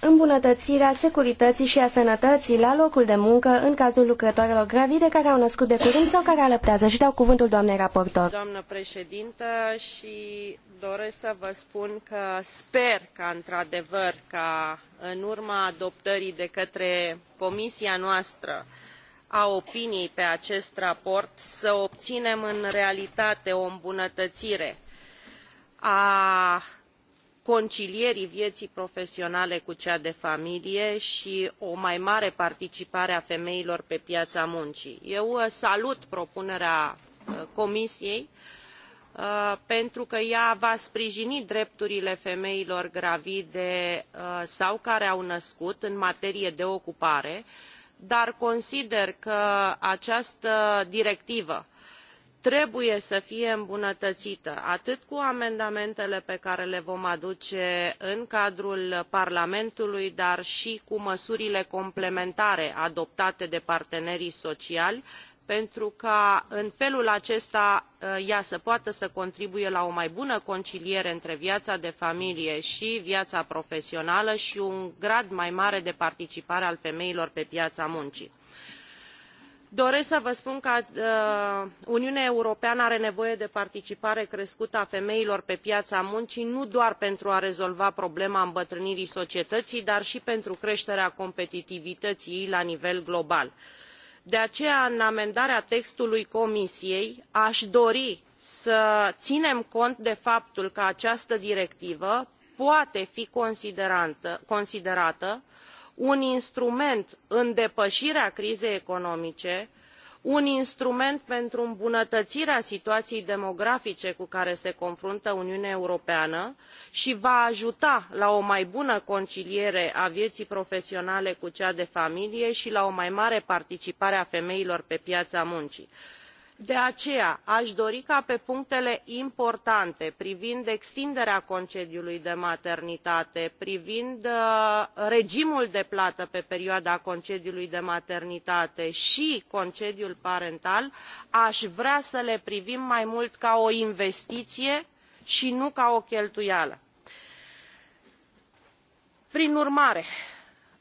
Speaker 1: îmbunătățirea securității și a sănătății la locul de muncă în cazul lucrătoarelor gravide care au născut de curând sau care alăptează. Și dau cuvântul doamnei raportor.
Speaker 8: Doamnă președintă, și doresc să vă spun că sper că, într-adevăr, ca în urma adoptării de către comisia noastră, uh, a opiniei pe acest raport să obținem în realitate o îmbunătățire a concilierii vieții profesionale cu cea de familie și o mai mare participare a femeilor pe piața muncii. Eu uh, salut propunerea uh, Comisiei uh, pentru că ea va sprijini drepturile femeilor gravide sau care au născut în materie de ocupare dar consider că această directivă trebuie să fie îmbunătățită atât cu amendamentele pe care le vom aduce în cadrul parlamentului dar și cu măsurile complementare adoptate de partenerii sociali precum pentru ca în felul acesta uh, ea să poată să contribuie la o mai bună conciliere între viața de familie și viața profesională și un grad mai mare de participare al femeilor pe piața muncii. Doresc să vă spun că uh, Uniunea Europeană are nevoie de participare crescută a femeilor pe piața muncii, nu doar pentru a rezolva problema îmbătrânirii societății, dar și pentru creșterea competitivității la nivel global de aceea în amendarea textului comisiei a dori să inem cont de faptul că această directivă poate fi considerată un instrument în depăirea crizei economice i un instrument pentru îmbunătățirea situației demografice cu care se confruntă uniunea europeană și va ajuta la o mai bună conciliere a vieții profesionale cu cea de familie și la o mai mare participare a femeilor pe piața muncii de aceea a dori ca pe punctele importante privind extinderea concediului de maternitate privind uh, regimul de plată pe perioada concediului de maternitate i concediul parental a vrea să le privim mai mult ca o investiie i nu ca o cheltuială. prin urmare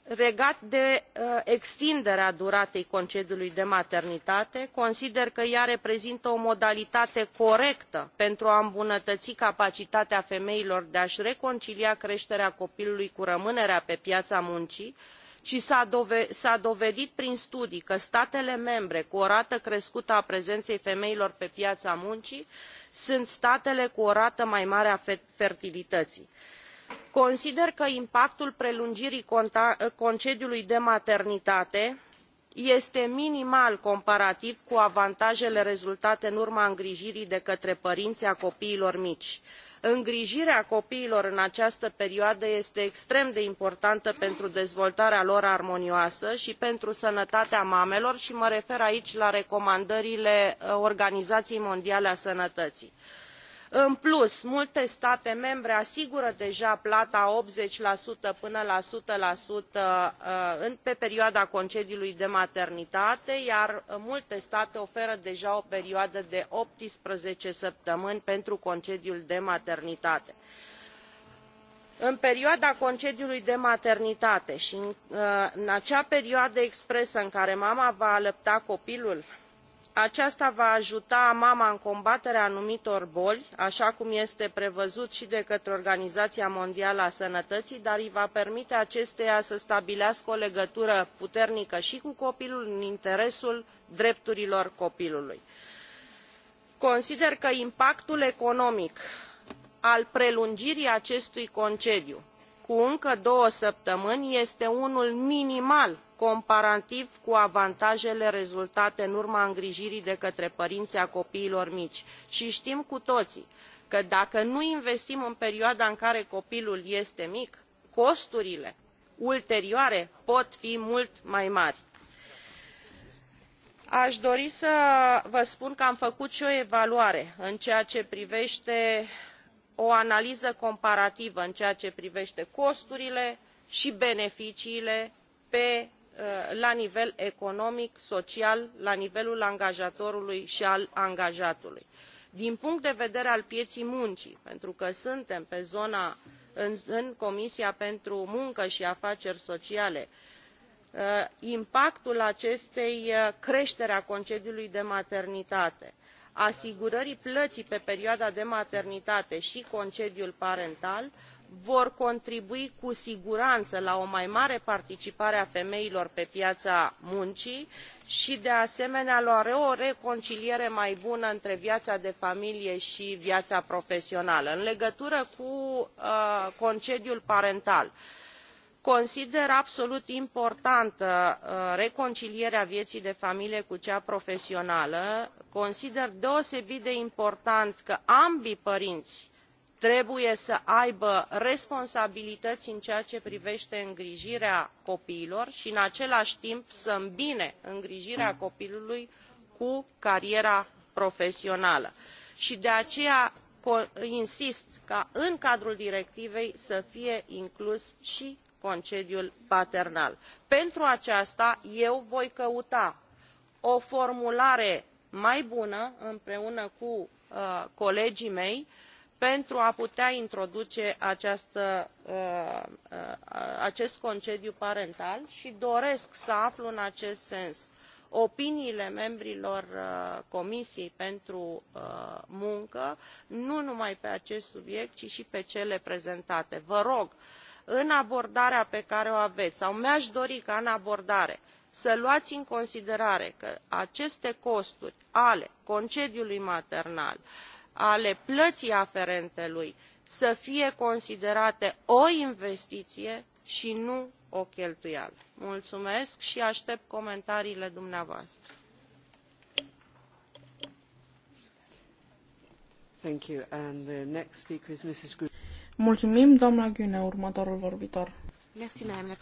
Speaker 8: legat de uh, extinderea duratei concediului de maternitate consider că ea reprezintă o modalitate corectă pentru a îmbunătăți capacitatea femeilor de a și reconcilia creșterea copilului cu rămânerea pe piața muncii și s a dovedit prin studii că statele membre cu o rată crescută a prezenței femeilor pe piața muncii sunt statele cu o rată mai mare a fertilității consider că impactul prelungirii concediului de maternitate este minimal comparativ cu avantajele rezultate în urma îngrijirii de către părinți a copiilor mici. îngrijirea copiilor în această perioadă este extrem de importantă pentru dezvoltarea lor armonioasă și pentru sănătatea mamelor și mă refer aici la recomandările uh, organizației mondiale a sănătății în plus multe state membre asigură deja plata a optzeci până la o sută uh, pe perioada concediului de maternitate iar multe state oferă deja o perioadă de optsprezece săptămâni pentru concediul de maternitate. în perioada concediului de maternitate i uh, în acea perioadă expresă în care mama va alăpta copilul aceasta va ajuta mama în combaterea anumitor boli aa cum este prevăzut i de către organizaia mondială a sănătăii dar îi va permite acesteia să stabilească o legătură puternică i cu copilul în interesul drepturilor copilului. consider că impactul economic al prelungirii acestui concediu cu încă două săptămâni este unul minimal comparativ cu avantajele rezultate în urma îngrijirii de către părinți a copiilor mici și știm cu toii că dacă nu investim în perioada în care copilul este mic costurile ulterioare pot fi mult mai mari. aș dori să vă spun că am făcut i o evaluare în ceea ce privește o analiză comparativă în ceea ce privete costurile i beneficiile pe, uh, la nivel economic social la nivelul angajatorului i al angajatului. din punct de vedere al pieei muncii pentru că suntem pe zona, în, în comisia pentru muncă i afaceri sociale uh, impactul acestei uh, creteri a concediului de maternitate asigurării plăii pe perioada de maternitate i concediul parental vor contribui cu sigurană la o mai mare participare a femeilor pe piaa muncii i de asemenea la o reconciliere mai bună între viaa de familie i viaa profesională. în legătură cu uh, concediul parental consider absolut importantă uh, reconcilierea vieii de familie cu cea profesională consider deosebit de important că ambii părini trebuie să aibă responsabilităi în ceea ce privete îngrijirea copiilor i în acelai timp să îmbine îngrijirea copilului cu cariera profesională i de aceea insist ca în cadrul directivei să fie inclus i concediul paternal. pentru aceasta eu voi căuta o formulare mai bună împreună cu uh, colegii mei pentru a putea introduce uh, uh, acest concediu parental și doresc să aflu în acest sens opiniile membrilor comisiei pentru muncă nu numai pe acest subiect ci și pe cele prezentate. vă rog în abordarea pe care o aveți sau mi aș dori ca în abordare să luați în considerare că aceste costuri ale concediului maternal ale plății aferente lui să fie considerate o investiție și nu o cheltuială. mulțumesc și aștept comentariile dumneavoastră.
Speaker 2: Mulțumim,
Speaker 1: doamna Ghiune, următorul vorbitor. Merci, madame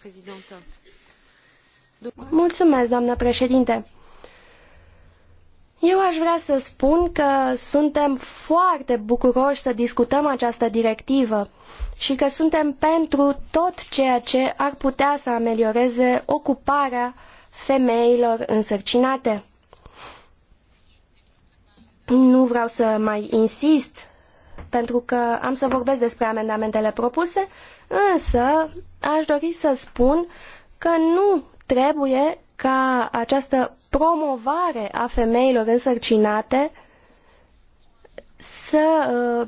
Speaker 1: la Mulțumesc, doamnă președinte. Eu aș vrea să spun că suntem foarte bucuroși să discutăm această directivă și că suntem pentru tot ceea ce ar putea să amelioreze ocuparea femeilor însărcinate. Nu vreau să mai insist pentru că am să vorbesc despre amendamentele propuse, însă aș dori să spun că nu trebuie ca această promovare a femeilor însărcinate să uh,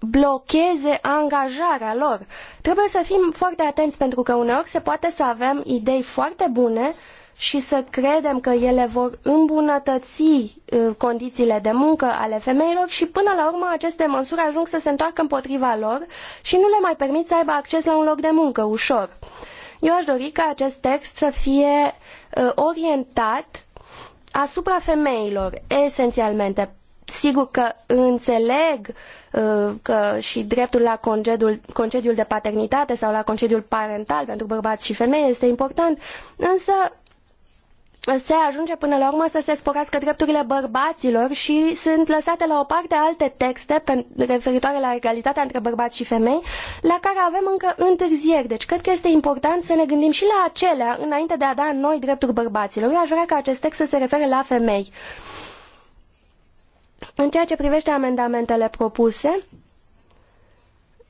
Speaker 1: blocheze angajarea lor. Trebuie să fim foarte atenți pentru că uneori se poate să avem idei foarte bune, uh, și să credem că ele vor îmbunătăți uh, condițiile de muncă ale femeilor și până la urmă aceste măsuri ajung să se întoarcă împotriva lor și nu le mai permit să aibă acces la un loc de muncă ușor. Eu aș dori ca acest text să fie uh, orientat asupra femeilor, esențialmente. Sigur că înțeleg uh, că și dreptul la concediul, concediul de paternitate sau la concediul parental pentru bărbați și femei este important, însă se ajunge până la urmă să se sporească drepturile bărbaților și sunt lăsate la o parte alte texte referitoare la egalitatea între bărbați și femei, la care avem încă întârzieri. Deci cred că este important să ne gândim și la acelea înainte de a da noi drepturi bărbaților. Eu aș vrea ca acest text să se refere la femei. În ceea ce privește amendamentele propuse,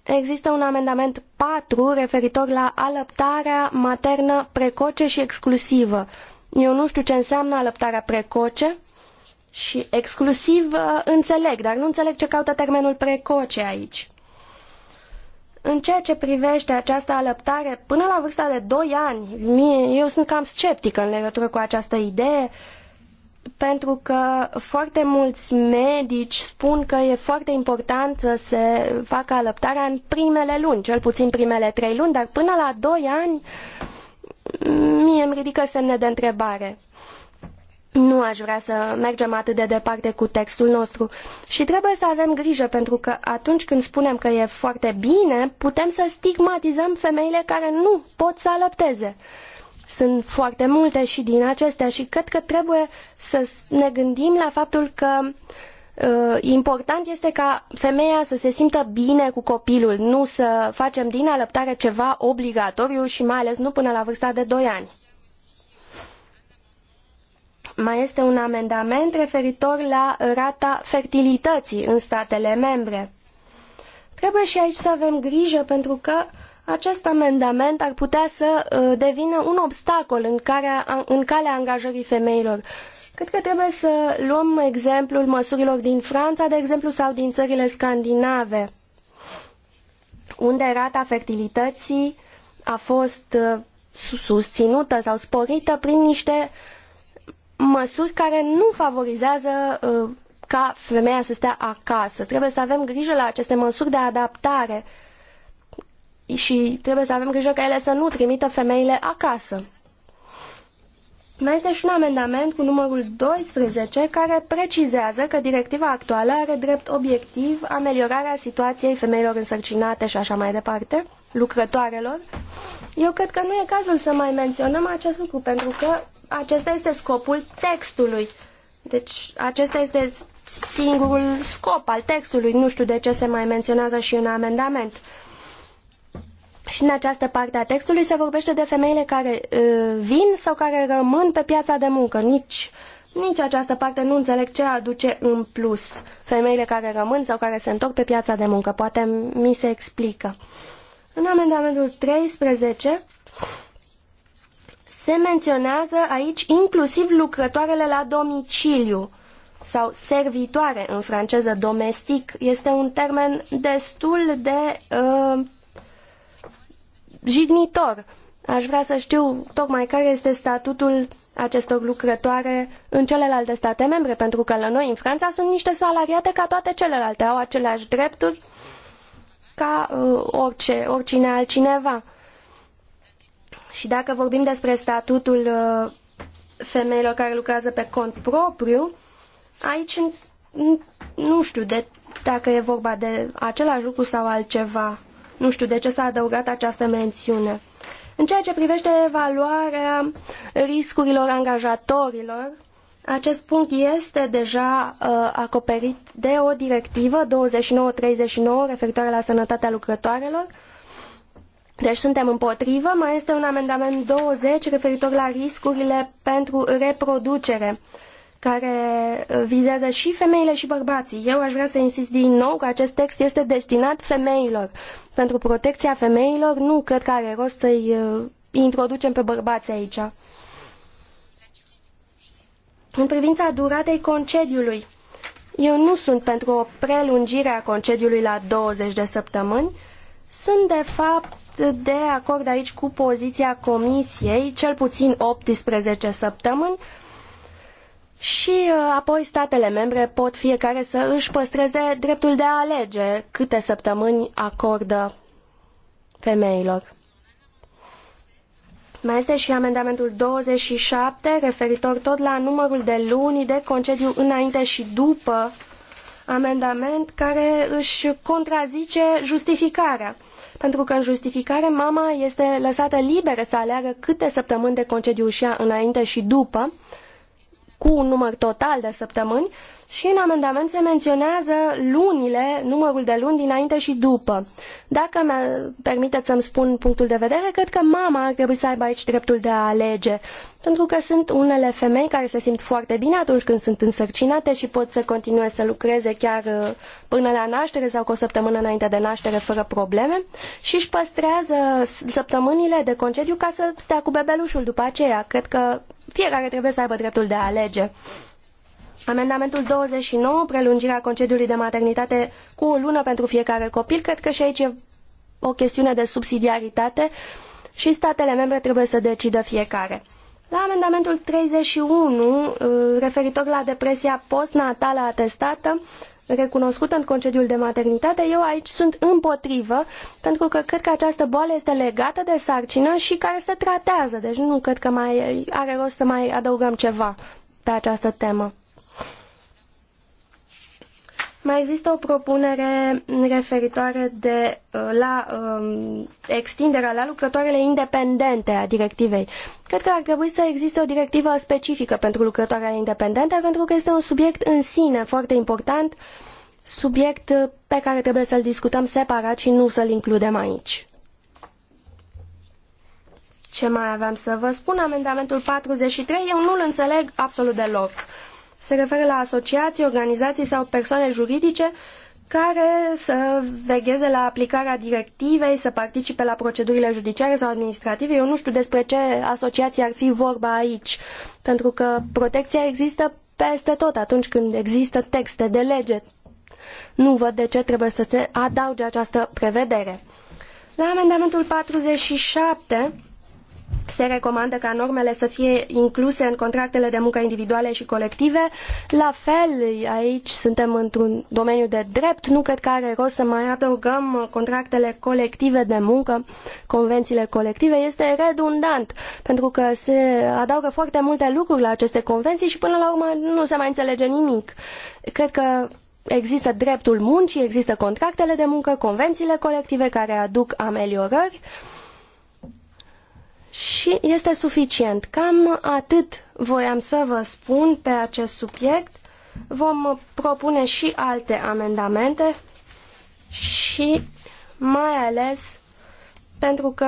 Speaker 1: Există un amendament patru referitor la alăptarea maternă precoce și exclusivă. Eu nu știu ce înseamnă alăptarea precoce și exclusiv uh, înțeleg, dar nu înțeleg ce caută termenul precoce aici. În ceea ce privește această alăptare, până la vârsta de 2 ani, mie, eu sunt cam sceptică în legătură cu această idee, pentru că foarte mulți medici spun că e foarte important să se facă alăptarea în primele luni, cel puțin primele trei luni, dar până la 2 ani mie îmi ridică semne de întrebare. Nu aș vrea să mergem atât de departe cu textul nostru și trebuie să avem grijă pentru că atunci când spunem că e foarte bine, putem să stigmatizăm femeile care nu pot să alăpteze. Sunt foarte multe și din acestea și cred că trebuie să ne gândim la faptul că uh, Uh, important este ca femeia să se simtă bine cu copilul, nu să facem din alăptare ceva obligatoriu și mai ales nu până la vârsta de doi ani. Mai este un amendament referitor la rata fertilității în statele membre. Trebuie și aici să avem grijă pentru că acest amendament ar putea să uh, devină un obstacol în, care, în calea angajării femeilor. Cred că trebuie să luăm exemplul măsurilor din Franța, de exemplu, sau din țările scandinave, unde rata fertilității a fost uh, susținută sau sporită prin niște măsuri care nu favorizează uh, ca femeia să stea acasă. Trebuie să avem grijă la aceste măsuri de adaptare și trebuie să avem grijă ca ele să nu trimită femeile acasă. Mai este și un amendament cu numărul 12 care precizează că directiva actuală are drept obiectiv ameliorarea situației femeilor însărcinate și așa mai departe, lucrătoarelor. Eu cred că nu e cazul să mai menționăm acest lucru pentru că acesta este scopul textului. Deci acesta este singurul scop al textului. Nu știu de ce se mai menționează și în amendament. Și în această parte a textului se vorbește de femeile care uh, vin sau care rămân pe piața de muncă. Nici, nici această parte nu înțeleg ce aduce în plus femeile care rămân sau care se întorc pe piața de muncă. Poate mi se explică. În amendamentul 13 se menționează aici inclusiv lucrătoarele la domiciliu sau servitoare în franceză domestic. Este un termen destul de uh, jignitor. Aș vrea să știu tocmai care este statutul acestor lucrătoare în celelalte state membre, pentru că la noi, în Franța, sunt niște salariate ca toate celelalte, au aceleași drepturi ca uh, orice, oricine altcineva. Și dacă vorbim despre statutul uh, femeilor care lucrează pe cont propriu, aici nu știu de, dacă e vorba de același lucru sau altceva. Nu știu de ce s-a adăugat această mențiune. În ceea ce privește evaluarea riscurilor angajatorilor, acest punct este deja uh, acoperit de o directivă 2939 referitoare la sănătatea lucrătoarelor. Deci suntem împotrivă. Mai este un amendament 20 referitor la riscurile pentru reproducere care uh, vizează și femeile și bărbații. Eu aș vrea să insist din nou că acest text este destinat femeilor pentru protecția femeilor, nu cred că are rost să-i uh, introducem pe bărbați aici. În privința duratei concediului, eu nu sunt pentru o prelungire a concediului la 20 de săptămâni, sunt de fapt de acord aici cu poziția comisiei, cel puțin 18 săptămâni, și uh, apoi statele membre pot fiecare să își păstreze dreptul de a alege câte săptămâni acordă femeilor. Mai este și amendamentul 27 referitor tot la numărul de luni de concediu înainte și după amendament care își contrazice justificarea. Pentru că în justificare mama este lăsată liberă să aleagă câte săptămâni de concediu și înainte și după, cu un număr total de săptămâni și în amendament se menționează lunile, numărul de luni dinainte și după. Dacă mi permiteți să-mi spun punctul de vedere, cred că mama ar trebui să aibă aici dreptul de a alege, pentru că sunt unele femei care se simt foarte bine atunci când sunt însărcinate și pot să continue să lucreze chiar uh, până la naștere sau cu o săptămână înainte de naștere fără probleme și își păstrează săptămânile de concediu ca să stea cu bebelușul după aceea. Cred că fiecare trebuie să aibă dreptul de a alege. Amendamentul 29, prelungirea concediului de maternitate cu o lună pentru fiecare copil, cred că și aici e o chestiune de subsidiaritate și statele membre trebuie să decidă fiecare. La amendamentul 31, uh, referitor la depresia postnatală atestată, recunoscută în concediul de maternitate, eu aici sunt împotrivă, pentru că cred că această boală este legată de sarcină și care se tratează, deci nu cred că mai are rost să mai adăugăm ceva pe această temă. Mai există o propunere referitoare de, uh, la um, extinderea la lucrătoarele independente a directivei. Cred că ar trebui să existe o directivă specifică pentru lucrătoarele independente, pentru că este un subiect în sine foarte important, subiect pe care trebuie să-l discutăm separat și nu să-l includem aici. Ce mai aveam să vă spun? Amendamentul 43, eu nu-l înțeleg absolut deloc se referă la asociații, organizații sau persoane juridice care să vegheze la aplicarea directivei, să participe la procedurile judiciare sau administrative. Eu nu știu despre ce asociații ar fi vorba aici, pentru că protecția există peste tot atunci când există texte de lege. Nu văd de ce trebuie să se adauge această prevedere. La amendamentul 47 se recomandă ca normele să fie incluse în contractele de muncă individuale și colective. La fel, aici suntem într-un domeniu de drept, nu cred că are rost să mai adăugăm contractele colective de muncă, convențiile colective, este redundant, pentru că se adaugă foarte multe lucruri la aceste convenții și până la urmă nu se mai înțelege nimic. Cred că există dreptul muncii, există contractele de muncă, convențiile colective care aduc ameliorări, și este suficient. Cam atât voiam să vă spun pe acest subiect. Vom propune și alte amendamente și mai ales pentru că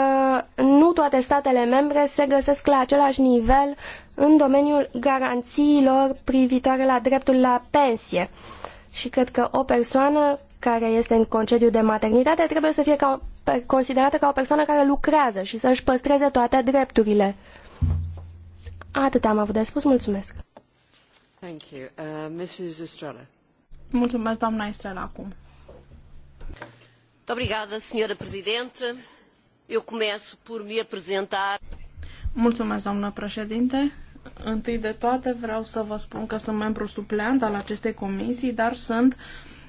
Speaker 1: nu toate statele membre se găsesc la același nivel în domeniul garanțiilor privitoare la dreptul la pensie. Și cred că o persoană care este în concediu de maternitate trebuie să fie considerată ca o persoană care lucrează și să își păstreze toate drepturile. Atât am avut de spus. Mulțumesc.
Speaker 4: Thank you. Uh, Mrs. Estrella.
Speaker 2: Mulțumesc, doamna Estrella, acum.
Speaker 8: Obrigada, senhora Presidente. Eu começo por me apresentar.
Speaker 2: Mulțumesc, doamna președinte. Întâi de toate vreau să vă spun că sunt membru supleant al acestei comisii, dar sunt uh,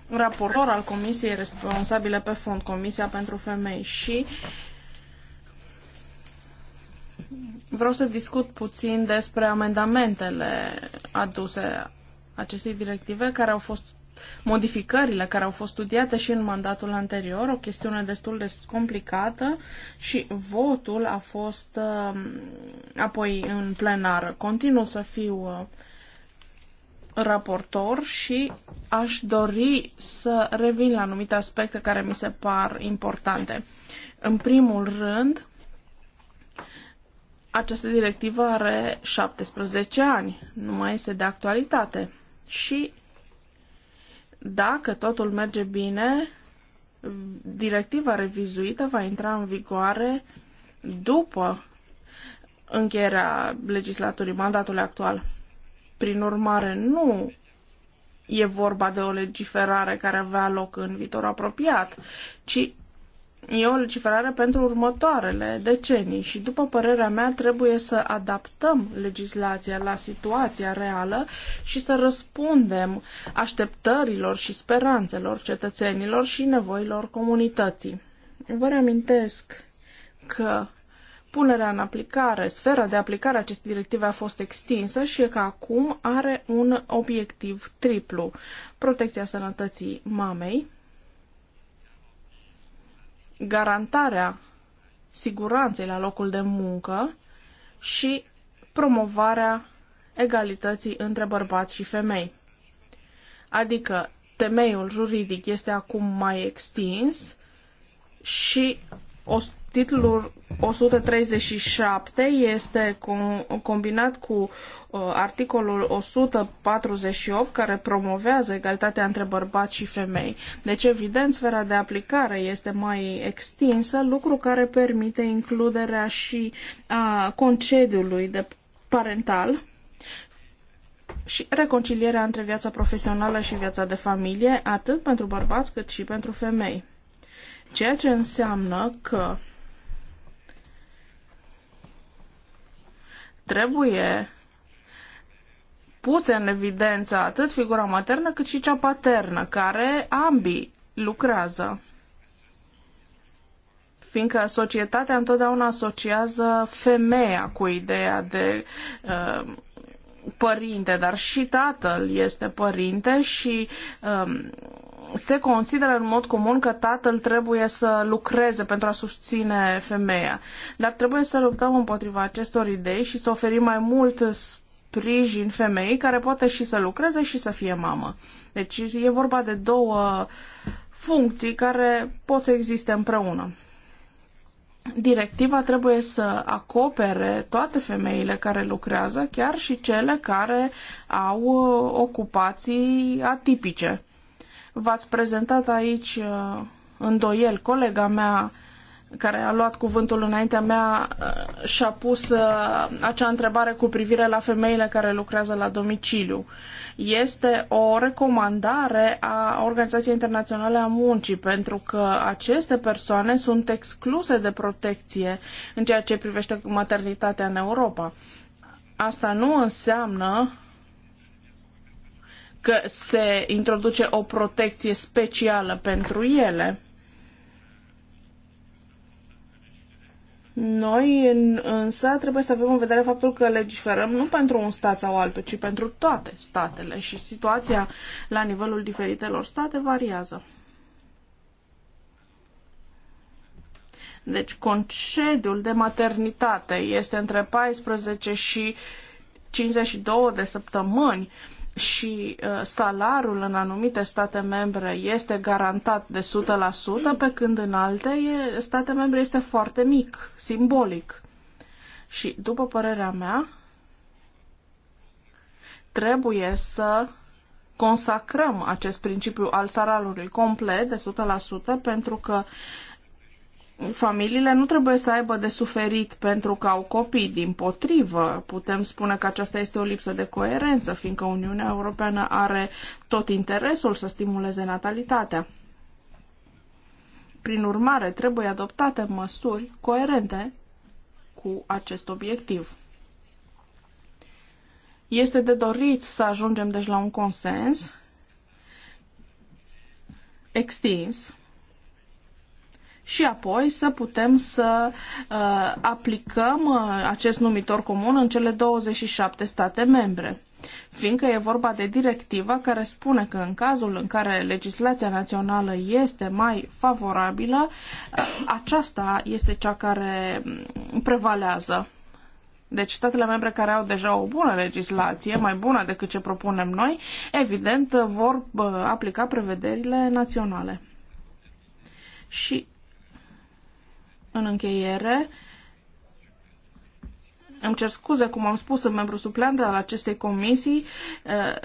Speaker 2: raportor al comisiei responsabile pe fond, Comisia pentru Femei și vreau să discut puțin despre amendamentele aduse acestei directive care au fost modificările care au fost studiate și în mandatul anterior, o chestiune destul de complicată și votul a fost uh, apoi în plenară. Continu să fiu uh, raportor și aș dori să revin la anumite aspecte care mi se par importante. În primul rând, această directivă are 17 ani, nu mai este de actualitate și dacă totul merge bine, directiva revizuită va intra în vigoare după încheierea legislaturii, mandatului actual. Prin urmare, nu e vorba de o legiferare care avea loc în viitor apropiat, ci e o legiferare pentru următoarele decenii și, după părerea mea, trebuie să adaptăm legislația la situația reală și să răspundem așteptărilor și speranțelor cetățenilor și nevoilor comunității. Vă reamintesc că Punerea în aplicare, sfera de aplicare a acestei directive a fost extinsă și că acum are un obiectiv triplu. Protecția sănătății mamei, garantarea siguranței la locul de muncă și promovarea egalității între bărbați și femei. Adică temeiul juridic este acum mai extins și o, titlul 137 este combinat cu uh, articolul 148 care promovează egalitatea între bărbați și femei. Deci, evident, sfera de aplicare este mai extinsă, lucru care permite includerea și a concediului de parental și reconcilierea între viața profesională și viața de familie, atât pentru bărbați cât și pentru femei. Ceea ce înseamnă că trebuie puse în evidență atât figura maternă cât și cea paternă, care ambii lucrează. Fiindcă societatea întotdeauna asociază femeia cu ideea de uh, părinte, dar și tatăl este părinte și uh, se consideră în mod comun că tatăl trebuie să lucreze pentru a susține femeia. Dar trebuie să luptăm împotriva acestor idei și să oferim mai mult sprijin femeii care poate și să lucreze și să fie mamă. Deci e vorba de două funcții care pot să existe împreună. Directiva trebuie să acopere toate femeile care lucrează, chiar și cele care au ocupații atipice. V-ați prezentat aici uh, îndoiel. Colega mea care a luat cuvântul înaintea mea uh, și-a pus uh, acea întrebare cu privire la femeile care lucrează la domiciliu. Este o recomandare a Organizației Internaționale a Muncii, pentru că aceste persoane sunt excluse de protecție în ceea ce privește maternitatea în Europa. Asta nu înseamnă că se introduce o protecție specială pentru ele. Noi însă trebuie să avem în vedere faptul că legiferăm nu pentru un stat sau altul, ci pentru toate statele și situația la nivelul diferitelor state variază. Deci concediul de maternitate este între 14 și 52 de săptămâni și uh, salarul în anumite state membre este garantat de 100%, pe când în alte state membre este foarte mic, simbolic. Și, după părerea mea, trebuie să consacrăm acest principiu al saralului complet de 100% pentru că familiile nu trebuie să aibă de suferit pentru că au copii. Din potrivă, putem spune că aceasta este o lipsă de coerență, fiindcă Uniunea Europeană are tot interesul să stimuleze natalitatea. Prin urmare, trebuie adoptate măsuri coerente cu acest obiectiv. Este de dorit să ajungem deci la un consens extins și apoi să putem să uh, aplicăm uh, acest numitor comun în cele 27 state membre. Fiindcă e vorba de directiva care spune că în cazul în care legislația națională este mai favorabilă, uh, aceasta este cea care mm, prevalează. Deci statele membre care au deja o bună legislație, mai bună decât ce propunem noi, evident uh, vor uh, aplica prevederile naționale. Și în încheiere, îmi cer scuze, cum am spus, sunt membru supleant al acestei comisii, eh,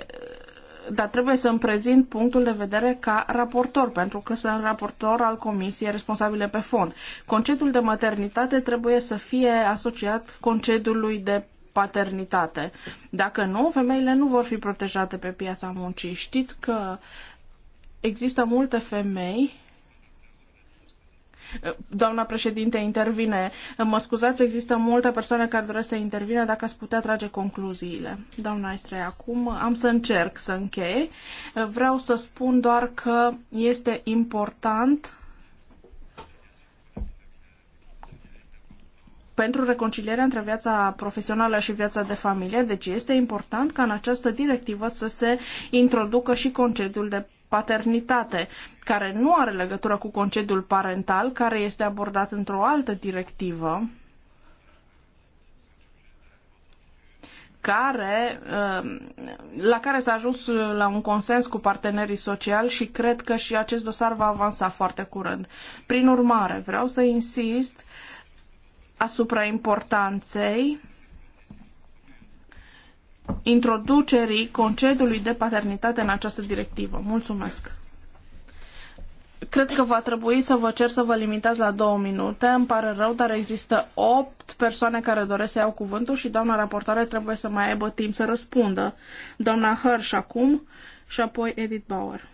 Speaker 2: dar trebuie să-mi prezint punctul de vedere ca raportor, pentru că sunt raportor al comisiei responsabile pe fond. Concedul de maternitate trebuie să fie asociat concediului de paternitate. Dacă nu, femeile nu vor fi protejate pe piața muncii. Știți că există multe femei Doamna președinte intervine. Mă scuzați, există multe persoane care doresc să intervină dacă ați putea trage concluziile. Doamna Istre, acum am să încerc să închei. Vreau să spun doar că este important pentru reconcilierea între viața profesională și viața de familie, deci este important ca în această directivă să se introducă și concediul de paternitate, care nu are legătură cu concediul parental, care este abordat într-o altă directivă, care, uh, la care s-a ajuns la un consens cu partenerii sociali și cred că și acest dosar va avansa foarte curând. Prin urmare, vreau să insist asupra importanței introducerii concediului de paternitate în această directivă. Mulțumesc! Cred că va trebui să vă cer să vă limitați la două minute. Îmi pare rău, dar există opt persoane care doresc să iau cuvântul și doamna raportoare trebuie să mai aibă timp să răspundă. Doamna Hirsch acum și apoi Edith Bauer.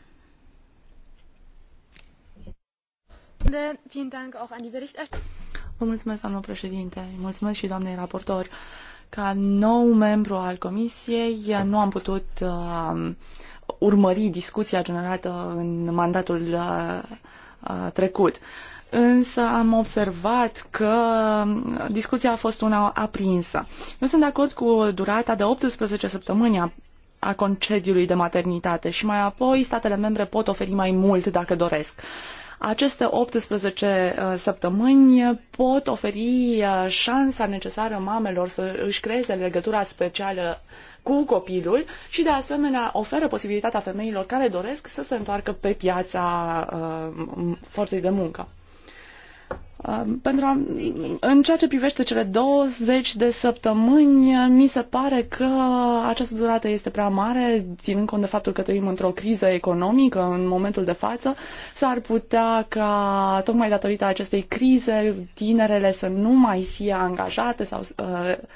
Speaker 2: Vielen Dank auch an die Berichterstatterin.
Speaker 7: Vă mulțumesc, doamnă președinte. Mulțumesc și doamnei raportor. Ca nou membru al comisiei, nu am putut uh, urmări discuția generată în mandatul uh, uh, trecut. Însă am observat că discuția a fost una aprinsă. Nu sunt de acord cu durata de 18 săptămâni a a concediului de maternitate și mai apoi statele membre pot oferi mai mult dacă doresc. Aceste 18 uh, săptămâni pot oferi uh, șansa necesară mamelor să își creeze legătura specială cu copilul și de asemenea oferă posibilitatea femeilor care doresc să se întoarcă pe piața uh, forței de muncă. Um, pentru a, în ceea ce privește cele 20 de săptămâni, mi se pare că această durată este prea mare, ținând cont de faptul că trăim într-o criză economică în momentul de față, s-ar putea ca, tocmai datorită acestei crize, tinerele să nu mai fie angajate sau uh,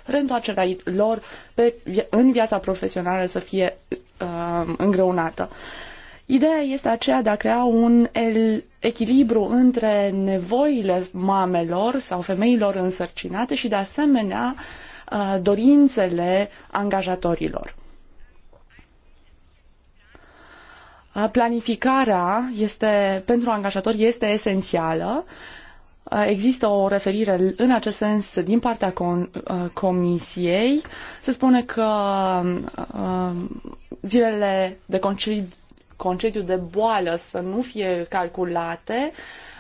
Speaker 7: reîntoarcerea lor pe, în viața profesională să fie uh, îngreunată. Uh, Ideea este aceea de a crea un echilibru între nevoile mamelor sau femeilor însărcinate și, de asemenea, uh, dorințele angajatorilor. Uh, planificarea este, pentru angajatori este esențială. Uh, există o referire în acest sens din partea Comisiei. Se spune că zilele de concediu concediu de boală să nu fie calculate,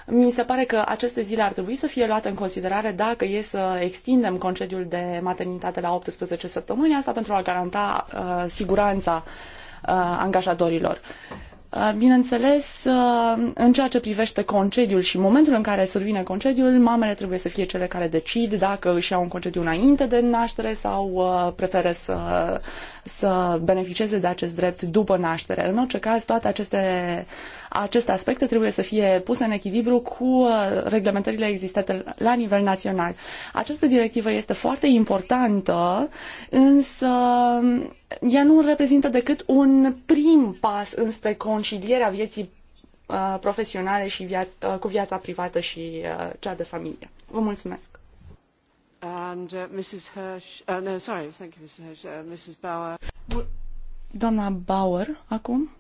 Speaker 7: mi se pare că aceste zile ar trebui să fie luate în considerare dacă e să extindem concediul de maternitate la 18 săptămâni, asta pentru a garanta uh, siguranța uh, angajatorilor. Uh, bineînțeles, uh, în ceea ce privește concediul și momentul în care survine concediul, mamele trebuie să fie cele care decid dacă își iau un concediu înainte de naștere sau uh, preferă să să beneficieze de acest drept după naștere. În orice caz, toate aceste, aceste aspecte trebuie să fie puse în echilibru cu uh, reglementările existente la nivel național. Această directivă este foarte importantă, însă um, ea nu reprezintă decât un prim pas înspre concilierea vieții uh, profesionale și via- uh, cu viața privată și cea de familie. Vă mulțumesc!
Speaker 4: and uh, Hirsch. Uh, sorry, thank you, Mrs. Uh, Bauer.
Speaker 7: Doamna Bauer, acum.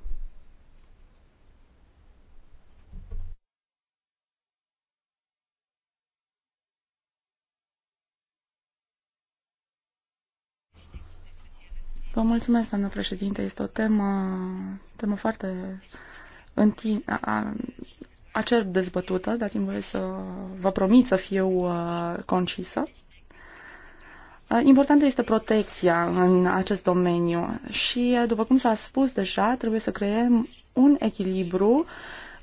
Speaker 7: Vă mulțumesc, doamnă președinte. Este o temă, temă foarte întin, a, a, acer dezbătută, dați-mi voie să vă promit să fiu uh, concisă. Uh, importantă este protecția în acest domeniu și, uh, după cum s-a spus deja, trebuie să creăm un echilibru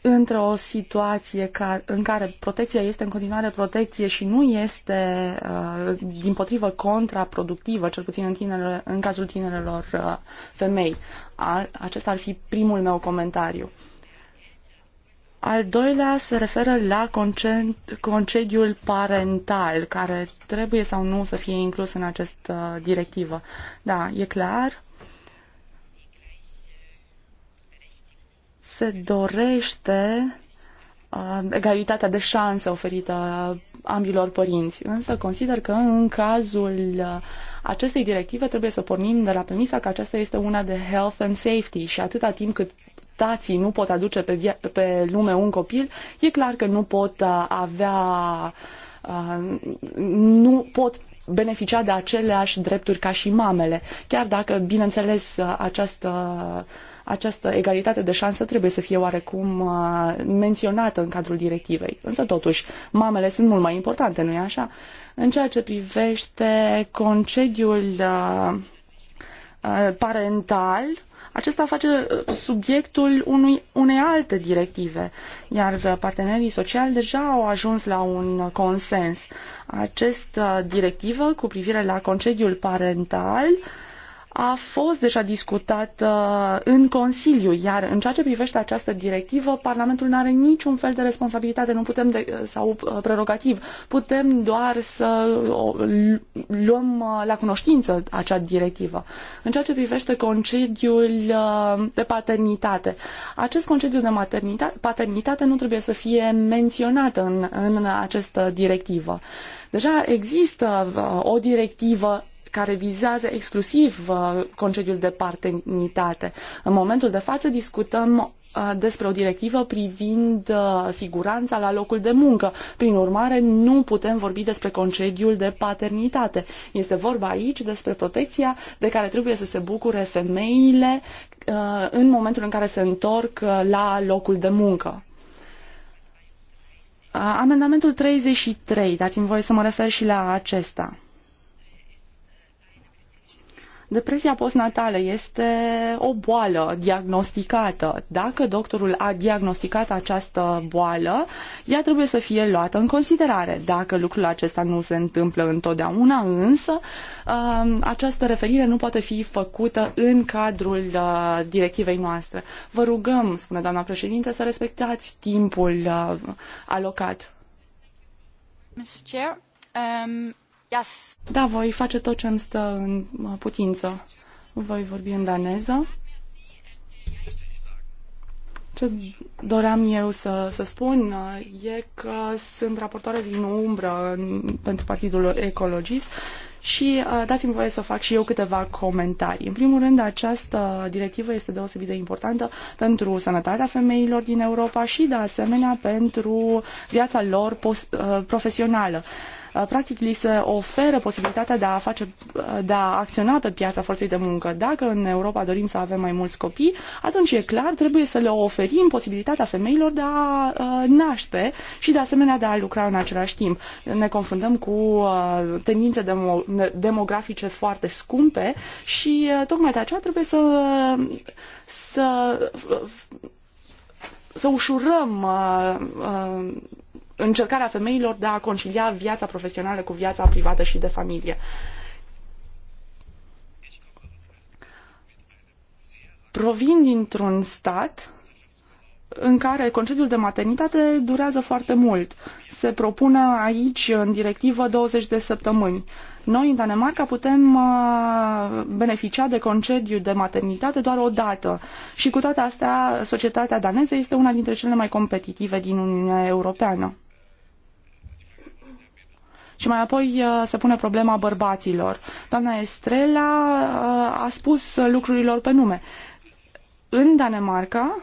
Speaker 7: între o situație în care protecția este în continuare protecție și nu este, uh, din potrivă, contraproductivă, cel puțin în, tinere, în cazul tinerelor femei. Acesta ar fi primul meu comentariu. Al doilea se referă la concediul parental, care trebuie sau nu să fie inclus în această directivă. Da, e clar. Se dorește uh, egalitatea de șanse oferită ambilor părinți, însă consider că în cazul uh, acestei directive trebuie să pornim de la premisa că aceasta este una de health and safety și atâta timp cât tații nu pot aduce pe, pe lume un copil, e clar că nu pot uh, avea, uh, nu pot beneficia de aceleași drepturi ca și mamele, chiar dacă, bineînțeles, uh, această această egalitate de șansă trebuie să fie oarecum menționată în cadrul directivei. Însă, totuși, mamele sunt mult mai importante, nu-i așa? În ceea ce privește concediul parental, acesta face uh, subiectul unui, unei alte directive, iar uh, partenerii sociali deja au ajuns la un consens. Această directivă cu privire la concediul parental uh, a fost deja discutat uh, în Consiliu, iar în ceea ce privește această directivă, Parlamentul nu are niciun fel de responsabilitate, nu putem de, uh, sau uh, prerogativ. Putem doar să luăm la cunoștință acea directivă. În ceea ce privește concediul de paternitate, acest concediu de maternitate, paternitate nu trebuie să fie menționat în, în această directivă. Deja există o directivă care vizează exclusiv uh, concediul de paternitate. În momentul de față discutăm uh, despre o directivă privind uh, siguranța la locul de muncă. Prin urmare, nu putem vorbi despre concediul de paternitate. Este vorba aici despre protecția de care trebuie să se bucure femeile în momentul în care se întorc la locul de muncă. Amendamentul 33, dați-mi voie să mă refer și la acesta. Depresia postnatală este o boală diagnosticată. Dacă doctorul a diagnosticat această boală, ea trebuie să fie luată în considerare. Dacă lucrul acesta nu se întâmplă întotdeauna, însă um, această referire nu poate fi făcută în cadrul uh, directivei noastre. Vă rugăm, spune doamna președinte, să respectați timpul uh, alocat. Mr. Chair, um... Yes. Da, voi face tot ce îmi stă în uh, putință. Voi vorbi în daneză. Ce doream eu să, să spun uh, e că sunt raportoare din umbră pentru Partidul Ecologist și uh, dați-mi voie să fac și eu câteva comentarii. În primul rând, această directivă este deosebit de importantă pentru sănătatea femeilor din Europa și, de asemenea, pentru viața lor profesională. Uh, practic li se oferă posibilitatea de a, face, uh, de a acționa pe piața forței de muncă. Dacă în Europa dorim să avem mai mulți copii, atunci e clar, trebuie să le oferim posibilitatea femeilor de a uh, naște și de asemenea de a lucra în același timp. Ne confruntăm cu tendințe demo- demografice foarte scumpe și tocmai de aceea trebuie să, să să ușurăm uh, uh, încercarea femeilor de a concilia viața profesională cu viața privată și de familie. Provin dintr-un stat în care concediul de maternitate durează foarte mult. Se propune aici, în directivă, 20 de săptămâni. Noi, în Danemarca, putem uh, beneficia de concediu de maternitate doar o dată. Și cu toate astea, societatea daneză este una dintre cele mai competitive din Uniunea Europeană. Și mai apoi uh, se pune problema bărbaților. Doamna Estrela uh, a spus lucrurilor pe nume. În Danemarca,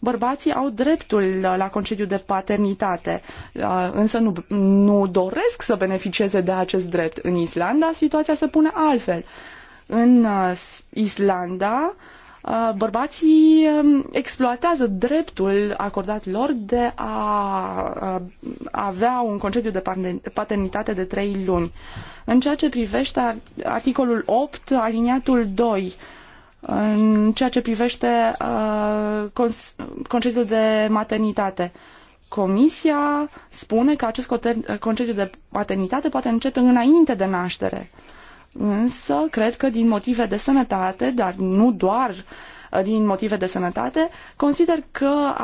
Speaker 7: bărbații au dreptul la concediu de paternitate, uh, însă nu, nu doresc să beneficieze de acest drept. În Islanda, situația se pune altfel. În Islanda, Uh, bărbații um, exploatează dreptul acordat lor de a uh, avea un concediu de paternitate de trei luni. În ceea ce privește articolul 8, aliniatul 2, în ceea ce privește uh, concediul de maternitate, Comisia spune că acest concediu de paternitate poate începe înainte de naștere. Însă, cred că din motive de sănătate, dar nu doar uh, din motive de sănătate, consider că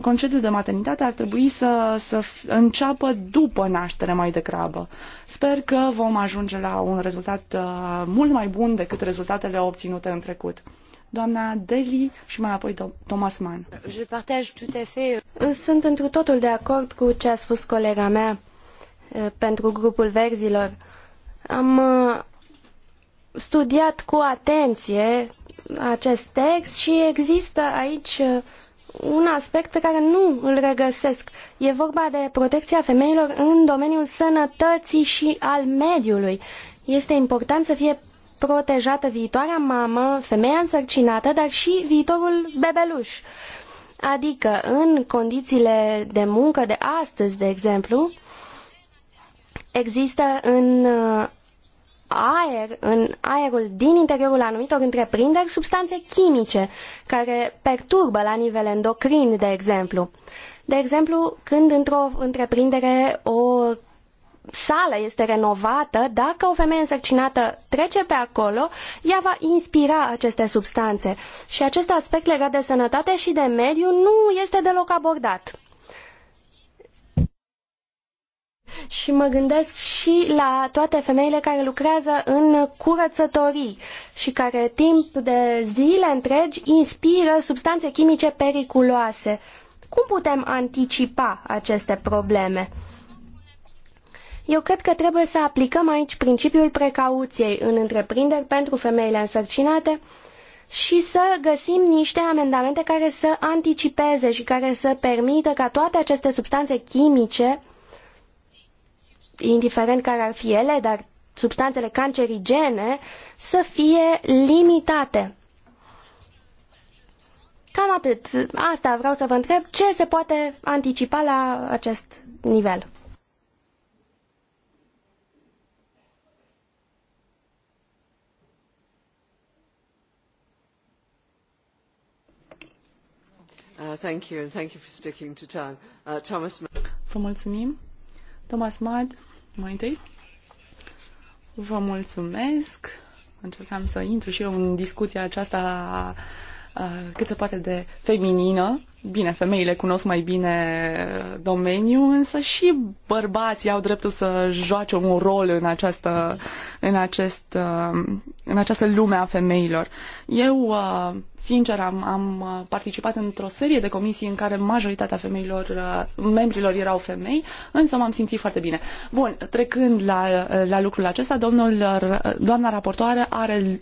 Speaker 7: concediul de maternitate ar trebui să, să înceapă după naștere mai degrabă. Sper că vom ajunge la un rezultat uh, mult mai bun decât rezultatele obținute în trecut
Speaker 1: doamna Deli și mai apoi Thomas Mann. Je partage tout à fait. Uh, sunt întru totul de acord cu ce a spus colega mea pentru grupul verzilor. Am studiat cu atenție acest text și există aici uh, un aspect pe care nu îl regăsesc. E vorba de protecția femeilor în domeniul sănătății și al mediului. Este important să fie protejată viitoarea mamă, femeia însărcinată, dar și viitorul bebeluș. Adică, în condițiile de muncă de astăzi, de exemplu, există în uh, aer, în aerul din interiorul anumitor întreprinderi substanțe chimice care perturbă la nivel endocrin, de exemplu. De exemplu, când într-o întreprindere o sală este renovată, dacă o femeie însărcinată trece pe acolo, ea va inspira aceste substanțe. Și acest aspect legat de sănătate și de mediu nu este deloc abordat și mă gândesc și la toate femeile care lucrează în curățătorii și care timp de zile întregi inspiră substanțe chimice periculoase. Cum putem anticipa aceste probleme? Eu cred că trebuie să aplicăm aici principiul precauției în întreprinderi pentru femeile însărcinate și să găsim niște amendamente care să anticipeze și care să permită ca toate aceste substanțe chimice indiferent care ar fi ele, dar substanțele cancerigene, să fie limitate. Cam atât. Asta vreau să vă întreb. Ce se poate anticipa la acest nivel?
Speaker 4: Uh, uh,
Speaker 7: vă mulțumim. Thomas Mad, mai întâi. Vă mulțumesc. Încercam să intru și eu în discuția aceasta Uh, cât se poate de feminină. Bine, femeile cunosc mai bine domeniul, însă și bărbații au dreptul să joace un rol în această, în acest, uh, în această lume a femeilor. Eu, uh, sincer, am, am participat într-o serie de comisii în care majoritatea femeilor, membrilor erau femei, însă m-am simțit foarte bine. Bun, trecând la, la lucrul acesta, domnul, doamna raportoare are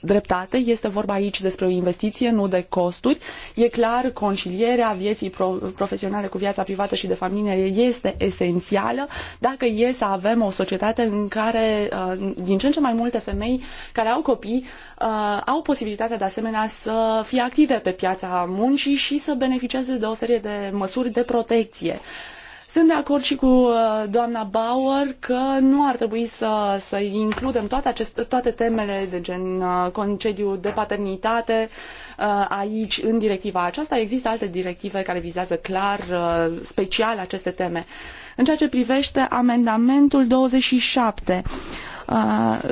Speaker 7: dreptate, este vorba aici despre o investiție, nu de costuri. E clar, concilierea vieții profesionale cu viața privată și de familie este esențială dacă e să avem o societate în care uh, din ce în ce mai multe femei care au copii uh, au posibilitatea de asemenea să fie active pe piața muncii și să beneficieze de o serie de măsuri de protecție. Sunt de acord și cu uh, doamna Bauer că nu ar trebui să, să includem toate, aceste, toate temele de gen uh, concediu de paternitate uh, aici, în directiva aceasta. Există alte directive care vizează clar, special aceste teme. În ceea ce privește amendamentul 27,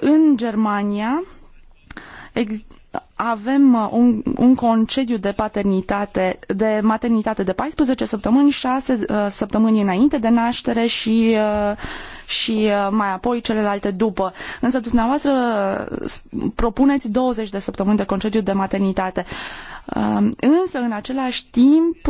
Speaker 7: în Germania avem uh, un, un concediu de paternitate, de maternitate de 14 săptămâni, 6 uh, săptămâni înainte de naștere și, uh, și mai apoi celelalte după. Însă dumneavoastră propuneți 20 de săptămâni de concediu de maternitate. Însă, în același timp,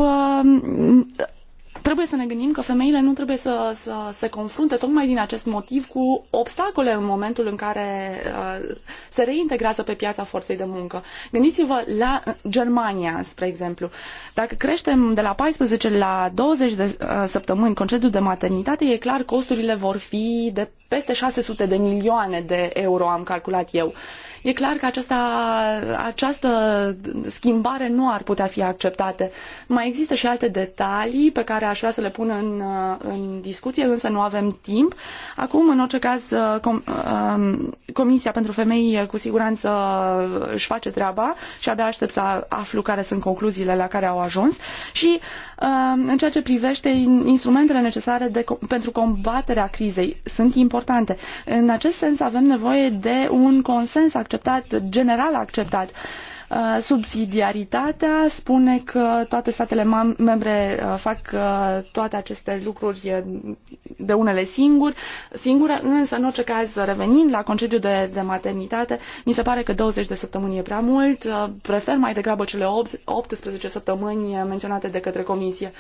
Speaker 7: trebuie să ne gândim că femeile nu trebuie să, să se confrunte tocmai din acest motiv cu obstacole în momentul în care uh, se reintegrează pe piața forței de muncă. Gândiți-vă la uh, Germania, spre exemplu. Dacă creștem de la 14 la 20 de uh, săptămâni concediul de maternitate, e clar costurile vor fi de peste 600 de milioane de euro, am calculat eu. E clar că aceasta, această schimbare nu ar putea fi acceptată. Mai există și alte detalii pe care aș vrea să le pun în, în discuție, însă nu avem timp. Acum, în orice caz, com, um, Comisia pentru Femei cu siguranță își face treaba și abia aștept să aflu care sunt concluziile la care au ajuns și um, în ceea ce privește instrumentele necesare de, pentru combaterea crizei sunt importante. În acest sens avem nevoie de un consens acceptat acceptat, general acceptat. Uh, subsidiaritatea spune că toate statele membre uh, fac uh, toate aceste lucruri de unele singuri, singure, însă în orice caz revenind la concediu de, de maternitate, mi se pare că 20 de săptămâni e prea mult, prefer mai degrabă cele 8, 18 săptămâni menționate de către comisie.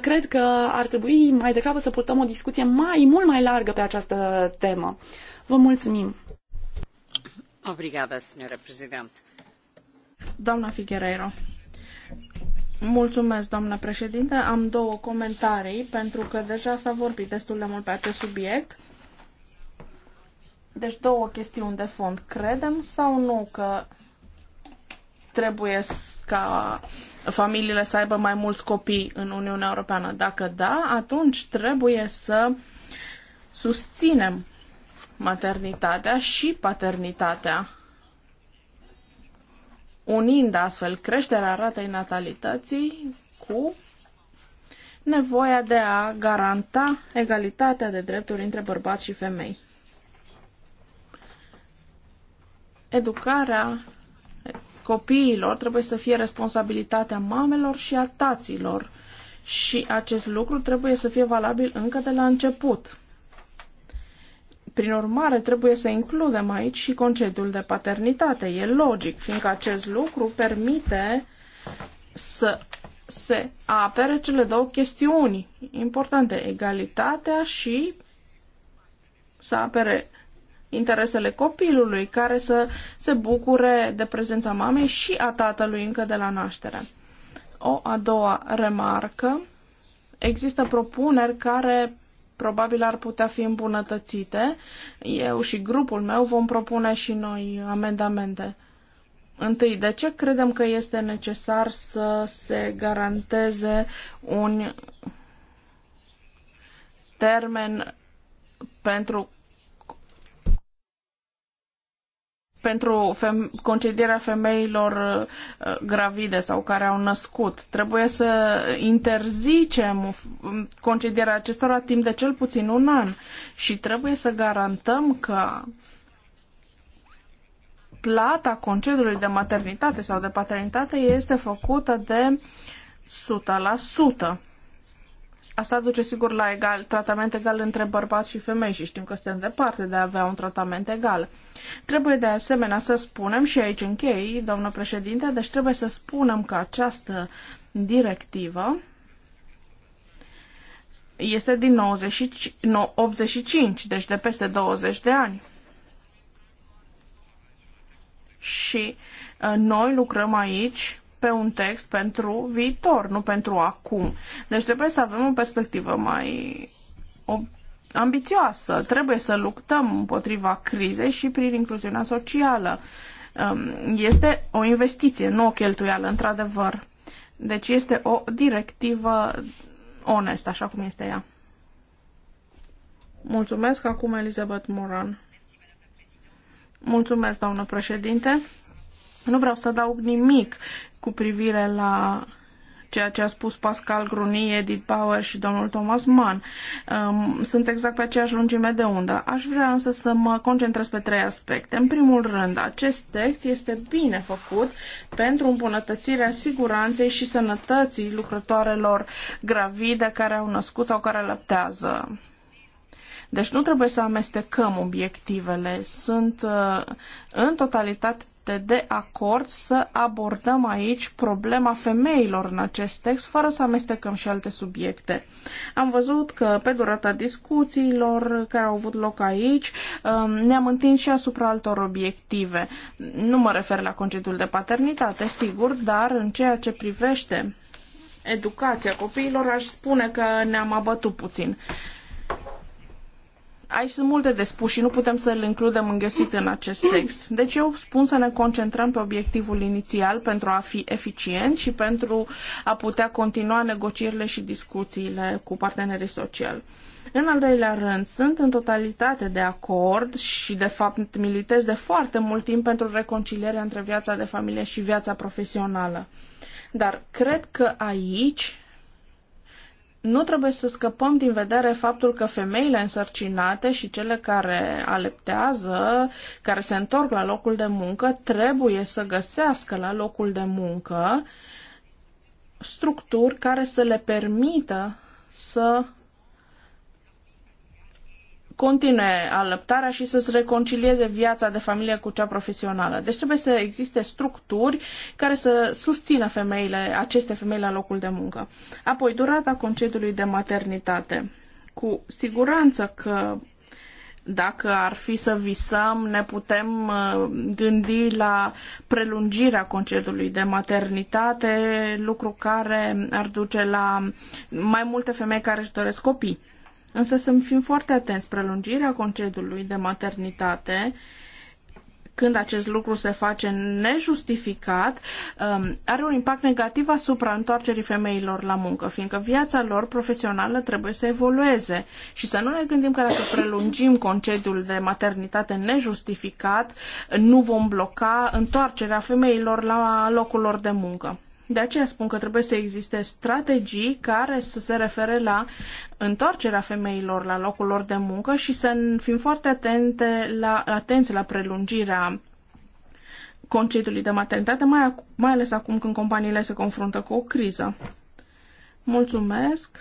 Speaker 7: Cred că ar trebui mai degrabă să purtăm o discuție mai mult mai largă pe
Speaker 2: această temă. Vă mulțumim! doamnă președinte. Am două comentarii, pentru că deja s-a vorbit destul de mult pe acest subiect. Deci două chestiuni de fond. Credem sau nu că trebuie ca familiile să aibă mai mulți copii în Uniunea Europeană? Dacă da, atunci trebuie să susținem maternitatea și paternitatea, unind astfel creșterea ratei natalității cu nevoia de a garanta egalitatea de drepturi între bărbați și femei. Educarea copiilor trebuie să fie responsabilitatea mamelor și a taților și acest lucru trebuie să fie valabil încă de la început. Prin urmare, trebuie să includem aici și concediul de paternitate. E logic, fiindcă acest lucru permite să se apere cele două chestiuni importante, egalitatea și să apere interesele copilului, care să se bucure de prezența mamei și a tatălui încă de la naștere. O a doua remarcă, există propuneri care probabil ar putea fi îmbunătățite. Eu și grupul meu vom propune și noi amendamente. Întâi, de ce credem că este necesar să se garanteze un termen pentru pentru fem- concedierea femeilor uh, gravide sau care au născut. Trebuie să interzicem concedierea acestora timp de cel puțin un an și trebuie să garantăm că plata concediului de maternitate sau de paternitate este făcută de 100%. Asta duce sigur la egal, tratament egal între bărbați și femei și știm că suntem departe de a avea un tratament egal. Trebuie de asemenea să spunem, și aici închei, doamnă președinte, deci trebuie să spunem că această directivă este din 85, deci de peste 20 de ani. Și uh, noi lucrăm aici pe un text pentru viitor, nu pentru acum. Deci trebuie să avem o perspectivă mai ambițioasă. Trebuie să luptăm împotriva crizei și prin incluziunea socială. Um, este o investiție, nu o cheltuială, într-adevăr. Deci este o directivă onestă, așa cum este ea. Mulțumesc acum Elizabeth Moran. Mulțumesc, doamnă președinte. Nu vreau să dau nimic cu privire la ceea ce a spus Pascal Grunie, Edith Power și domnul Thomas Mann. Um, sunt exact pe aceeași lungime de undă. Aș vrea însă să mă concentrez pe trei aspecte. În primul rând, acest text este bine făcut pentru îmbunătățirea siguranței și sănătății lucrătoarelor gravide care au născut sau care lăptează. Deci nu trebuie să amestecăm obiectivele. Sunt uh, în totalitate este de acord să abordăm aici problema femeilor în acest text, fără să amestecăm și alte subiecte. Am văzut că pe durata discuțiilor care au avut loc aici, um, ne-am întins și asupra altor obiective. Nu mă refer la concediul de paternitate, sigur, dar în ceea ce privește educația copiilor, aș spune că ne-am abătut puțin aici sunt multe de spus și nu putem să le includem înghesuit în acest text. Deci eu spun să ne concentrăm pe obiectivul inițial pentru a fi eficient și pentru a putea continua negocierile și discuțiile cu partenerii sociali. În al doilea rând, sunt în totalitate de acord și, de fapt, militez de foarte mult timp pentru reconcilierea între viața de familie și viața profesională. Dar cred că aici nu trebuie să scăpăm din vedere faptul că femeile însărcinate și cele care aleptează, care se întorc la locul de muncă, trebuie să găsească la locul de muncă structuri care să le permită să continue alăptarea și să-ți reconcilieze viața de familie cu cea profesională. Deci trebuie să existe structuri care să susțină femeile, aceste femei la locul de muncă. Apoi, durata concediului de maternitate. Cu siguranță că dacă ar fi să visăm, ne putem uh, gândi la prelungirea concediului de maternitate, lucru care ar duce la mai multe femei care își doresc copii. Însă să fim foarte atenți. Prelungirea concediului de maternitate când acest lucru se face nejustificat, um, are un impact negativ asupra întoarcerii femeilor la muncă, fiindcă viața lor profesională trebuie să evolueze. Și să nu ne gândim că dacă prelungim concediul de maternitate nejustificat, nu vom bloca întoarcerea femeilor la locul lor de muncă. De aceea spun că trebuie să existe strategii care să se refere la întoarcerea femeilor la locul lor de muncă și să fim foarte atente la, atenți la prelungirea concediului de maternitate, mai, mai ales acum când companiile se confruntă cu o criză. Mulțumesc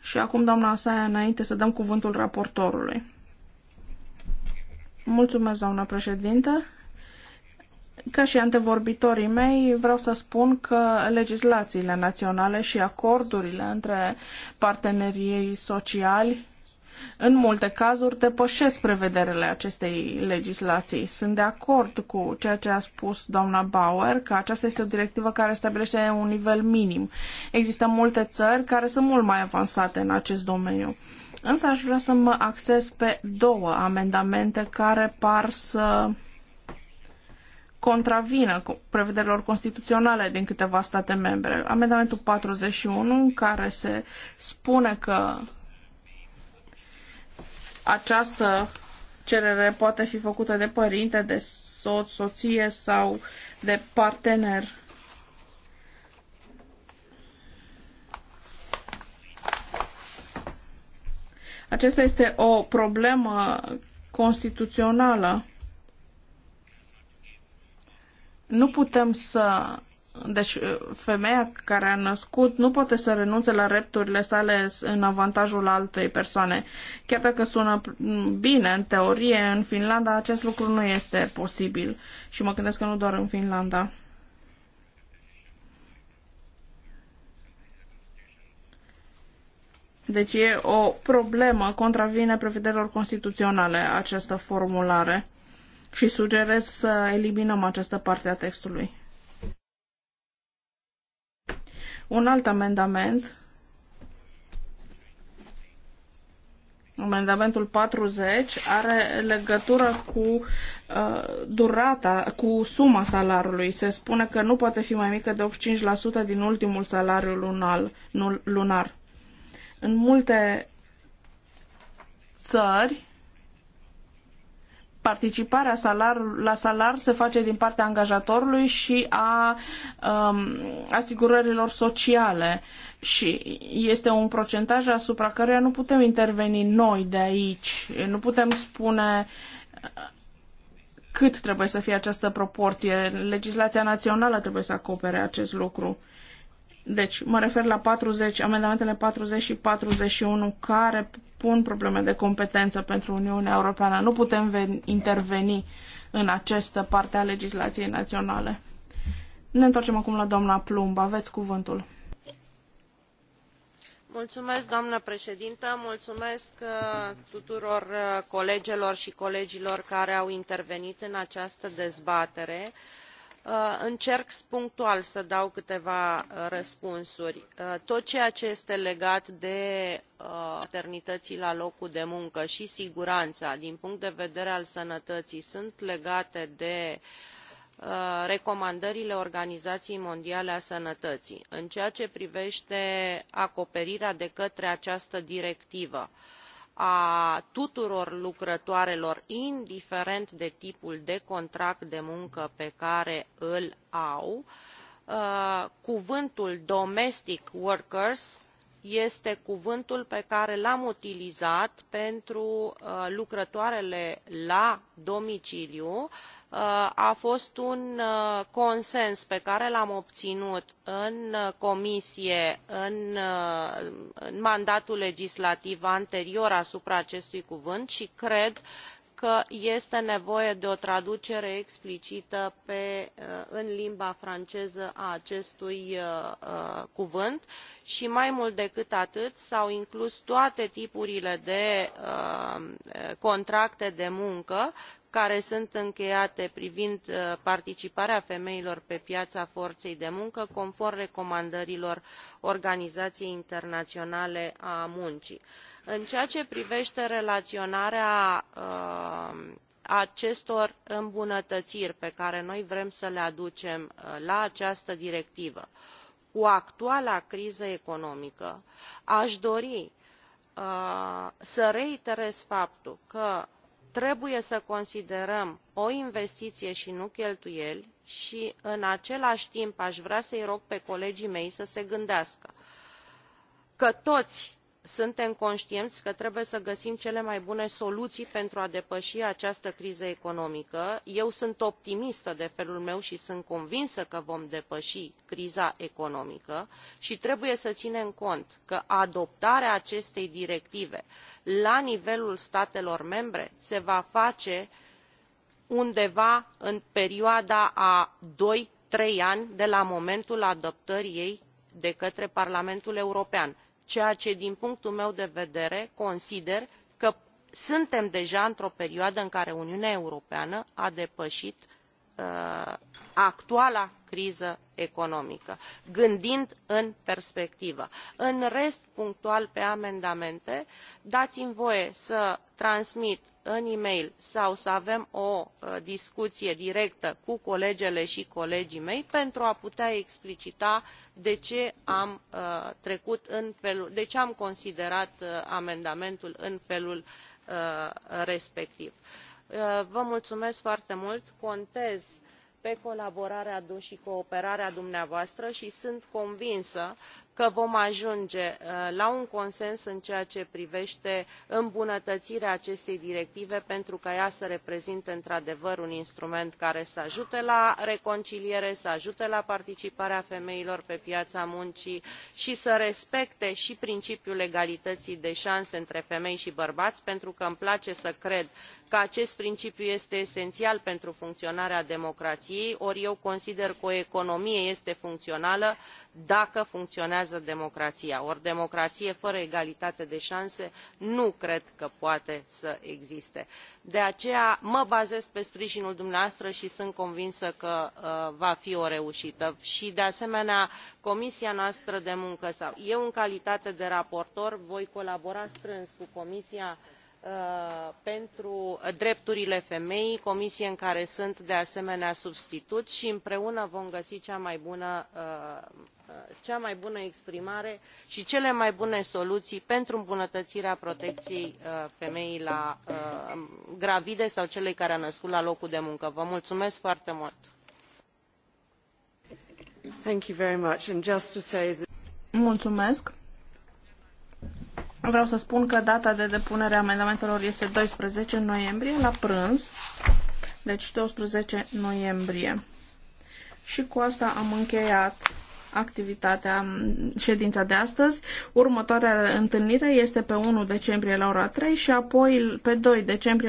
Speaker 2: și acum, doamna Asaia, înainte să dăm cuvântul raportorului. Mulțumesc, doamna președintă. Ca și antevorbitorii mei, vreau să spun că legislațiile naționale și acordurile între partenerii sociali în multe cazuri depășesc prevederile acestei legislații. Sunt de acord cu ceea ce a spus doamna Bauer, că aceasta este o directivă care stabilește un nivel minim. Există multe țări care sunt mult mai avansate în acest domeniu. Însă aș vrea să mă axez pe două amendamente care par să contravină prevederilor constituționale din câteva state membre. Amendamentul 41, în care se spune că această cerere poate fi făcută de părinte, de soț, soție sau de partener. Aceasta este o problemă constituțională nu putem să deci femeia care a născut nu poate să renunțe la drepturile sale în avantajul altei persoane. Chiar dacă sună bine în teorie, în Finlanda acest lucru nu este posibil. Și mă gândesc că nu doar în Finlanda. Deci e o problemă, contravine prevederilor constituționale această formulare și sugerez să eliminăm această parte a textului. Un alt amendament, amendamentul 40, are legătură cu uh, durata, cu suma salariului. Se spune că nu poate fi mai mică de 85% din ultimul salariu lunar. În multe țări, participarea salar, la salar se face din partea angajatorului și a um, asigurărilor sociale și este un procentaj asupra căruia nu putem interveni noi de aici. Nu putem spune uh, cât trebuie să fie această proporție. Legislația națională trebuie să acopere acest lucru. Deci, mă refer la 40, amendamentele 40 și 41 care pun probleme de competență pentru Uniunea Europeană. Nu putem interveni în această parte a legislației naționale. Ne întoarcem acum la doamna Plumb. Aveți cuvântul.
Speaker 8: Mulțumesc, doamnă președintă, mulțumesc uh, tuturor uh, colegelor și colegilor care au intervenit în această dezbatere. Uh, Uh, încerc punctual să dau câteva uh, răspunsuri. Uh, tot ceea ce este legat de maternității la locul de muncă și siguranța din punct de vedere al sănătății sunt legate de recomandările Organizației Mondiale a Sănătății. În ceea ce privește acoperirea de către această directivă, uh, a tuturor lucrătoarelor, indiferent de tipul de contract de muncă pe care îl au, uh, cuvântul domestic workers este cuvântul pe care l am utilizat pentru uh, lucrătoarele la domiciliu a fost un uh, consens pe care l am obinut în uh, comisie uh, în mandatul legislativ anterior asupra acestui cuvânt i cred că este nevoie de o traducere explicită în limba franceză a acestui cuvânt i mai mult decât atât s au inclus toate tipurile de contracte de muncă care sunt încheiate privind uh, participarea femeilor pe piaa forei de muncă conform recomandărilor organizaiei internaionale a muncii. în ceea ce privete relaionarea uh, acestor îmbunătăiri pe care noi vrem să le aducem uh, la această directivă cu actuala criză economică a dori să reiterez faptul că trebuie să considerăm o investiție și nu cheltuieli și în același timp a vrea să îi rog pe colegii mei să se gândească că toți suntem contieni că trebuie să găsim cele mai bune soluii pentru a depăi această criză economică eu sunt optimistă de felul meu i sunt convinsă că vom depăi criza economică i trebuie să inem cont că adoptarea acestei directive la nivelul statelor membre se va face undeva în perioada a doi trei ani de la momentul adoptării ei de către parlamentul european ceea ce din punctul meu de vedere consider că suntem deja într o perioadă în care uniunea europeană a depăit Uh, actuala criză economică gândind în perspectivă. în rest punctual pe amendamente dai mi voie să transmit în e mail sau să avem o uh, discuie directă cu colegele i colegii mei pentru a putea explicita de ce am, uh, trecut în felul, de ce am considerat amendamentul în felul respectiv. Eh, vă mulțumesc foarte mult contez pe colaborarea și cooperarea dumneavoastră și sunt convinsă că că vom ajunge uh, la un consens în ceea ce privește îmbunătățirea acestei directive pentru ca ea să reprezinte într adevăr un instrument care să ajute la reconciliere să ajute la participarea femeilor pe piața muncii și să respecte și principiul egalității de șanse între femei și bărbați pentru că îmi place să cred că acest principiu este esențial pentru funcționarea democrației ori eu consider că o economie este funcțională dacă funcționează promovează democrația ori democrație fără egalitate de șanse nu cred că poate să existe. de aceea mă bazez pe sprijinul dumneavoastră și sunt convinsă că uh, va fi o reușită și de asemenea comisia noastră de muncă sau eu în calitate de raportor voi colabora strâns cu comisia uh, pentru drepturile femeii comisie în care sunt de asemenea substitut și împreună vom găsi cea mai bună uh, Uh, cea mai bună exprimare și cele mai bune soluții pentru îmbunătățirea protecției uh, femeii uh, gravide sau celei care a născut la locul de muncă. Vă mulțumesc foarte mult!
Speaker 2: Mulțumesc. Vreau să spun că data de depunere a amendamentelor este 12 noiembrie la prânz, deci 12 noiembrie. Și cu asta am încheiat activitatea, ședința de astăzi. Următoarea întâlnire este pe 1 decembrie la ora 3 și apoi pe 2 decembrie
Speaker 5: la